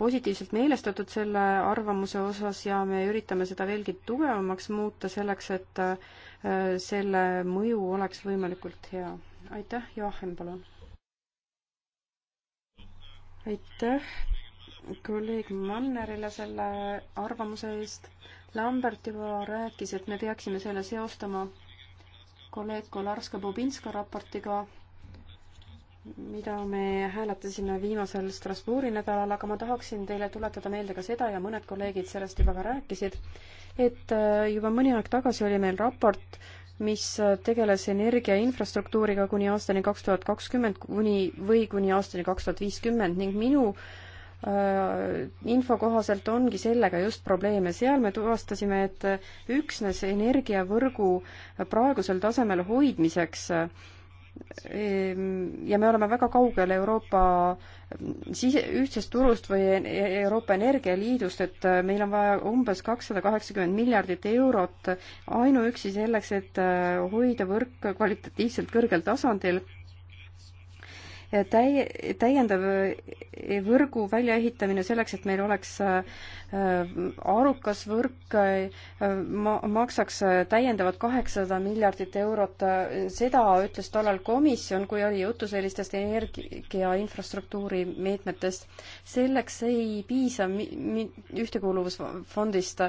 positiivselt meelestatud selle arvamuse osas ja me üritame seda veelgi tugevamaks muuta selleks, et äh, selle mõju oleks võimalikult hea. aitäh, Joachim, palun! aitäh kolleeg Mannerile selle arvamuse eest Lambert juba rääkis, et me peaksime selle seostama kolleeg Kolarska-Bobinska raportiga, mida me hääletasime viimasel Strasbourgi nädalal, aga ma tahaksin teile tuletada meelde ka seda ja mõned kolleegid sellest juba ka rääkisid, et äh, juba mõni aeg tagasi oli meil raport, mis äh, tegeles energia infrastruktuuriga kuni aastani kaks tuhat kakskümmend kuni, või kuni aastani kaks tuhat viiskümmend ning minu äh, Äh, info kohaselt ongi sellega just probleeme. seal me tuvastasime, et üksnes energiavõrgu praegusel tasemel hoidmiseks ehm, ja me oleme väga kaugel Euroopa sise, ühtsest turust või Euroopa Energialiidust, et meil on vaja umbes kakssada kaheksakümmend miljardit eurot ainuüksi selleks, et äh, hoida võrk kvalitatiivselt kõrgel tasandil täi-, täiendav võrgu väljaehitamine selleks, et meil oleks äh, arukas võrk, äh, ma-, maksaks äh, täiendavat kaheksasada miljardit eurot, seda ütles tollal komisjon, kui oli juttu sellistest energia infrastruktuuri meetmetest. selleks ei piisa mi-, mi-, ühtekuuluvusfondist,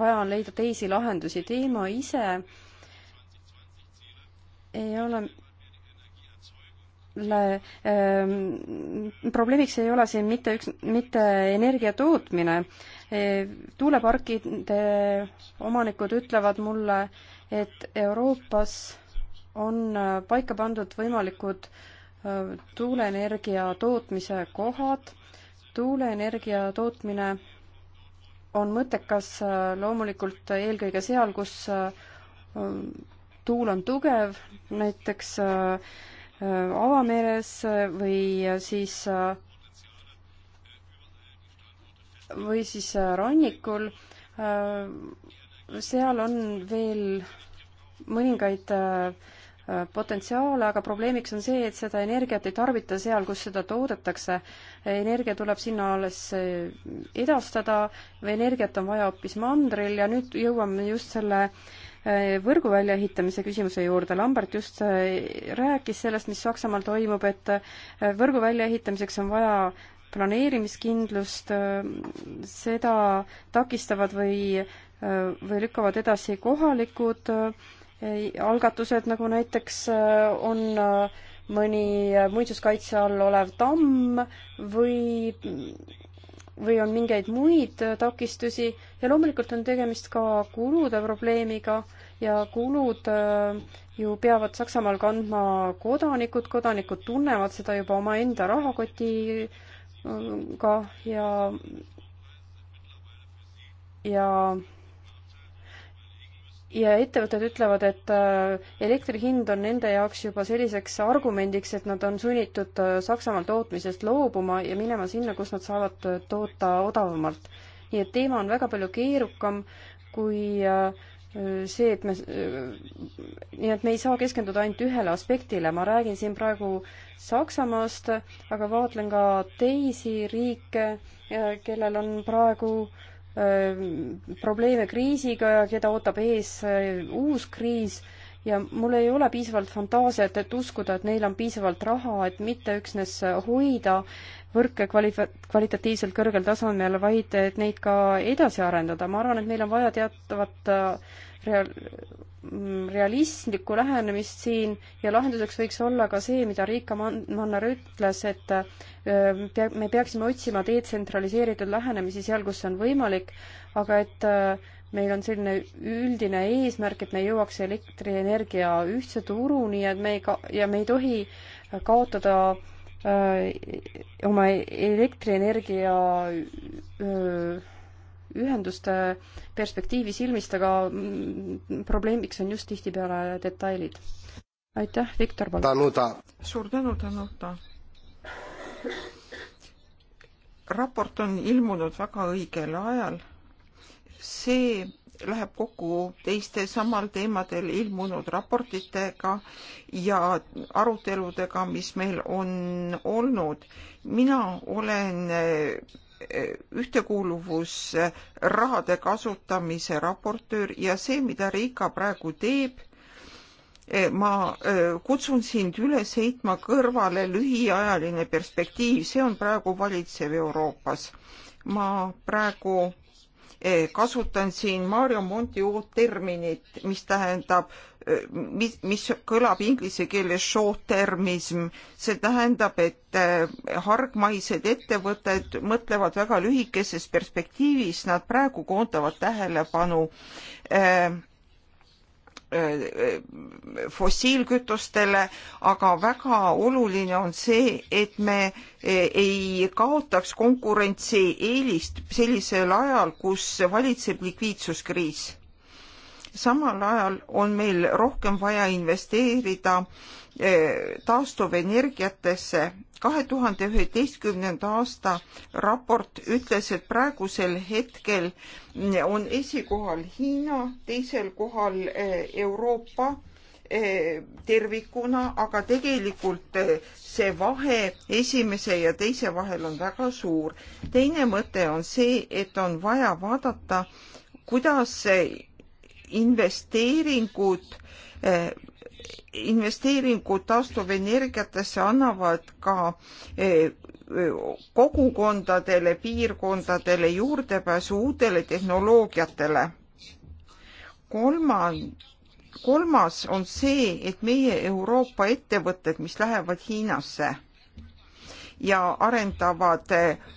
vaja on leida teisi lahendusi, teema ise ei ole Ähm, probleemiks ei ole siin mitte üks, mitte energia tootmine. E, tuuleparkide omanikud ütlevad mulle, et Euroopas on äh, paika pandud võimalikud äh, tuuleenergia tootmise kohad. tuuleenergia tootmine on mõttekas äh, loomulikult eelkõige seal, kus tuul on tugev, näiteks äh, avameres või siis või siis rannikul. seal on veel mõningaid äh, potentsiaale, aga probleemiks on see, et seda energiat ei tarbita seal, kus seda toodetakse. energia tuleb sinna alles äh, edastada või energiat on vaja hoopis mandril ja nüüd jõuame just selle äh, Eh, võrgu väljaehitamise küsimuse juurde. Lambert just eh, rääkis sellest, mis Saksamaal toimub, et eh, võrgu väljaehitamiseks on vaja planeerimiskindlust, seda takistavad või, või lükkavad edasi kohalikud algatused, nagu näiteks on mõni muinsuskaitse all olev tamm või või on mingeid muid takistusi ja loomulikult on tegemist ka kulude probleemiga ja kulud äh, ju peavad Saksamaal kandma kodanikud, kodanikud tunnevad seda juba omaenda rahakotiga äh, ja ja ja ettevõtted ütlevad, et äh, elektri hind on nende jaoks juba selliseks argumendiks, et nad on sunnitud äh, Saksamaal tootmisest loobuma ja minema sinna, kus nad saavad äh, toota odavamalt. nii et teema on väga palju keerukam kui see, et me, nii et me ei saa keskenduda ainult ühele aspektile, ma räägin siin praegu Saksamaast, aga vaatlen ka teisi riike, kellel on praegu äh, probleeme kriisiga ja keda ootab ees uus kriis ja mul ei ole piisavalt fantaasiat, et uskuda, et neil on piisavalt raha, et mitte üksnes hoida võrke kvali-, kvalitatiivselt kõrgel tasemel, vaid et neid ka edasi arendada. ma arvan, et meil on vaja teatavat real-, mm, realistlikku lähenemist siin ja lahenduseks võiks olla ka see, mida Riika Mannar ütles, et ähm, me peaksime otsima detsentraliseeritud lähenemisi seal, kus see on võimalik, aga et äh, meil on selline üldine eesmärk, et me jõuaks elektrienergia ühtse turuni, et me ei ka-, ja me ei tohi kaotada öö, äh, oma e-, elektrienergia öö, ühenduste perspektiivi silmist, aga mm, probleemiks on just tihtipeale detailid. aitäh, Viktor Palk. suur tänu, Danuta. raport on ilmunud väga õigel ajal. see läheb kokku teiste samal teemadel ilmunud raportitega ja aruteludega, mis meil on olnud. mina olen ühtekuuluvusrahade kasutamise raportöör ja see, mida Riika praegu teeb, eh, ma eh, kutsun sind üles heitma kõrvale lühiajaline perspektiiv, see on praegu valitsev Euroopas. ma praegu eh, kasutan siin Mario Monti uut terminit, mis tähendab mis, mis kõlab inglise keeles short-termism, see tähendab, et eh, hargmaised ettevõtted mõtlevad väga lühikeses perspektiivis, nad praegu koondavad tähelepanu eh, eh, fossiilkütustele, aga väga oluline on see, et me ei kaotaks konkurentsieelist sellisel ajal, kus valitseb likviidsuskriis samal ajal on meil rohkem vaja investeerida eh, taastuvenergiatesse. kahe tuhande üheteistkümnenda aasta raport ütles, et praegusel hetkel on esikohal Hiina, teisel kohal eh, Euroopa eh, tervikuna, aga tegelikult see vahe esimese ja teise vahel on väga suur. teine mõte on see, et on vaja vaadata, kuidas investeeringud eh, investeeringud taastuvenergiatesse annavad ka eh, kogukondadele, piirkondadele juurdepääsu uutele tehnoloogiatele. kolman-, kolmas on see, et meie Euroopa ettevõtted, mis lähevad Hiinasse ja arendavad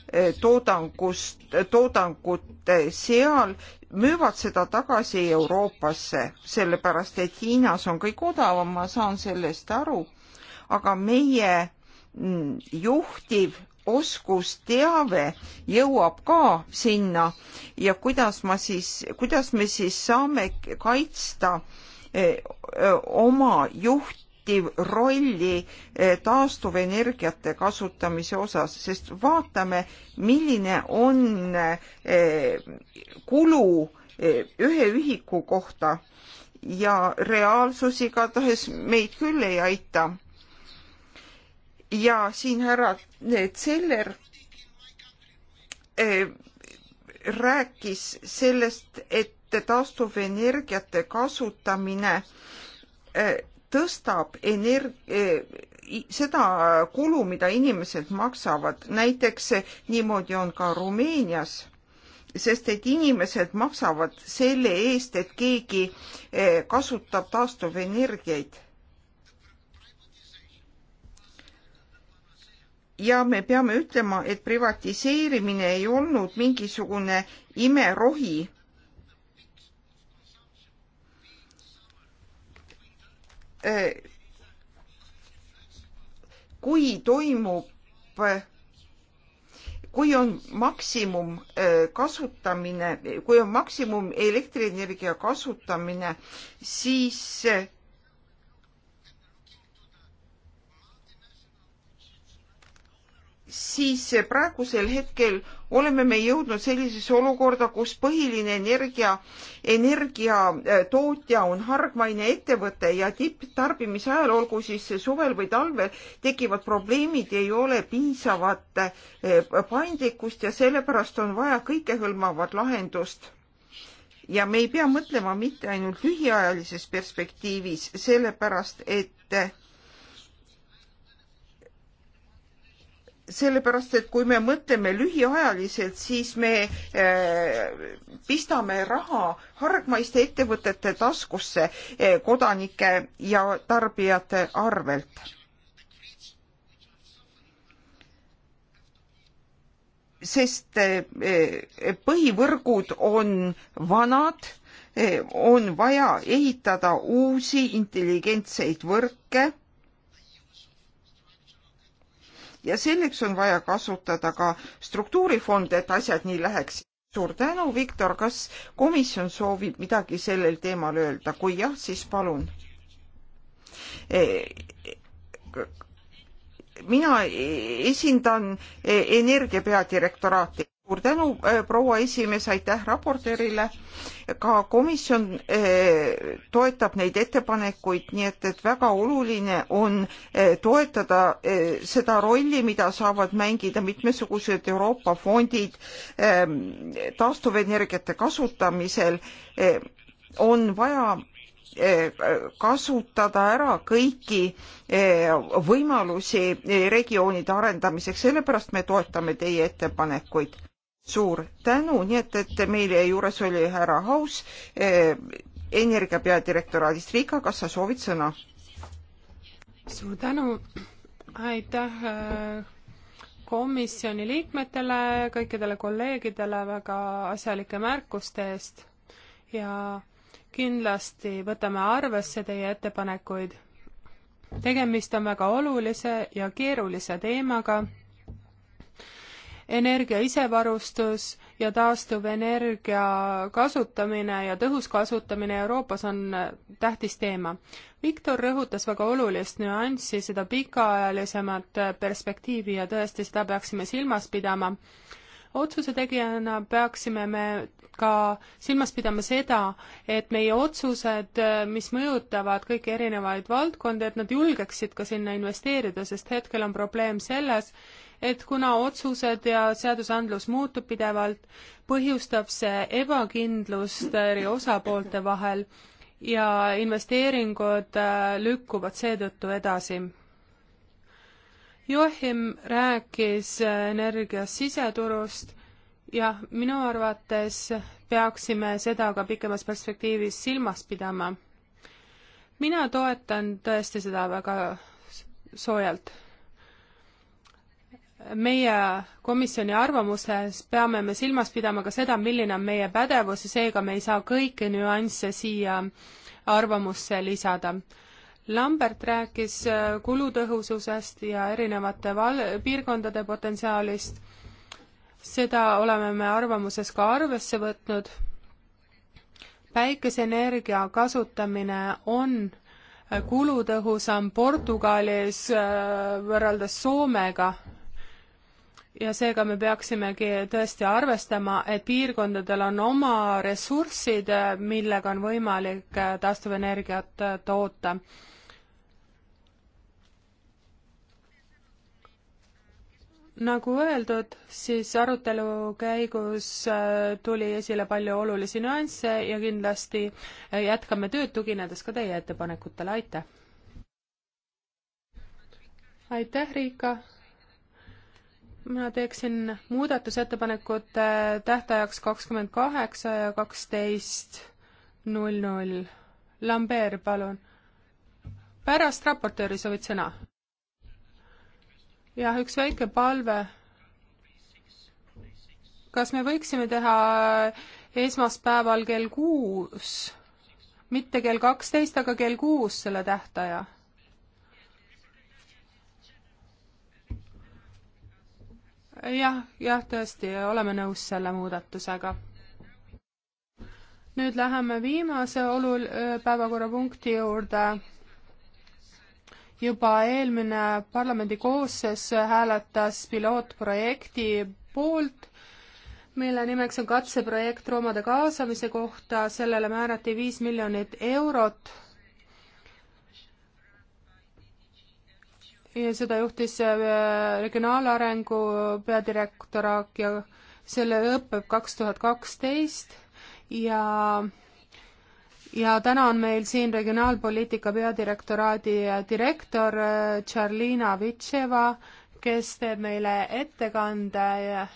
eh, toodangust, toodangut seal, müüvad seda tagasi Euroopasse, sellepärast et Hiinas on kõik odavam, ma saan sellest aru, aga meie mm, juhtiv oskusteave jõuab ka sinna ja kuidas ma siis, kuidas me siis saame kaitsta eh, oma juht, aktiiv rolli eh, taastuvenergiate kasutamise osas, sest vaatame, milline on eh, kulu eh, ühe ühiku kohta ja reaalsus igatahes meid küll ei aita. ja siin härra Zeller rääkis sellest, et taastuvenergiate kasutamine tõstab energ-, eh, seda kulu, mida inimesed maksavad, näiteks niimoodi on ka Rumeenias, sest et inimesed maksavad selle eest, et keegi eh, kasutab taastuvenergiaid. ja me peame ütlema, et privatiseerimine ei olnud mingisugune imerohi kui toimub kui on maksimum äh, kasutamine, kui on maksimum elektrienergia kasutamine, siis äh, siis praegusel hetkel oleme me jõudnud sellisesse olukorda, kus põhiline energia, energiatootja äh, on hargmaine ettevõte ja tipptarbimise ajal, olgu siis suvel või talvel, tekivad probleemid, ei ole piisavat äh, paindlikkust ja sellepärast on vaja kõikehõlmavat lahendust ja me ei pea mõtlema mitte ainult lühiajalises perspektiivis, sellepärast et äh, sellepärast, et kui me mõtleme lühiajaliselt, siis me eh, pistame raha hargmaiste ettevõtete taskusse eh, kodanike ja tarbijate arvelt. sest eh, põhivõrgud on vanad, on vaja ehitada uusi intelligentseid võrke ja selleks on vaja kasutada ka struktuurifonde, et asjad nii läheks. suur tänu, Viktor, kas komisjon soovib midagi sellel teemal öelda, kui jah, siis palun. E, mina esindan e, Energia peadirektoraati suur tänu, äh, proua esimees, aitäh raportöörile. ka komisjon äh, toetab neid ettepanekuid, nii et, et väga oluline on äh, toetada seda rolli, mida saavad mängida mitmesugused Euroopa fondid ähm, taastuvenergiate kasutamisel. on vaja kasutada ära kõiki võimalusi regioonide arendamiseks, sellepärast me toetame teie ettepanekuid suur tänu, nii et, et meie juures oli härra Haus eh, Energia peadirektoraadist. Riika, kas sa soovid sõna? suur tänu, aitäh eh, komisjoni liikmetele, kõikidele kolleegidele väga asjalike märkuste eest ja kindlasti võtame arvesse teie ettepanekuid. tegemist on väga olulise ja keerulise teemaga energia isevarustus ja taastuvenergia kasutamine ja tõhus kasutamine Euroopas on tähtis teema. Viktor rõhutas väga olulist nüanssi, seda pikaajalisemat perspektiivi ja tõesti, seda peaksime silmas pidama. otsuse tegijana peaksime me ka silmas pidama seda, et meie otsused, mis mõjutavad kõiki erinevaid valdkondi, et nad julgeksid ka sinna investeerida, sest hetkel on probleem selles, et kuna otsused ja seadusandlus muutub pidevalt, põhjustab see ebakindlust eri osapoolte vahel ja investeeringud äh, lükkuvad seetõttu edasi. Joachim rääkis äh, energiast siseturust jah, minu arvates peaksime seda ka pikemas perspektiivis silmas pidama. mina toetan tõesti seda väga soojalt meie komisjoni arvamuses peame me silmas pidama ka seda, milline on meie pädevus ja seega me ei saa kõiki nüansse siia arvamusse lisada. Lambert rääkis äh, kulutõhususest ja erinevate val-, piirkondade potentsiaalist, seda oleme me arvamuses ka arvesse võtnud. päikeseenergia kasutamine on äh, kulutõhusam Portugalis äh, võrreldes Soomega ja seega me peaksimegi tõesti arvestama, et piirkondadel on oma ressurssid, millega on võimalik taastuvenergiat toota. nagu öeldud, siis arutelu käigus äh, tuli esile palju olulisi nüansse ja kindlasti äh, jätkame tööd, tuginedes ka teie ettepanekutele, aitäh! aitäh, Riika! mina teeksin muudatusettepanekute tähtajaks kakskümmend kaheksa ja kaksteist null null. Lambert, palun. pärast raportööri soovid sõna? jah, üks väike palve. kas me võiksime teha esmaspäeval kell kuus, mitte kell kaksteist, aga kell kuus selle tähtaja? jah, jah, tõesti, oleme nõus selle muudatusega. nüüd läheme viimase olul-, päevakorrapunkti juurde. juba eelmine parlamendi koosseis hääletas pilootprojekti poolt, mille nimeks on katseprojekt roomade kaasamise kohta, sellele määrati viis miljonit eurot seda juhtis äh, regionaalarengu peadirektoraat ja selle lõpeb kaks tuhat kaksteist ja ja täna on meil siin regionaalpoliitika peadirektoraadi direktor äh, Tšarlina Vitševa, kes teeb meile ettekande ja,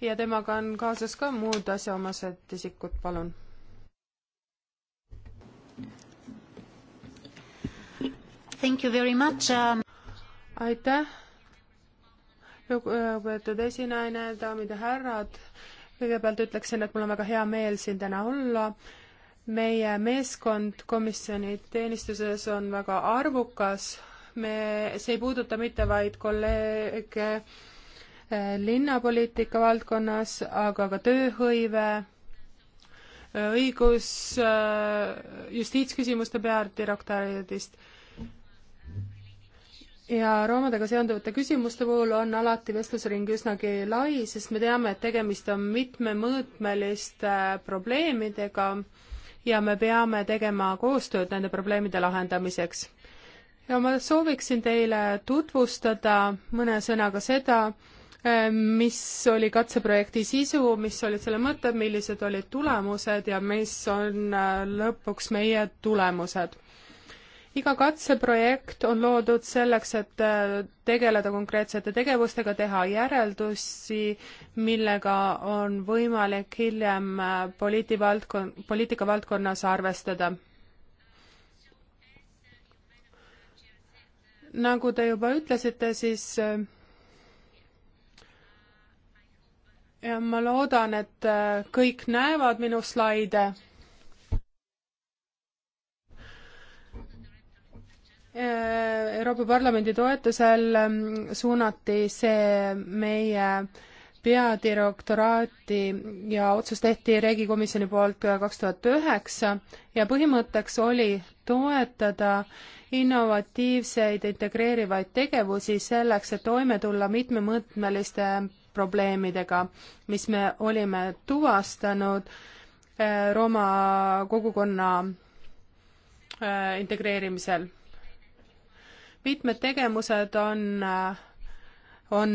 ja temaga on kaasas ka muud asjaomased isikud, palun Thank you very much um aitäh, lugupeetud esinaine, daamid ja härrad. kõigepealt ütleksin, et mul on väga hea meel siin täna olla. meie meeskond komisjoni teenistuses on väga arvukas. me, see ei puuduta mitte vaid kolleege eh, linnapoliitika valdkonnas, aga ka tööhõive õigus eh, justiitsküsimuste peadirektoraadist ja roomadega seonduvate küsimuste puhul on alati vestlusring üsnagi lai, sest me teame, et tegemist on mitmemõõtmeliste äh, probleemidega ja me peame tegema koostööd nende probleemide lahendamiseks. ja ma sooviksin teile tutvustada mõne sõnaga seda, äh, mis oli katseprojekti sisu, mis olid selle mõtted, millised olid tulemused ja mis on äh, lõpuks meie tulemused iga katseprojekt on loodud selleks, et äh, tegeleda konkreetsete tegevustega, teha järeldusi, millega on võimalik hiljem äh, poliitivaldkon-, poliitika valdkonnas arvestada. nagu te juba ütlesite, siis äh, ja ma loodan, et kõik näevad minu slaide Euroopa Parlamendi toetusel ähm, suunati see meie peadirektoraati ja otsus tehti Riigikomisjoni poolt kaks tuhat üheksa ja põhimõtteks oli toetada innovatiivseid integreerivaid tegevusi selleks, et toime tulla mitmemõõtmeliste probleemidega, mis me olime tuvastanud äh, Rooma kogukonna äh, integreerimisel mitmed tegevused on, on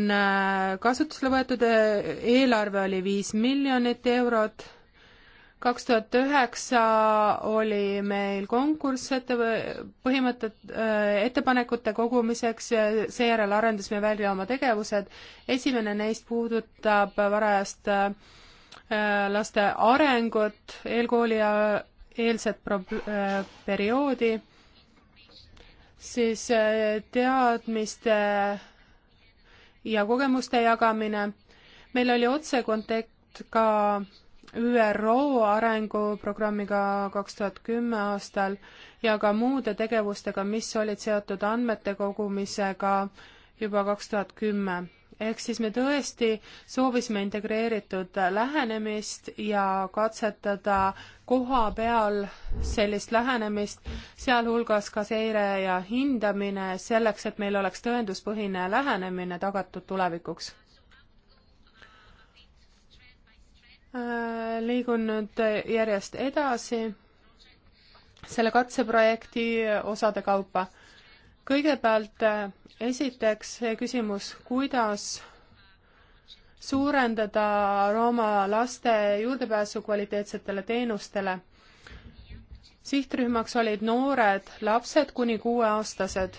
kasutusele võetud, eelarve oli viis miljonit eurot, kaks tuhat üheksa oli meil konkurss ette, põhimõtted, ettepanekute kogumiseks, seejärel arendasime välja oma tegevused, esimene neist puudutab varajast äh, laste arengut, eelkooli ja eelset pro-, äh, perioodi siis äh, teadmiste ja kogemuste jagamine. meil oli otsekontakt ka ÜRO arenguprogrammiga kaks tuhat kümme aastal ja ka muude tegevustega, mis olid seotud andmete kogumisega juba kaks tuhat kümme ehk siis me tõesti soovisime integreeritud lähenemist ja katsetada koha peal sellist lähenemist, sealhulgas ka seire ja hindamine, selleks et meil oleks tõenduspõhine lähenemine tagatud tulevikuks. Äh, liigun nüüd järjest edasi selle katseprojekti osade kaupa. kõigepealt äh, esiteks küsimus, kuidas suurendada Rooma laste juurdepääsu kvaliteetsetele teenustele. sihtrühmaks olid noored lapsed kuni kuueaastased.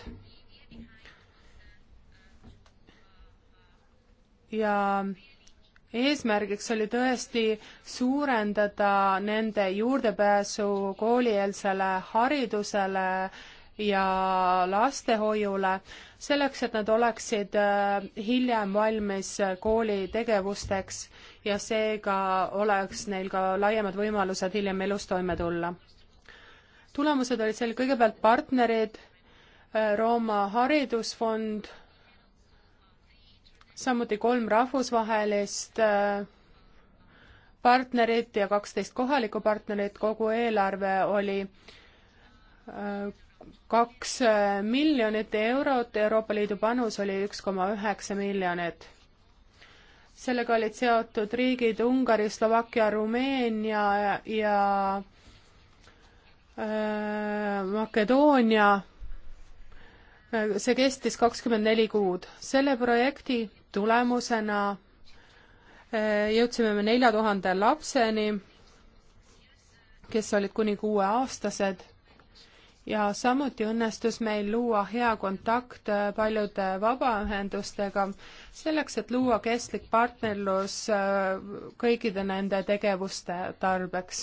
ja eesmärgiks oli tõesti suurendada nende juurdepääsu koolieelsele haridusele ja lastehoiule selleks, et nad oleksid äh, hiljem valmis äh, kooli tegevusteks ja seega oleks neil ka laiemad võimalused hiljem elus toime tulla. tulemused olid seal kõigepealt partnerid, äh, Rooma Haridusfond, samuti kolm rahvusvahelist partnerit ja kaksteist kohalikku partnerit, kogu eelarve oli kaks äh, miljonit eurot, Euroopa Liidu panus oli üks koma üheksa miljonit. sellega olid seotud riigid Ungari, Slovakkia, Rumeenia ja, ja äh, Makedoonia. Äh, see kestis kakskümmend neli kuud. selle projekti tulemusena äh, jõudsime me nelja tuhande lapseni, kes olid kuni kuueaastased ja samuti õnnestus meil luua hea kontakt äh, paljude vabaühendustega, selleks et luua kestlik partnerlus äh, kõikide nende tegevuste tarbeks.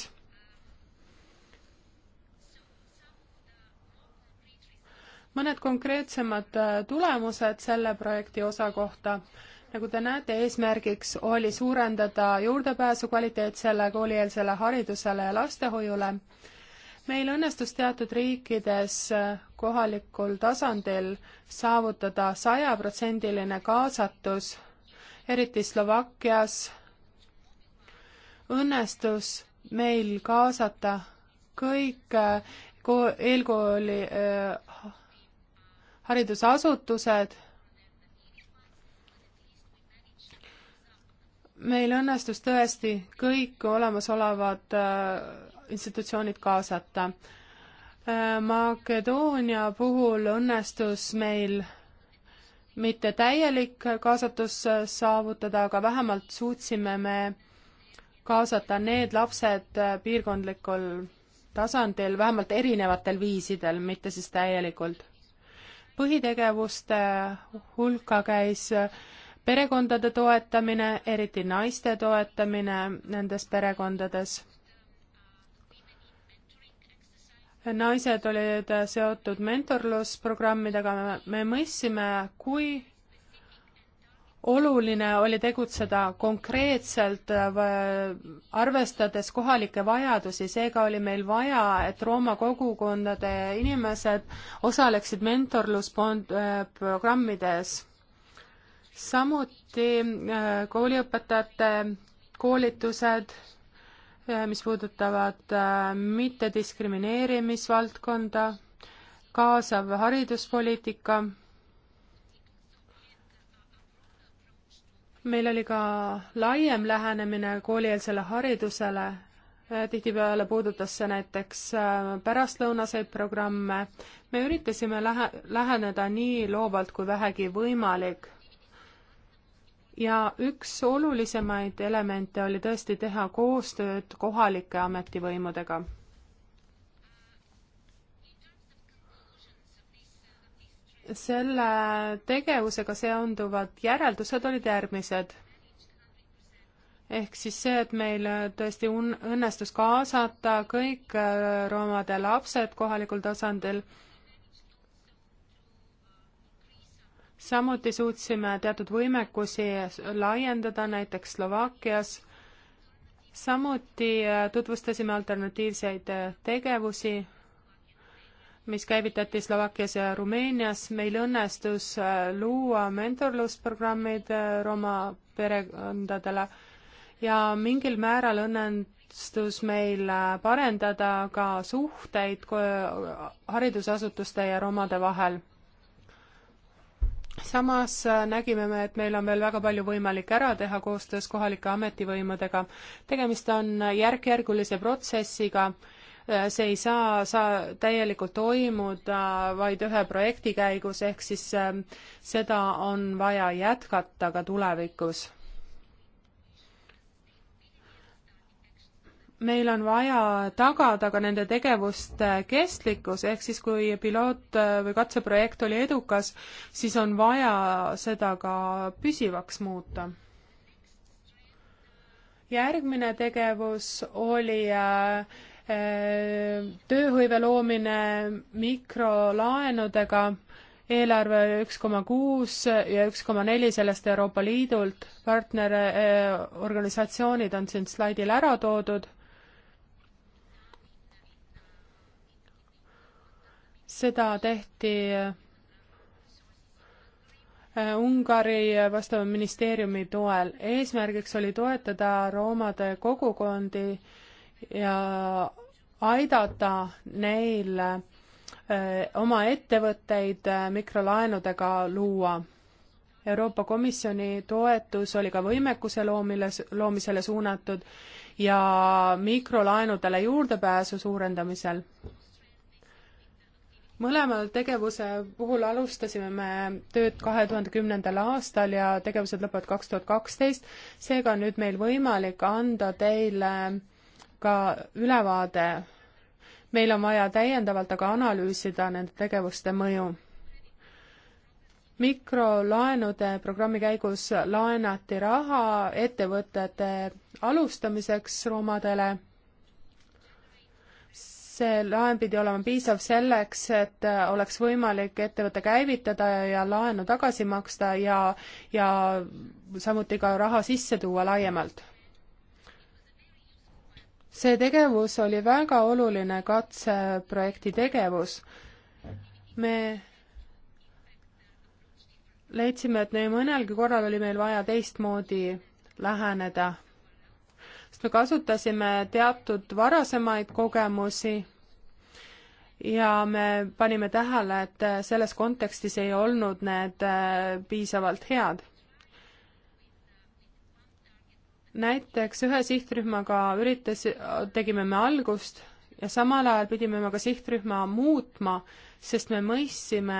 mõned konkreetsemad äh, tulemused selle projekti osa kohta nagu te näete, eesmärgiks oli suurendada juurdepääsu kvaliteetsele koolieelsele haridusele ja lastehoiule meil õnnestus teatud riikides äh, kohalikul tasandil saavutada sajaprotsendiline kaasatus, eriti Slovakkias õnnestus meil kaasata kõik äh, eelkooli äh, haridusasutused. meil õnnestus tõesti kõik olemasolevad institutsioonid kaasata. Äh, Makedoonia puhul õnnestus meil mitte täielik kaasatus saavutada, aga vähemalt suutsime me kaasata need lapsed äh, piirkondlikul tasandil, vähemalt erinevatel viisidel, mitte siis täielikult. põhitegevuste hulka käis äh, perekondade toetamine, eriti naiste toetamine nendes perekondades naised olid seotud mentorlusprogrammidega, me mõistsime, kui oluline oli tegutseda konkreetselt, arvestades kohalikke vajadusi, seega oli meil vaja, et Rooma kogukondade inimesed osaleksid mentorlusprogrammides. samuti eh, kooliõpetajate koolitused Äh, mis puudutavad äh, mittediskrimineerimisvaldkonda, kaasav hariduspoliitika. meil oli ka laiem lähenemine koolieelsele haridusele, äh, tihtipeale puudutas see näiteks pärastlõunaseid programme. me üritasime lähe, läheneda nii loovalt kui vähegi võimalik ja üks olulisemaid elemente oli tõesti teha koostööd kohalike ametivõimudega. selle tegevusega seonduvad järeldused olid järgmised. ehk siis see, et meil tõesti õnnestus kaasata kõik äh, roomade lapsed kohalikul tasandil samuti suutsime teatud võimekusi laiendada, näiteks Slovakkias. samuti äh, tutvustasime alternatiivseid äh, tegevusi, mis käivitati Slovakkias ja Rumeenias. meil õnnestus äh, luua mentorlusprogrammid Roma perekondadele ja mingil määral õnnestus meil parendada ka suhteid haridusasutuste ja romade vahel samas äh, nägime me, et meil on veel väga palju võimalik ära teha koostöös kohalike ametivõimudega. tegemist on äh, järk-järgulise protsessiga, äh, see ei saa, saa täielikult toimuda vaid ühe projekti käigus, ehk siis seda on vaja jätkata ka tulevikus meil on vaja tagada ka nende tegevuste kestlikkus, ehk siis kui piloot või katseprojekt oli edukas, siis on vaja seda ka püsivaks muuta. järgmine tegevus oli äh, äh, tööhõive loomine mikrolaenudega, eelarve üks koma kuus ja üks koma neli sellest Euroopa Liidult, partnerorganisatsioonid äh, on siin slaidil ära toodud seda tehti äh, Ungari vastava ministeeriumi toel. eesmärgiks oli toetada roomade kogukondi ja aidata neil äh, oma ettevõtteid äh, mikrolaenudega luua. Euroopa Komisjoni toetus oli ka võimekuse loomile, loomisele suunatud ja mikrolaenudele juurdepääsu suurendamisel mõlema tegevuse puhul alustasime me tööd kahe tuhande kümnendal aastal ja tegevused lõpevad kaks tuhat kaksteist, seega on nüüd meil võimalik anda teile ka ülevaade. meil on vaja täiendavalt aga analüüsida nende tegevuste mõju. mikrolaenude programmi käigus laenati raha ettevõtete alustamiseks romadele see laen pidi olema piisav selleks, et äh, oleks võimalik ettevõte käivitada ja laenu tagasi maksta ja, ja samuti ka raha sisse tuua laiemalt. see tegevus oli väga oluline katseprojekti tegevus. me leidsime, et nii mõnelgi korral oli meil vaja teistmoodi läheneda sest me kasutasime teatud varasemaid kogemusi ja me panime tähele, et selles kontekstis ei olnud need äh, piisavalt head näiteks ühe sihtrühmaga üritas, tegime me algust ja samal ajal pidime me ka sihtrühma muutma, sest me mõistsime,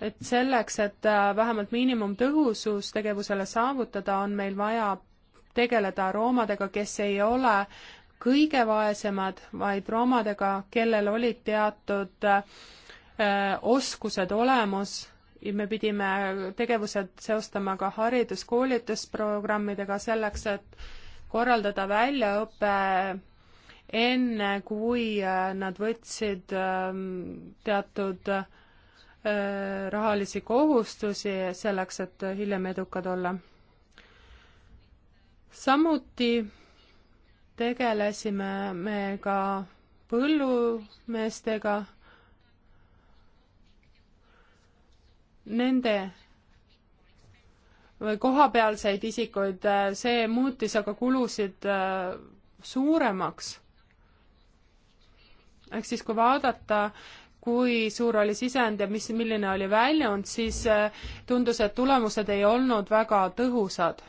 et selleks, et äh, vähemalt miinimumtõhusus tegevusele saavutada, on meil vaja tegeleda roomadega, kes ei ole kõige vaesemad, vaid roomadega, kellel olid teatud öö, äh, oskused olemas ja me pidime tegevused seostama ka haridus-koolitusprogrammidega selleks, et korraldada väljaõpe enne, kui äh, nad võtsid ähm, teatud äh, rahalisi kohustusi selleks, et hiljem edukad olla samuti tegelesime me ka põllumeestega, nende või kohapealseid isikuid, äh, see muutis aga kulusid äh, suuremaks. ehk siis, kui vaadata, kui suur oli sisend ja mis, milline oli väljund, siis äh, tundus, et tulemused ei olnud väga tõhusad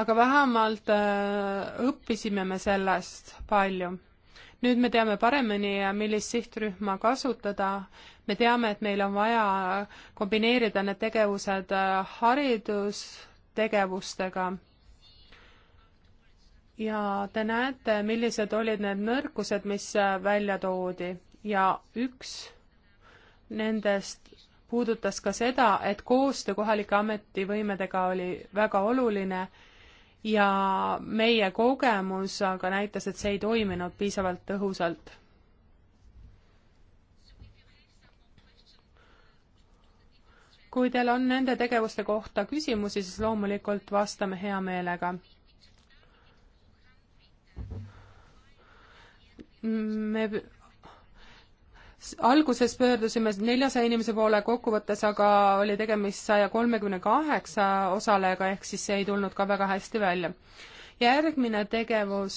aga vähemalt äh, õppisime me sellest palju. nüüd me teame paremini, äh, millist sihtrühma kasutada, me teame, et meil on vaja kombineerida need tegevused äh, haridustegevustega. ja te näete, millised olid need nõrkused, mis äh, välja toodi ja üks nendest puudutas ka seda, et koostöö kohalike ametivõimedega oli väga oluline ja meie kogemus aga näitas, et see ei toiminud piisavalt tõhusalt. kui teil on nende tegevuste kohta küsimusi, siis loomulikult vastame hea meelega. me alguses pöördusime neljasaja inimese poole, kokkuvõttes aga oli tegemist saja kolmekümne kaheksa osalejaga, ehk siis see ei tulnud ka väga hästi välja. järgmine tegevus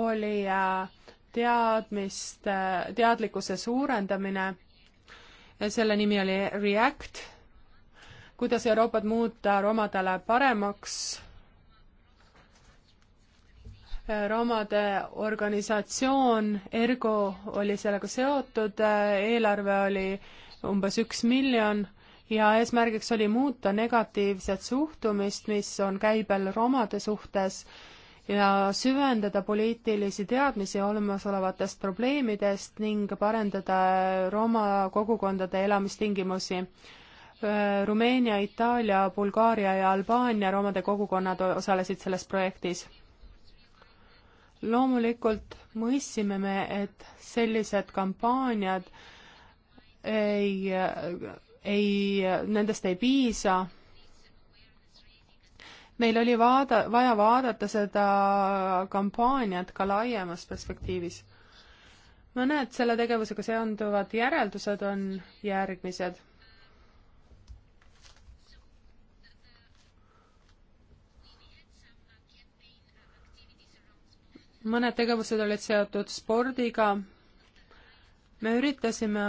oli äh, teadmiste, äh, teadlikkuse suurendamine, selle nimi oli REACT, kuidas Euroopat muuta romadele paremaks romade organisatsioon Ergo oli sellega seotud, eelarve oli umbes üks miljon ja eesmärgiks oli muuta negatiivset suhtumist, mis on käibel romade suhtes ja süvendada poliitilisi teadmisi olemasolevatest probleemidest ning parendada Rooma kogukondade elamistingimusi. Rumeenia, Itaalia, Bulgaaria ja Albaania romade kogukonnad osalesid selles projektis loomulikult mõistsime me, et sellised kampaaniad ei, ei, nendest ei piisa. meil oli vaada, vaja vaadata seda kampaaniat ka laiemas perspektiivis mõned selle tegevusega seonduvad järeldused on järgmised. mõned tegevused olid seotud spordiga. me üritasime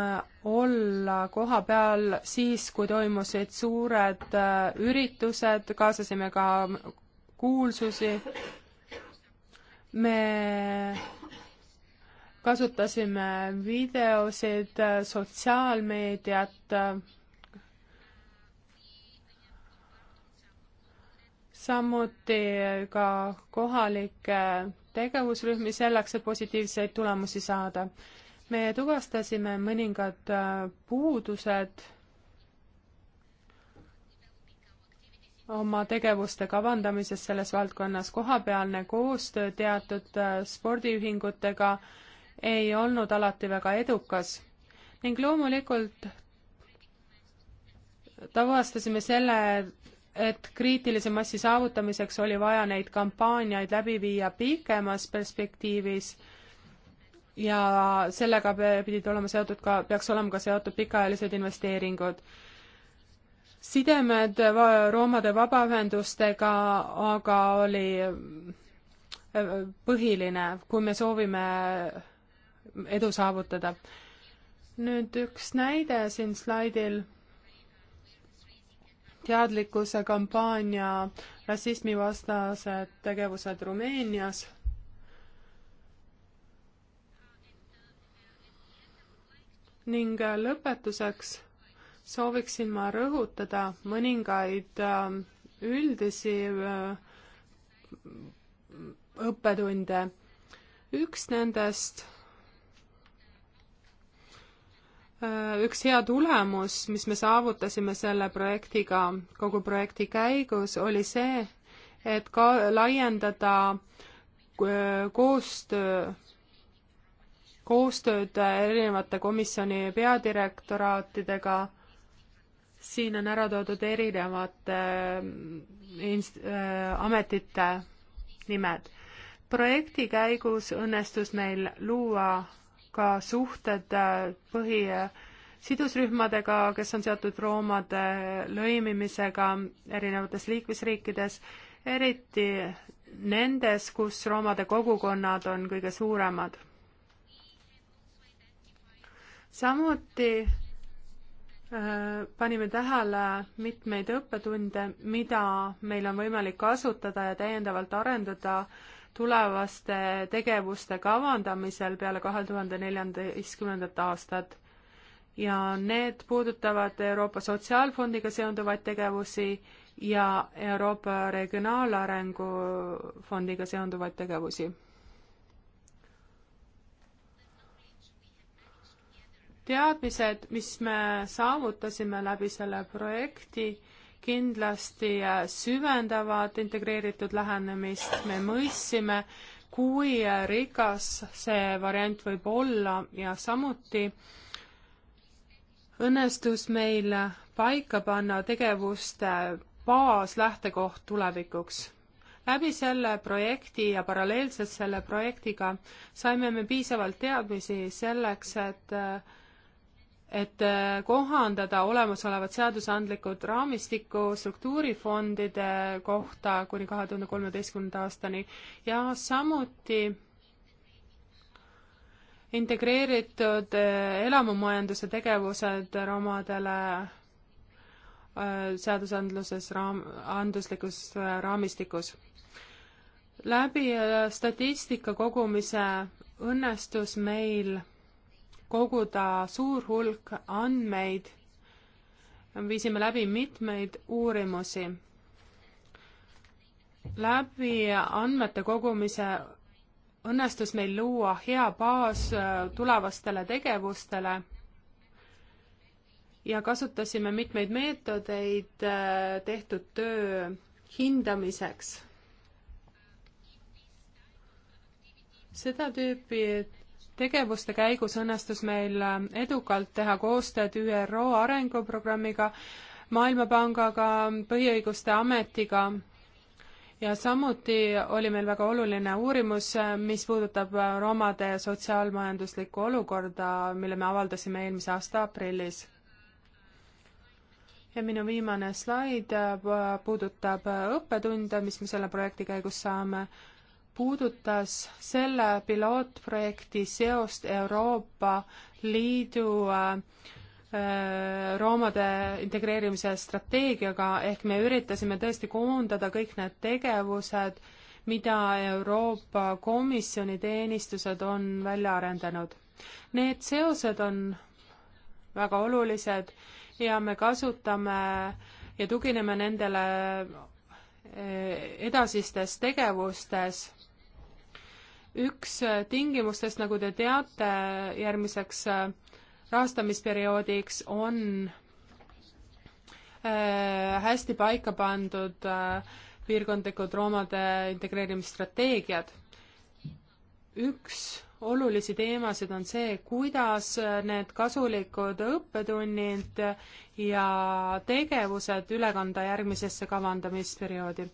olla koha peal siis, kui toimusid suured äh, üritused, kaasasime ka kuulsusi. me kasutasime videosid, sotsiaalmeediat samuti ka kohalike tegevusrühmi selleks, et positiivseid tulemusi saada. me tuvastasime mõningad äh, puudused oma tegevuste kavandamises selles valdkonnas, kohapealne koostöö teatud äh, spordiühingutega ei olnud alati väga edukas ning loomulikult tuvastasime selle, et kriitilise massi saavutamiseks oli vaja neid kampaaniaid läbi viia pikemas perspektiivis ja sellega pidid olema seotud ka, peaks olema ka seotud pikaajalised investeeringud. sidemed roomade vabaühendustega aga oli äh, põhiline, kui me soovime edu saavutada. nüüd üks näide siin slaidil teadlikkuse kampaania rassismivastased tegevused Rumeenias. ning lõpetuseks sooviksin ma rõhutada mõningaid ähm, üldisi äh, õppetunde. üks nendest Äh, üks hea tulemus, mis me saavutasime selle projektiga, kogu projekti käigus, oli see, et ka laiendada äh, koostöö, koostööd erinevate komisjoni peadirektoraatidega, siin on ära toodud erinevate äh, inst-, ametite nimed. projekti käigus õnnestus meil luua ka suhted äh, põhi sidusrühmadega, kes on seotud roomade lõimimisega erinevates liikmesriikides, eriti nendes, kus roomade kogukonnad on kõige suuremad. samuti äh, panime tähele mitmeid õppetunde, mida meil on võimalik kasutada ja täiendavalt arendada äh, tulevaste tegevuste kavandamisel peale kahe tuhande neljateistkümnendat aastat. ja need puudutavad Euroopa Sotsiaalfondiga seonduvaid tegevusi ja Euroopa Regionaalarengu Fondiga seonduvaid tegevusi. teadmised, mis me saavutasime läbi selle projekti, kindlasti süvendavad integreeritud lähenemist, me mõistsime, kui rikas see variant võib olla ja samuti õnnestus meil paika panna tegevuste baaslähtekoht tulevikuks. läbi selle projekti ja paralleelselt selle projektiga saime me piisavalt teadmisi selleks, et äh, et äh, kohandada olemasolevat seadusandlikud raamistikku struktuurifondide kohta kuni kahe tuhande kolmeteistkümnenda aastani ja samuti integreeritud äh, elamumajanduse tegevused romadele äh, seadusandluses raam, anduslikus raamistikus. läbi statistika kogumise õnnestus meil koguda suur hulk andmeid. viisime läbi mitmeid uurimusi. läbi andmete kogumise õnnestus meil luua hea baas äh, tulevastele tegevustele ja kasutasime mitmeid meetodeid äh, tehtud töö hindamiseks. seda tüüpi tegevuste käigus õnnestus meil äh, edukalt teha koostööd ÜRO arenguprogrammiga, Maailmapangaga, Põhiõiguste Ametiga ja samuti oli meil väga oluline uurimus, äh, mis puudutab äh, romade sotsiaalmajanduslikku olukorda, mille me avaldasime eelmise aasta aprillis. ja minu viimane slaid puudutab õppetunde, mis me selle projekti käigus saame puudutas selle pilootprojekti seost Euroopa Liidu äh, äh, roomade integreerimise strateegiaga, ehk me üritasime tõesti koondada kõik need tegevused, mida Euroopa Komisjoni teenistused on välja arendanud. Need seosed on väga olulised ja me kasutame ja tugineme nendele äh, edasistes tegevustes üks tingimustest, nagu te teate, järgmiseks äh, rahastamisperioodiks on äh, hästi paika pandud äh, piirkondlikud roomade integreerimisstrateegiad. üks olulisi teemasid on see, kuidas need kasulikud õppetunnid ja tegevused üle kanda järgmisesse kavandamisperioodi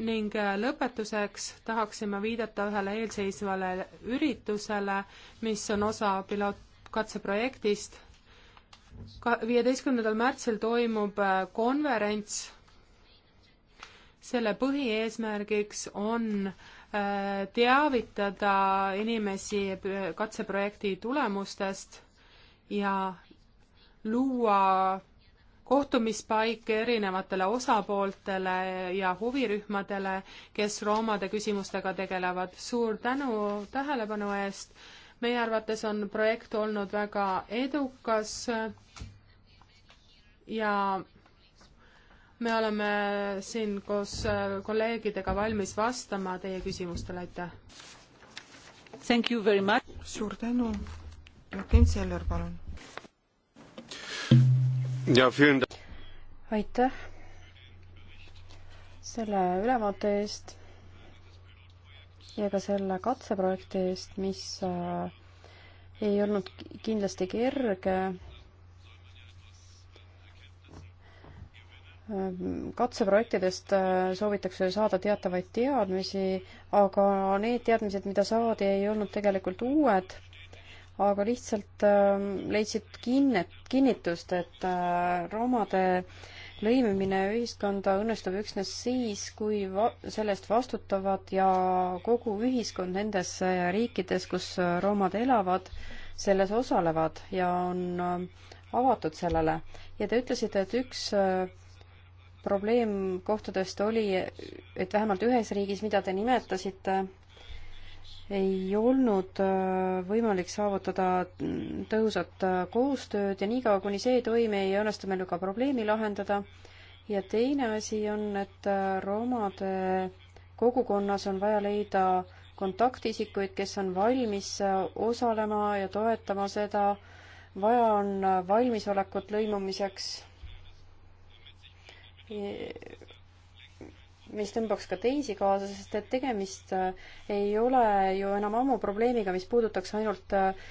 ning äh, lõpetuseks tahaksime viidata ühele eelseisvale üritusele, mis on osa pilootkatseprojektist. ka viieteistkümnendal märtsil toimub äh, konverents. selle põhieesmärgiks on äh, teavitada inimesi katseprojekti tulemustest ja luua kohtumispaik erinevatele osapooltele ja huvirühmadele, kes roomade küsimustega tegelevad. suur tänu tähelepanu eest. meie arvates on projekt olnud väga edukas ja me oleme siin koos kolleegidega valmis vastama teie küsimustele, aitäh! suur tänu, Joakim Seller, palun! aitäh selle ülevaate eest ja ka selle katseprojekti eest, mis äh, ei olnud kindlasti kerge. Ähm, katseprojektidest äh, soovitakse saada teatavaid teadmisi, aga need teadmised, mida saadi, ei olnud tegelikult uued aga lihtsalt ähm, leidsid kinnet, kinnitust, et äh, romade lõimimine ühiskonda õnnestub üksnes siis, kui va-, selle eest vastutavad ja kogu ühiskond nendes äh, riikides, kus äh, romad elavad, selles osalevad ja on avatud sellele. ja te ütlesite, et üks probleemkohtadest oli, et vähemalt ühes riigis, mida te nimetasite, ei olnud äh, võimalik saavutada tõhusat äh, koostööd ja niikaua, kuni see ei toimi, ei õnnestu meil ju ka probleemi lahendada. ja teine asi on, et äh, romade kogukonnas on vaja leida kontaktisikuid, kes on valmis osalema ja toetama seda, vaja on valmisolekut lõimumiseks e, mis tõmbaks ka teisi kaasa, sest et tegemist äh, ei ole ju enam ammu probleemiga, mis puudutaks ainult äh,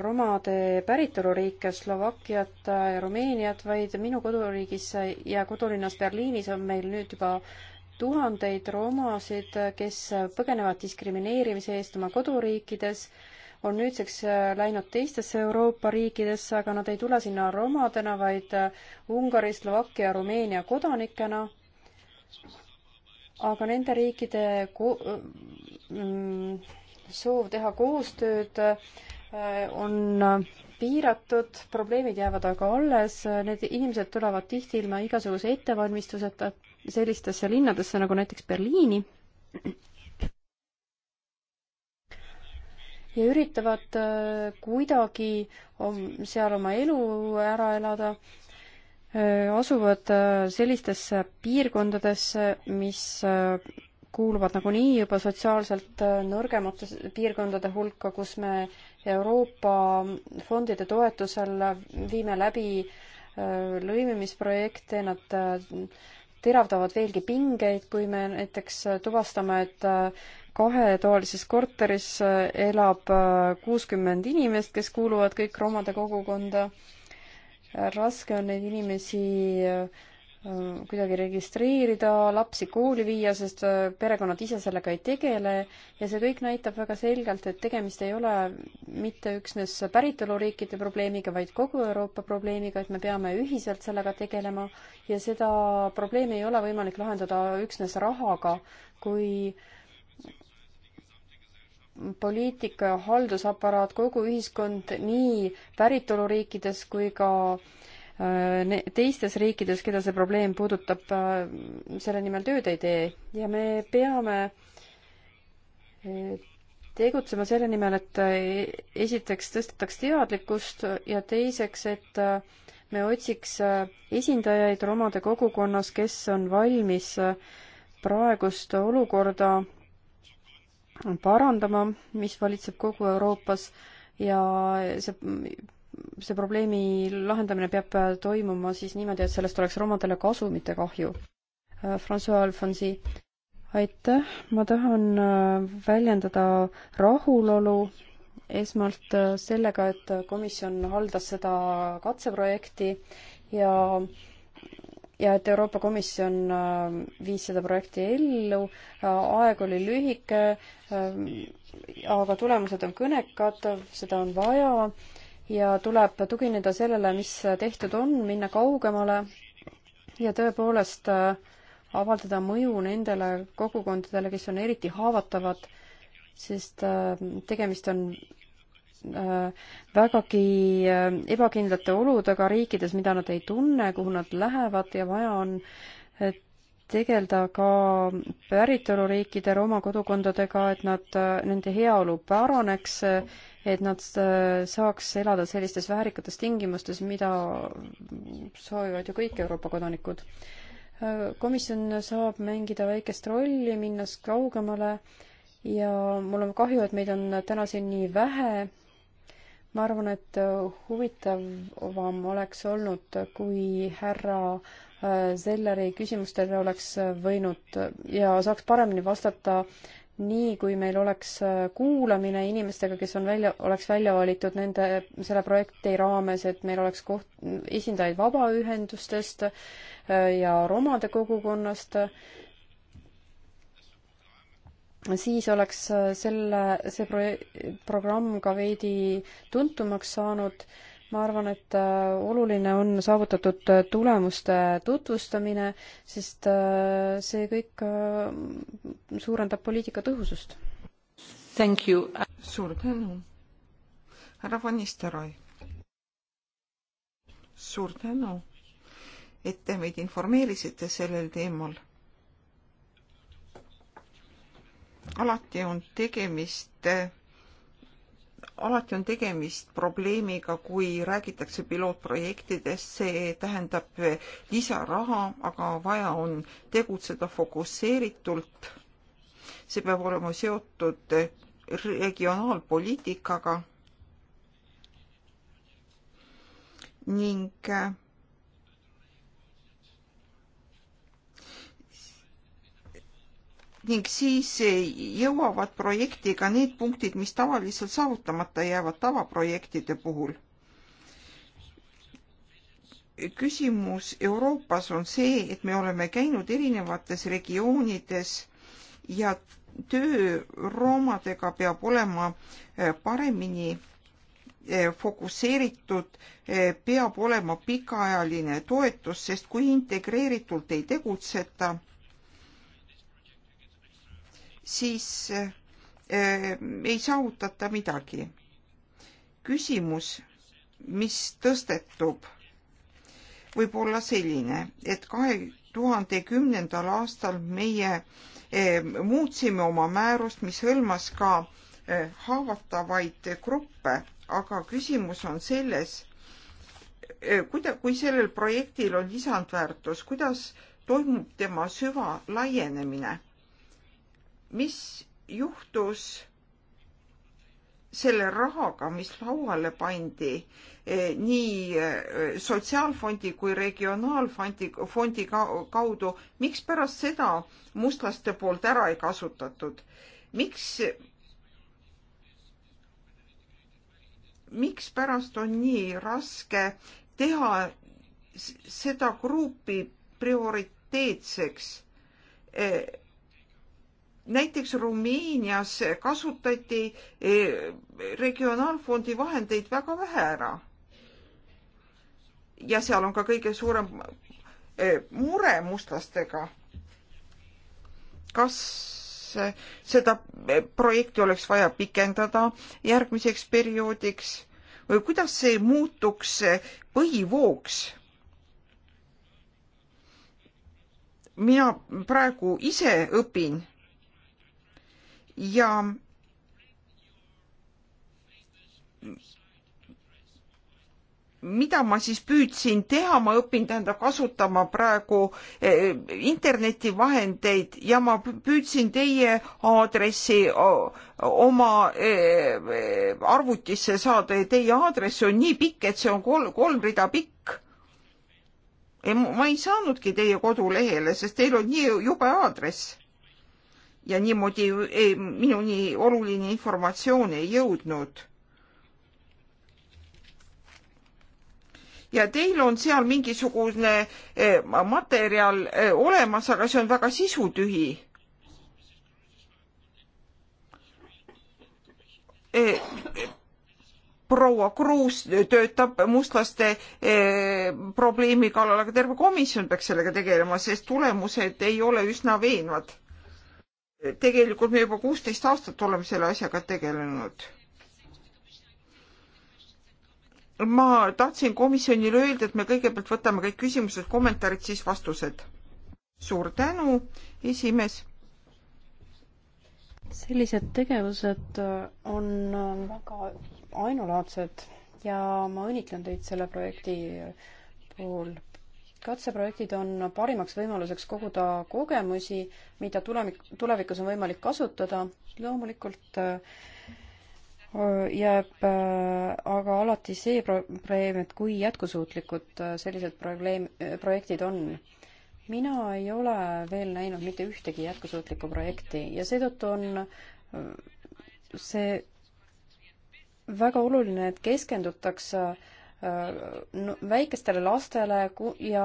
romade päritoluriike Slovakkiat äh, ja Rumeeniat, vaid minu koduriigis ja kodulinnas Berliinis on meil nüüd juba tuhandeid romasid, kes põgenevad diskrimineerimise eest oma koduriikides, on nüüdseks läinud teistesse Euroopa riikidesse, aga nad ei tule sinna romadena, vaid Ungari, Slovakkia, Rumeenia kodanikena aga nende riikide ko-, mm, soov teha koostööd äh, on piiratud, probleemid jäävad aga alles, need inimesed tulevad tihti ilma igasuguse ettevalmistuseta sellistesse linnadesse nagu näiteks Berliini ja üritavad äh, kuidagi seal oma elu ära elada asuvad sellistesse piirkondadesse, mis kuuluvad nagunii juba sotsiaalselt nõrgemate piirkondade hulka, kus me Euroopa fondide toetusel viime läbi lõimimisprojekte, nad teravdavad veelgi pingeid, kui me näiteks tuvastame, et kahetoalises korteris elab kuuskümmend inimest, kes kuuluvad kõik romade kogukonda raske on neid inimesi äh, kuidagi registreerida, lapsi kooli viia, sest äh, perekonnad ise sellega ei tegele ja see kõik näitab väga selgelt, et tegemist ei ole mitte üksnes päritoluriikide probleemiga, vaid kogu Euroopa probleemiga, et me peame ühiselt sellega tegelema ja seda probleemi ei ole võimalik lahendada üksnes rahaga, kui äh, poliitika ja haldusaparaat, kogu ühiskond nii päritoluriikides kui ka äh, teistes riikides, keda see probleem puudutab, äh, selle nimel tööd ei tee ja me peame äh, tegutsema selle nimel, et esiteks tõstetaks teadlikkust ja teiseks, et me otsiks esindajaid romade kogukonnas, kes on valmis praegust olukorda parandama, mis valitseb kogu Euroopas ja see see probleemi lahendamine peab toimuma siis niimoodi, et sellest oleks romadele kasu, mitte kahju. Francois Alfonsi, aitäh, ma tahan äh, väljendada rahulolu esmalt äh, sellega, et komisjon haldas seda katseprojekti ja ja et Euroopa Komisjon äh, viis seda projekti ellu, äh, aeg oli lühike, äh, aga tulemused on kõnekad, seda on vaja ja tuleb tugineda sellele, mis tehtud on, minna kaugemale ja tõepoolest avaldada mõju nendele kogukondadele, kes on eriti haavatavad, sest tegemist on Äh, vägagi äh, ebakindlate oludega riikides, mida nad ei tunne, kuhu nad lähevad ja vaja on tegeleda ka päritoluriikide Rooma kodukondadega, et nad, äh, nende heaolu paraneks, et nad saaks elada sellistes väärikates tingimustes, mida soovivad ju kõik Euroopa kodanikud. komisjon saab mängida väikest rolli, minnes kaugemale ja mul on kahju, et meid on täna siin nii vähe ma arvan, et äh, huvitavam oleks olnud, kui härra Selleri äh, küsimustele oleks äh, võinud ja saaks paremini vastata nii, kui meil oleks kuulamine inimestega, kes on välja, oleks välja valitud nende, selle projekti raames, et meil oleks koht, esindajaid vabaühendustest ja romade kogukonnast siis oleks äh, selle, see pro-, programm ka veidi tuntumaks saanud. ma arvan, et äh, oluline on saavutatud äh, tulemuste tutvustamine, sest see kõik suurendab poliitika tõhusust. Thank you. suur tänu. härra Van Nistelrooy. suur tänu, et te meid informeerisite sellel teemal alati on tegemist alati on tegemist probleemiga, kui räägitakse pilootprojektidest, see tähendab lisaraha, aga vaja on tegutseda fokusseeritult. see peab olema seotud regionaalpoliitikaga ning ning siis jõuavad projekti ka need punktid, mis tavaliselt saavutamata jäävad tavaprojektide puhul. küsimus Euroopas on see, et me oleme käinud erinevates regioonides ja töö roomadega peab olema eh, paremini eh, fokusseeritud, eh, peab olema pikaajaline toetus, sest kui integreeritult ei tegutseta, siis eh, ei saavutata midagi. küsimus, mis tõstetub, võib olla selline, et kahe tuhande kümnendal aastal meie eh, muutsime oma määrust, mis hõlmas ka eh, haavatavaid gruppe, aga küsimus on selles, kuida-, kui sellel projektil on lisandväärtus, kuidas toimub tema süvalaienemiine mis juhtus selle rahaga, mis lauale pandi eh, nii eh, Sotsiaalfondi kui Regionaalfondi fondi kaudu, mikspärast seda mustlaste poolt ära ei kasutatud? miks, mikspärast on nii raske teha seda gruupi prioriteetseks? Eh, näiteks Rumeenias kasutati eh, regionaalfondi vahendeid väga vähe ära. ja seal on ka kõige suurem eh, mure mustlastega. kas seda projekti oleks vaja pikendada järgmiseks perioodiks või kuidas see muutuks põhivooks? mina praegu ise õpin ja mida ma siis püüdsin teha, ma õpin tähendab kasutama praegu eh, internetivahendeid ja ma püüdsin teie aadressi oma eh, arvutisse saada ja teie aadress on nii pikk, et see on kolm, kolm rida pikk. ma ei saanudki teie kodulehele, sest teil on nii jube aadress ja niimoodi ei, minuni oluline informatsioon ei jõudnud. ja teil on seal mingisugune eh, materjal eh, olemas, aga see on väga sisutühi. Eh, proua Kruus töötab mustlaste probleemi kallal, aga terve komisjon peaks sellega tegelema, sest tulemused ei ole üsna veenvad tegelikult me juba kuusteist aastat oleme selle asjaga tegelenud. ma tahtsin komisjonile öelda, et me kõigepealt võtame kõik küsimused, kommentaarid, siis vastused. suur tänu, esimees. sellised tegevused on väga ainulaadsed ja ma õnnitlen teid selle projekti puhul katseprojektid on parimaks võimaluseks koguda kogemusi, mida tulemik, tulevikus on võimalik kasutada. loomulikult äh, jääb äh, aga alati see probleem, et kui jätkusuutlikud äh, sellised probleem, projektid on. mina ei ole veel näinud mitte ühtegi jätkusuutlikku projekti ja seetõttu on see väga oluline, et keskendutakse äh, Äh, väikestele lastele ja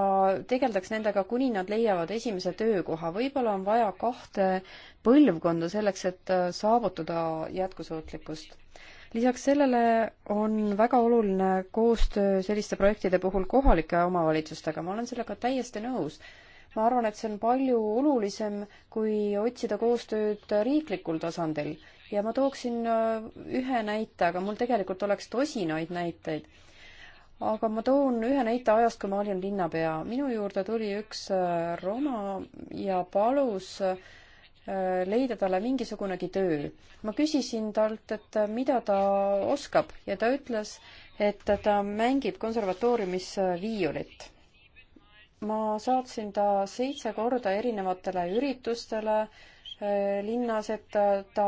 tegeldaks nendega, kuni nad leiavad esimese töökoha. võib-olla on vaja kahte põlvkonda selleks, et äh, saavutada jätkusuutlikkust. lisaks sellele on väga oluline koostöö selliste projektide puhul kohalike omavalitsustega, ma olen sellega täiesti nõus ma arvan, et see on palju olulisem, kui otsida koostööd riiklikul tasandil. ja ma tooksin äh, ühe näite, aga mul tegelikult oleks tosinaid näiteid aga ma toon ühe näite ajast, kui ma olin linnapea. minu juurde tuli üks äh, roma ja palus äh, leida talle mingisugunegi töö. ma küsisin talt, et äh, mida ta oskab ja ta ütles, et ta mängib konservatooriumis viiulit. ma saatsin ta seitse korda erinevatele üritustele äh, linnas, et ta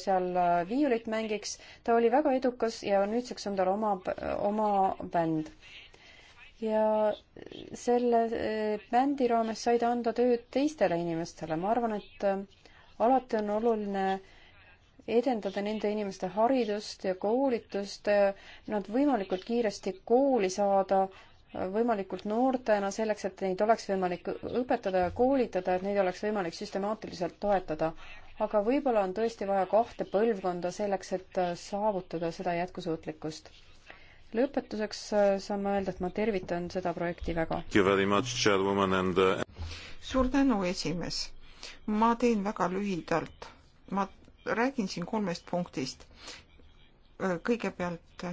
seal viiulit mängiks. ta oli väga edukas ja nüüdseks on tal oma, oma bänd. ja selle eh, bändi raames sai ta anda tööd teistele inimestele. ma arvan, et eh, alati on oluline edendada nende inimeste haridust ja koolitust, eh, nad võimalikult kiiresti kooli saada, võimalikult noortena, selleks et neid oleks võimalik õpetada ja koolitada, et neid oleks võimalik süstemaatiliselt toetada. aga võib-olla on tõesti vaja kahte põlvkonda selleks, et äh, saavutada seda jätkusuutlikkust. lõpetuseks äh, saan ma öelda, et ma tervitan seda projekti väga. Äh, suur tänu, esimees. ma teen väga lühidalt. ma räägin siin kolmest punktist. kõigepealt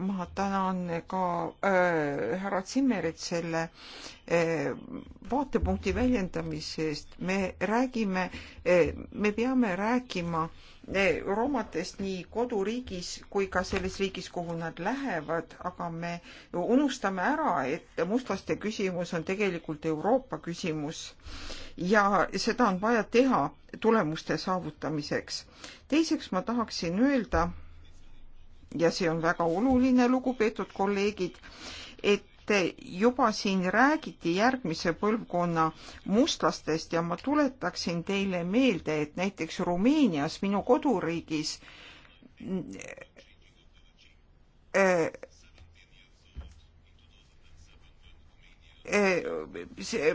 ma tänan ka äh, härra Zimmerit selle äh, vaatepunkti väljendamise eest. me räägime äh,, me peame rääkima äh, roomatest nii koduriigis kui ka selles riigis, kuhu nad lähevad, aga me unustame ära, et mustlaste küsimus on tegelikult Euroopa küsimus ja seda on vaja teha tulemuste saavutamiseks. teiseks ma tahaksin öelda, ja see on väga oluline, lugupeetud kolleegid, et juba siin räägiti järgmise põlvkonna mustlastest ja ma tuletaksin teile meelde, et näiteks Rumeenias, minu koduriigis äh,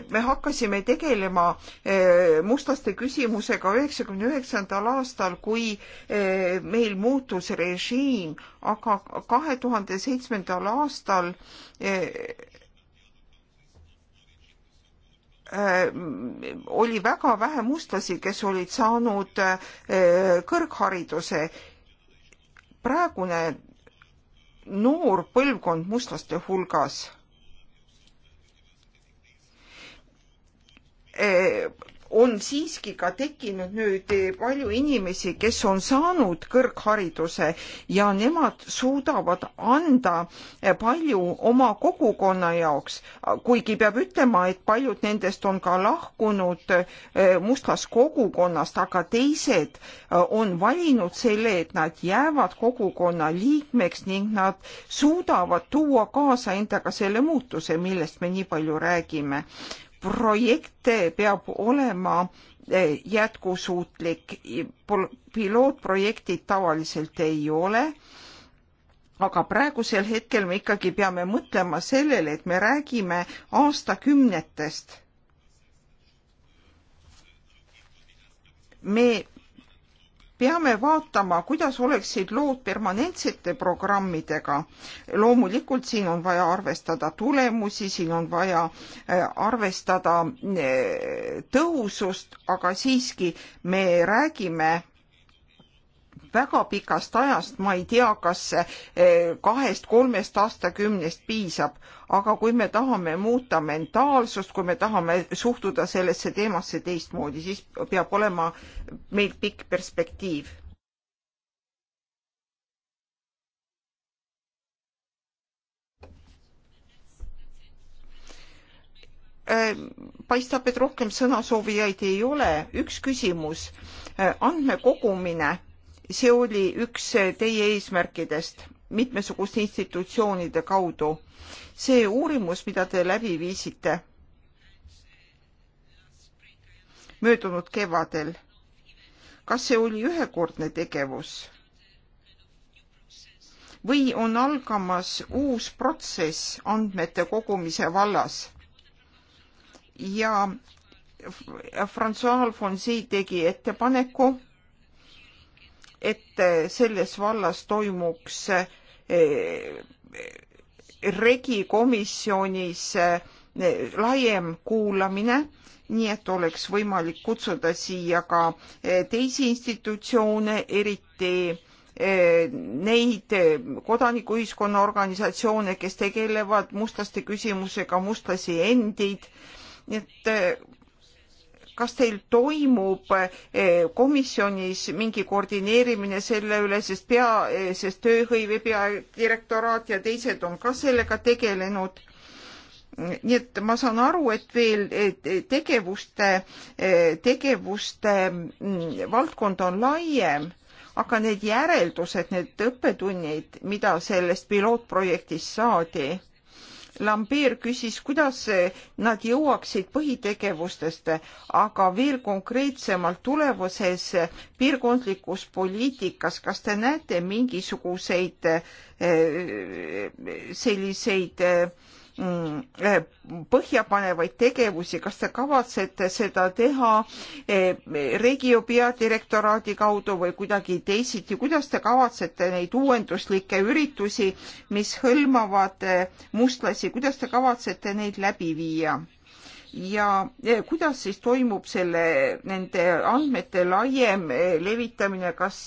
me hakkasime tegelema eh, mustlaste küsimusega üheksakümne üheksandal aastal, kui eh, meil muutus režiim, aga kahe tuhande seitsmendal aastal eh, oli väga vähe mustlasi, kes olid saanud kõrghariduse. praegune noor põlvkond mustlaste hulgas on siiski ka tekkinud nüüd palju inimesi, kes on saanud kõrghariduse ja nemad suudavad anda palju oma kogukonna jaoks, kuigi peab ütlema, et paljud nendest on ka lahkunud eh, mustast kogukonnast, aga teised eh, on valinud selle, et nad jäävad kogukonna liikmeks ning nad suudavad tuua kaasa endaga selle muutuse, millest me nii palju räägime projekt peab olema eh, jätkusuutlik, pilootprojektid tavaliselt ei ole, aga praegusel hetkel me ikkagi peame mõtlema sellele, et me räägime aastakümnetest. me peame vaatama, kuidas oleksid lood permanentsete programmidega. loomulikult siin on vaja arvestada tulemusi, siin on vaja äh, arvestada äh, tõhusust, aga siiski me räägime väga pikast ajast, ma ei tea, kas eh, kahest-kolmest aastakümnest piisab, aga kui me tahame muuta mentaalsust, kui me tahame suhtuda sellesse teemasse teistmoodi, siis peab olema meil pikk perspektiiv eh, paistab, et rohkem sõnasoovijaid ei ole. üks küsimus, eh, andmekogumine see oli üks teie eesmärkidest mitmesuguste institutsioonide kaudu. see uurimus, mida te läbi viisite möödunud kevadel, kas see oli ühekordne tegevus? või on algamas uus protsess andmete kogumise vallas? ja Francois Alfonsi tegi ettepaneku et selles vallas toimuks eh, regikomisjonis eh, laiem kuulamine, nii et oleks võimalik kutsuda siia ka eh, teisi institutsioone, eriti neid kodanikuühiskonna organisatsioone, kes tegelevad mustlaste küsimusega, mustlasi endid, et kas teil toimub eh, komisjonis mingi koordineerimine selle üle, sest pea, eh, sest tööhõive peadirektoraat ja teised on ka sellega tegelenud? nii et ma saan aru, et veel tegevuste, eh, tegevuste mm, valdkond on laiem, aga need järeldused, need õppetunnid, mida sellest pilootprojektist saadi Lambert küsis, kuidas nad jõuaksid põhitegevustest, aga veel konkreetsemalt tulevases piirkondlikus poliitikas, kas te näete mingisuguseid eh, selliseid eh, Mm, eh, põhjapanevaid tegevusi, kas te kavatsete seda teha eh, Regio peadirektoraadi kaudu või kuidagi teisiti, kuidas te kavatsete neid uuenduslikke üritusi, mis hõlmavad eh, mustlasi, kuidas te kavatsete neid läbi viia? ja kuidas siis toimub selle, nende andmete laiem levitamine, kas,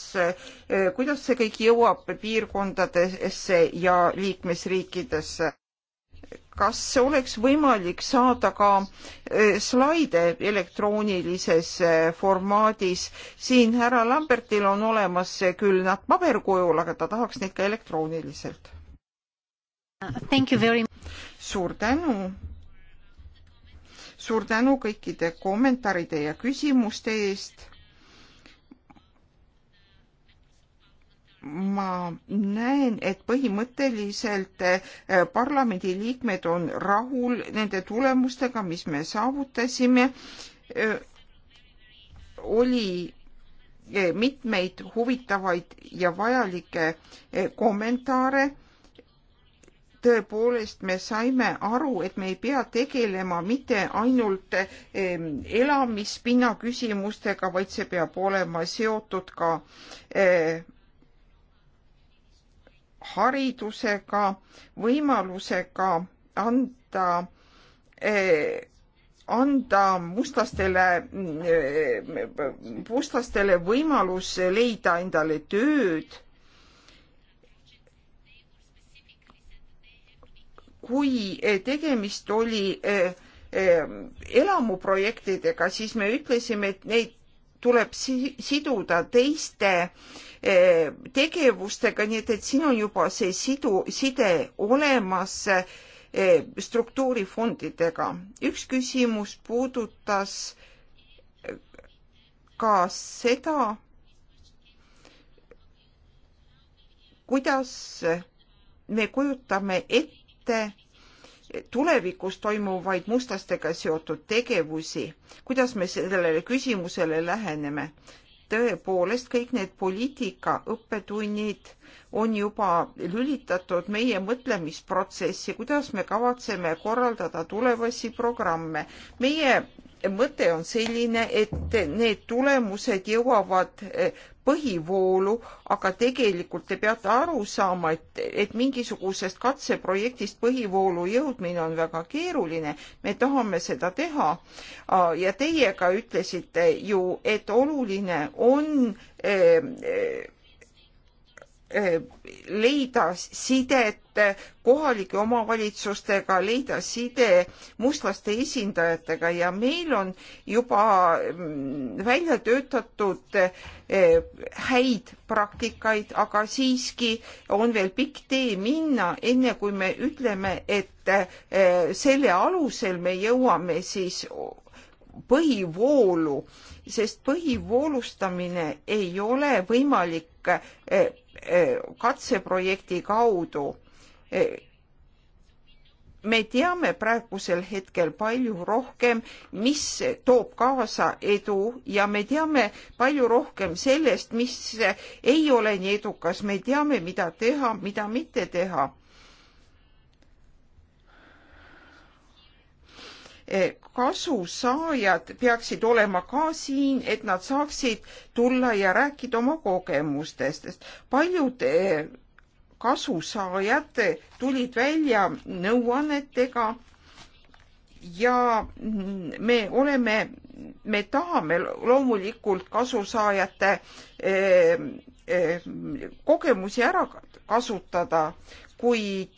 kuidas see kõik jõuab piirkondadesse ja liikmesriikidesse? kas oleks võimalik saada ka eh, slaide elektroonilises eh, formaadis? siin härra Lambertil on olemas küll nad paberkujul, aga ta tahaks neid ka elektrooniliselt. suur tänu. suur tänu kõikide kommentaaride ja küsimuste eest ma näen, et põhimõtteliselt eh, parlamendiliikmed on rahul nende tulemustega, mis me saavutasime. Eh, oli eh, mitmeid huvitavaid ja vajalikke kommentaare. tõepoolest, me saime aru, et me ei pea tegelema mitte ainult elamispinna küsimustega, vaid see peab olema seotud ka haridusega, võimalusega anda eh, anda mustastele, eh, mustastele võimalus leida endale tööd. kui eh, tegemist oli elamuprojektidega, siis me ütlesime, et neid tuleb si siduda teiste eh, tegevustega, nii et, et siin on juba see sidu, side olemas eh, struktuurifondidega. üks küsimus puudutas eh, ka seda, kuidas me kujutame ette tulevikus toimuvaid mustastega seotud tegevusi, kuidas me sellele küsimusele läheneme? tõepoolest, kõik need poliitika õppetunnid on juba lülitatud meie mõtlemisprotsessi, kuidas me kavatseme korraldada tulevasi programme. meie mõte on selline, et need tulemused jõuavad eh, põhivoolu, aga tegelikult te peate aru saama, et, et mingisugusest katseprojektist põhivoolu jõudmine on väga keeruline. me tahame seda teha. ja teie ka ütlesite ju, et oluline on eh, eh Eh, leida sidet kohalike omavalitsustega, leida side mustlaste esindajatega ja meil on juba mm, välja töötatud eh, häid praktikaid, aga siiski on veel pikk tee minna, enne kui me ütleme, et eh, selle alusel me jõuame siis põhivoolu, sest põhivoolustamine ei ole võimalik Eh, katseprojekti kaudu. Eh, me teame praegusel hetkel palju rohkem, mis toob kaasa edu ja me teame palju rohkem sellest, mis ei ole nii edukas, me teame, mida teha, mida mitte teha kasusaajad peaksid olema ka siin, et nad saaksid tulla ja rääkida oma kogemustest, sest paljud eh, kasusaajad tulid välja nõuannetega ja me oleme, me tahame loomulikult kasusaajate eh, eh, kogemusi ära kasutada, kuid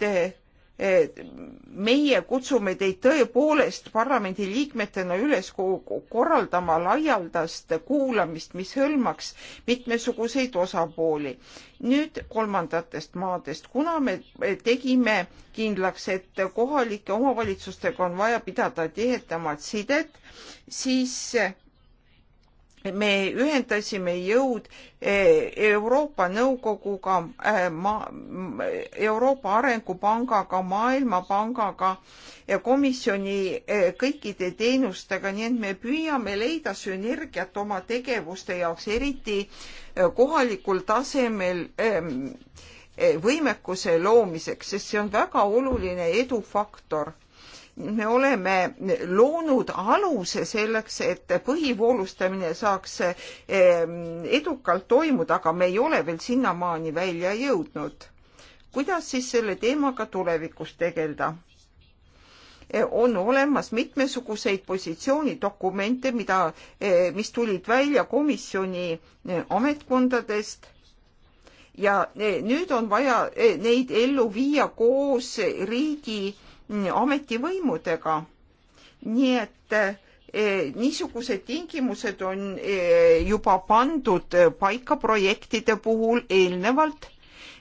meie kutsume teid tõepoolest parlamendi liikmetena üles korraldama laialdast kuulamist, mis hõlmaks mitmesuguseid osapooli. nüüd kolmandatest maadest, kuna me tegime kindlaks, et kohalike omavalitsustega on vaja pidada tihedamad sidet, siis me ühendasime jõud eh, Euroopa Nõukoguga, eh, eh, Euroopa Arengupangaga, Maailmapangaga ja komisjoni kõikide teenustega, nii et me püüame leida sünergiat oma tegevuste jaoks, eriti kohalikul tasemel ehm, võimekuse loomiseks, sest see on väga oluline edufaktor me oleme loonud aluse selleks, et põhivoolustamine saaks ehm, edukalt toimuda, aga me ei ole veel sinnamaani välja jõudnud. kuidas siis selle teemaga tulevikus tegeleda? E, on olemas mitmesuguseid positsioonidokumente, mida, e, mis tulid välja komisjoni e, ametkondadest ja nüüd on vaja neid ellu viia koos riigi ametivõimudega. nii et e, niisugused tingimused on e, juba pandud paika projektide puhul eelnevalt.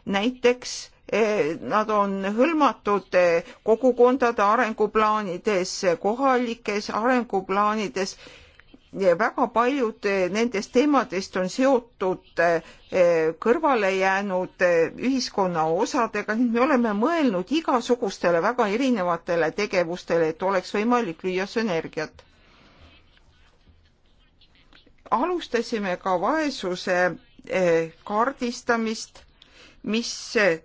näiteks e, nad on hõlmatud kogukondade arenguplaanides, kohalikes arenguplaanides väga paljud eh, nendest teemadest on seotud eh, kõrvale jäänud eh, ühiskonna osadega, nii et me oleme mõelnud igasugustele väga erinevatele tegevustele, et oleks võimalik lüüa sünergiat. alustasime ka vaesuse kaardistamist mis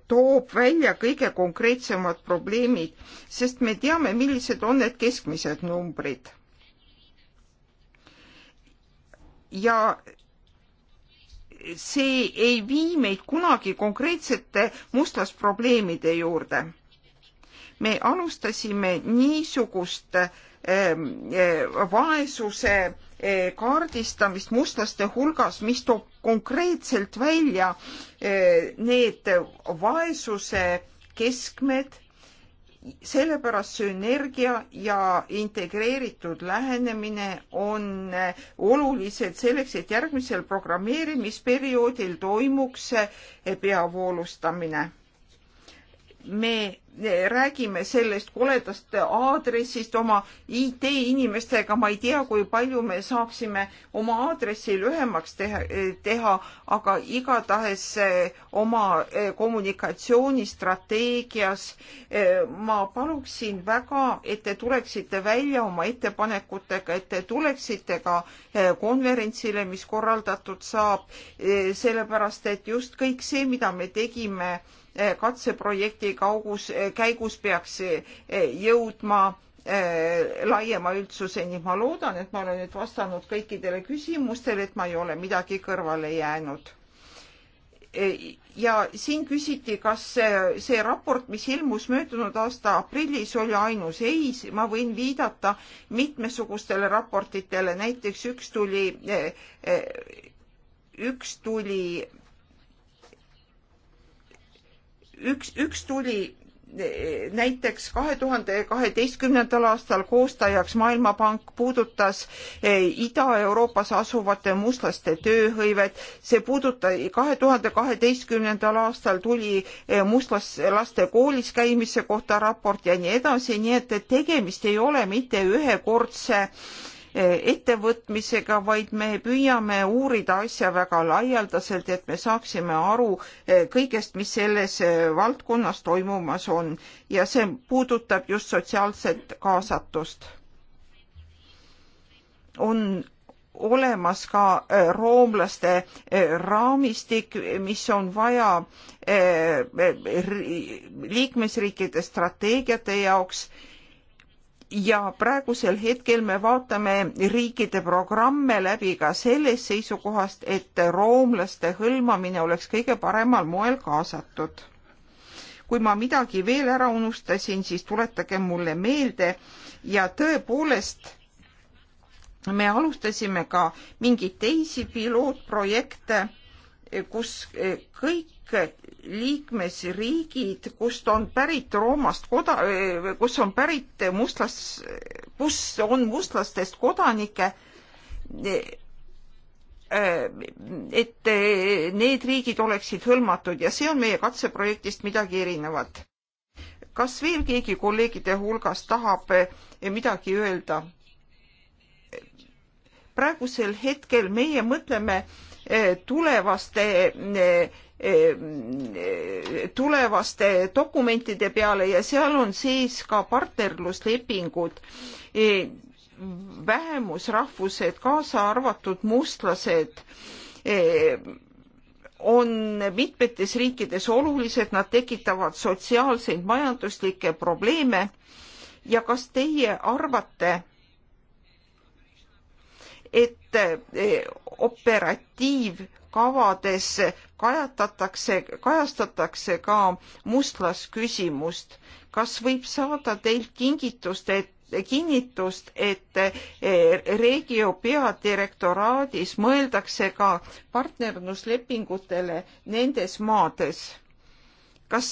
toob välja kõige konkreetsemad probleemid, sest me teame, millised on need keskmised numbrid. ja see ei vii meid kunagi konkreetsete mustlasprobleemide juurde. me alustasime niisugust ähm, äh, vaesuse äh, kaardistamist mustlaste hulgas, mis toob konkreetselt välja äh, need vaesuse keskmed sellepärast sünergia ja integreeritud lähenemine on olulised selleks, et järgmisel programmeerimisperioodil toimuks peavoolustamine. me räägime sellest koledast aadressist oma IT-inimestega, ma ei tea, kui palju me saaksime oma aadressi lühemaks teha, eh, teha, aga igatahes eh, oma eh, kommunikatsioonistrateegias ma paluksin väga, et te tuleksite välja oma ettepanekutega, et te tuleksite ka konverentsile, mis korraldatud saab, sellepärast et just kõik see, mida me tegime Eh, katseprojekti kaugus, eh, käigus peaks eh, jõudma laiema üldsuseni. ma loodan, et ma olen nüüd vastanud kõikidele küsimustele, et ma ei ole midagi kõrvale jäänud. ja siin küsiti, kas see, see raport, mis ilmus möödunud aasta aprillis, oli ainus. ei, ma võin viidata mitmesugustele raportitele, näiteks üks tuli, üks tuli üks, üks tuli eh, näiteks kahe tuhande kaheteistkümnendal aastal koostajaks Maailmapank puudutas eh, Ida-Euroopas asuvate mustlaste tööhõivet. see puuduta-, kahe tuhande kaheteistkümnendal aastal tuli eh, mustlaste koolis käimise kohta raport ja nii edasi, nii et, et tegemist ei ole mitte ühekordse äh, ettevõtmisega, vaid me püüame uurida asja väga laialdaselt, et me saaksime aru eh, kõigest, mis selles eh, valdkonnas toimumas on ja see puudutab just sotsiaalset kaasatust. on olemas ka eh, roomlaste raamistik, mis on vaja liikmesriikide strateegiate jaoks ja praegusel hetkel me vaatame riikide programme läbi ka sellest seisukohast, et roomlaste hõlmamine oleks kõige paremal moel kaasatud. kui ma midagi veel ära unustasin, siis tuletage mulle meelde ja tõepoolest me alustasime ka mingeid teisi pilootprojekte, kus kõik liikmesriigid, kust on pärit Roomast koda-, kus on pärit mustlas, kus on mustlastest kodanikke, et need riigid oleksid hõlmatud ja see on meie katseprojektist midagi erinevat. kas veel keegi kolleegide hulgas tahab midagi öelda? praegusel hetkel meie mõtleme tulevaste Eh, tulevaste dokumentide peale ja seal on sees ka partnerluslepingud eh, vähemusrahvused kaasa arvatud mustlased eh, on mitmetes riikides olulised, nad tekitavad sotsiaalseid, majanduslikke probleeme ja kas teie arvate, et operatiiv kavades kajatatakse, kajastatakse ka mustlasküsimust. kas võib saada teilt kingitust, et kinnitust, et e, Regio peadirektoraadis mõeldakse ka partnerluslepingutele nendes maades? kas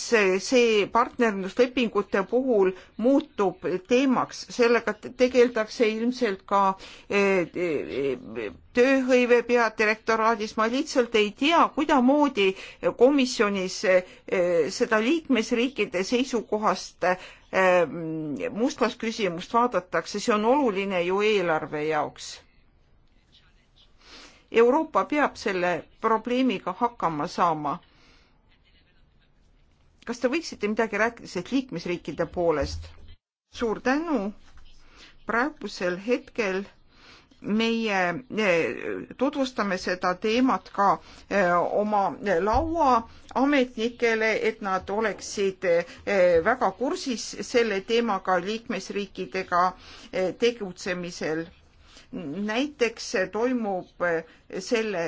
see partnerluslepingute puhul muutub teemaks, sellega tegeldakse ilmselt ka eh, eh, tööhõive peadirektoraadis, ma lihtsalt ei tea, kuidasmoodi komisjonis eh, seda liikmesriikide seisukohast mustlasküsimust vaadatakse, see on oluline ju eelarve jaoks Euroopa peab selle probleemiga hakkama saama kas te võiksite midagi rääkida sellest liikmesriikide poolest? suur tänu. praegusel hetkel meie eh, tutvustame seda teemat ka eh, oma laua ametnikele, et nad oleksid eh, väga kursis selle teemaga liikmesriikidega tegutsemisel. näiteks toimub selle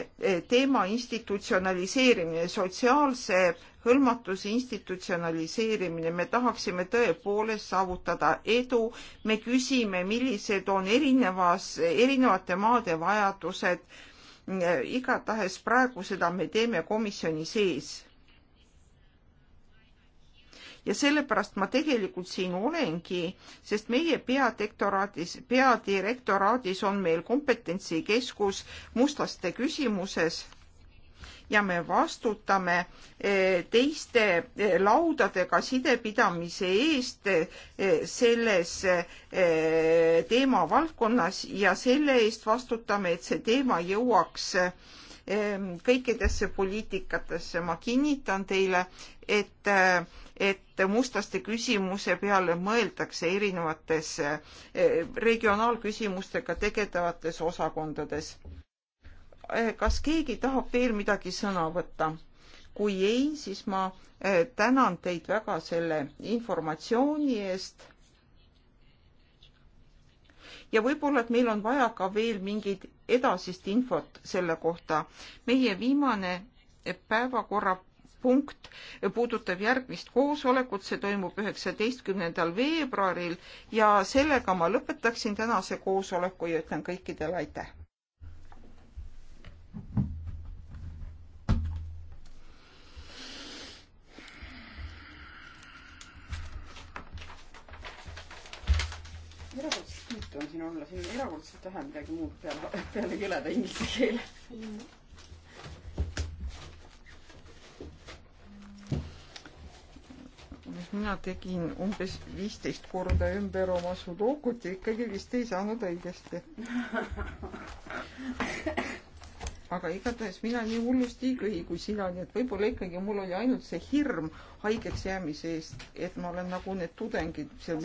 teema institutsionaliseerimine sotsiaalse hõlmatuse institutsionaliseerimine, me tahaksime tõepoolest saavutada edu, me küsime, millised on erinevas, erinevate maade vajadused, igatahes praegu seda me teeme komisjoni sees. ja sellepärast ma tegelikult siin olengi, sest meie peadektoraadis, peadirektoraadis on meil kompetentsikeskus mustlaste küsimuses ja me vastutame eh, teiste eh, laudadega sidepidamise eest eh, selles teemavaldkonnas ja selle eest vastutame, et see teema jõuaks kõikidesse poliitikatesse. ma kinnitan teile, et, et mustlaste küsimuse peale mõeldakse erinevates regionaalküsimustega tegelevates osakondades. Eh, kas keegi tahab veel midagi sõna võtta? kui ei, siis ma eh, tänan teid väga selle informatsiooni eest. ja võib-olla, et meil on vaja ka veel mingit edasist infot selle kohta. meie viimane eh, päevakorrapunkt puudutab järgmist koosolekut, see toimub üheksateistkümnendal veebruaril ja sellega ma lõpetaksin tänase koosoleku ja ütlen kõikidele aitäh erakordselt huvitav on siin olla, siin on erakordselt vähe midagi muud peale, peale jõleda inglise keele mm.. mina tegin umbes viisteist korda ümber oma sudokut ja ikkagi vist ei saanud õigesti aga igatahes mina nii hullusti ei köhi kui sina, nii et võib-olla ikkagi mul oli ainult see hirm haigeks jäämise eest, et ma olen nagu need tudengid seal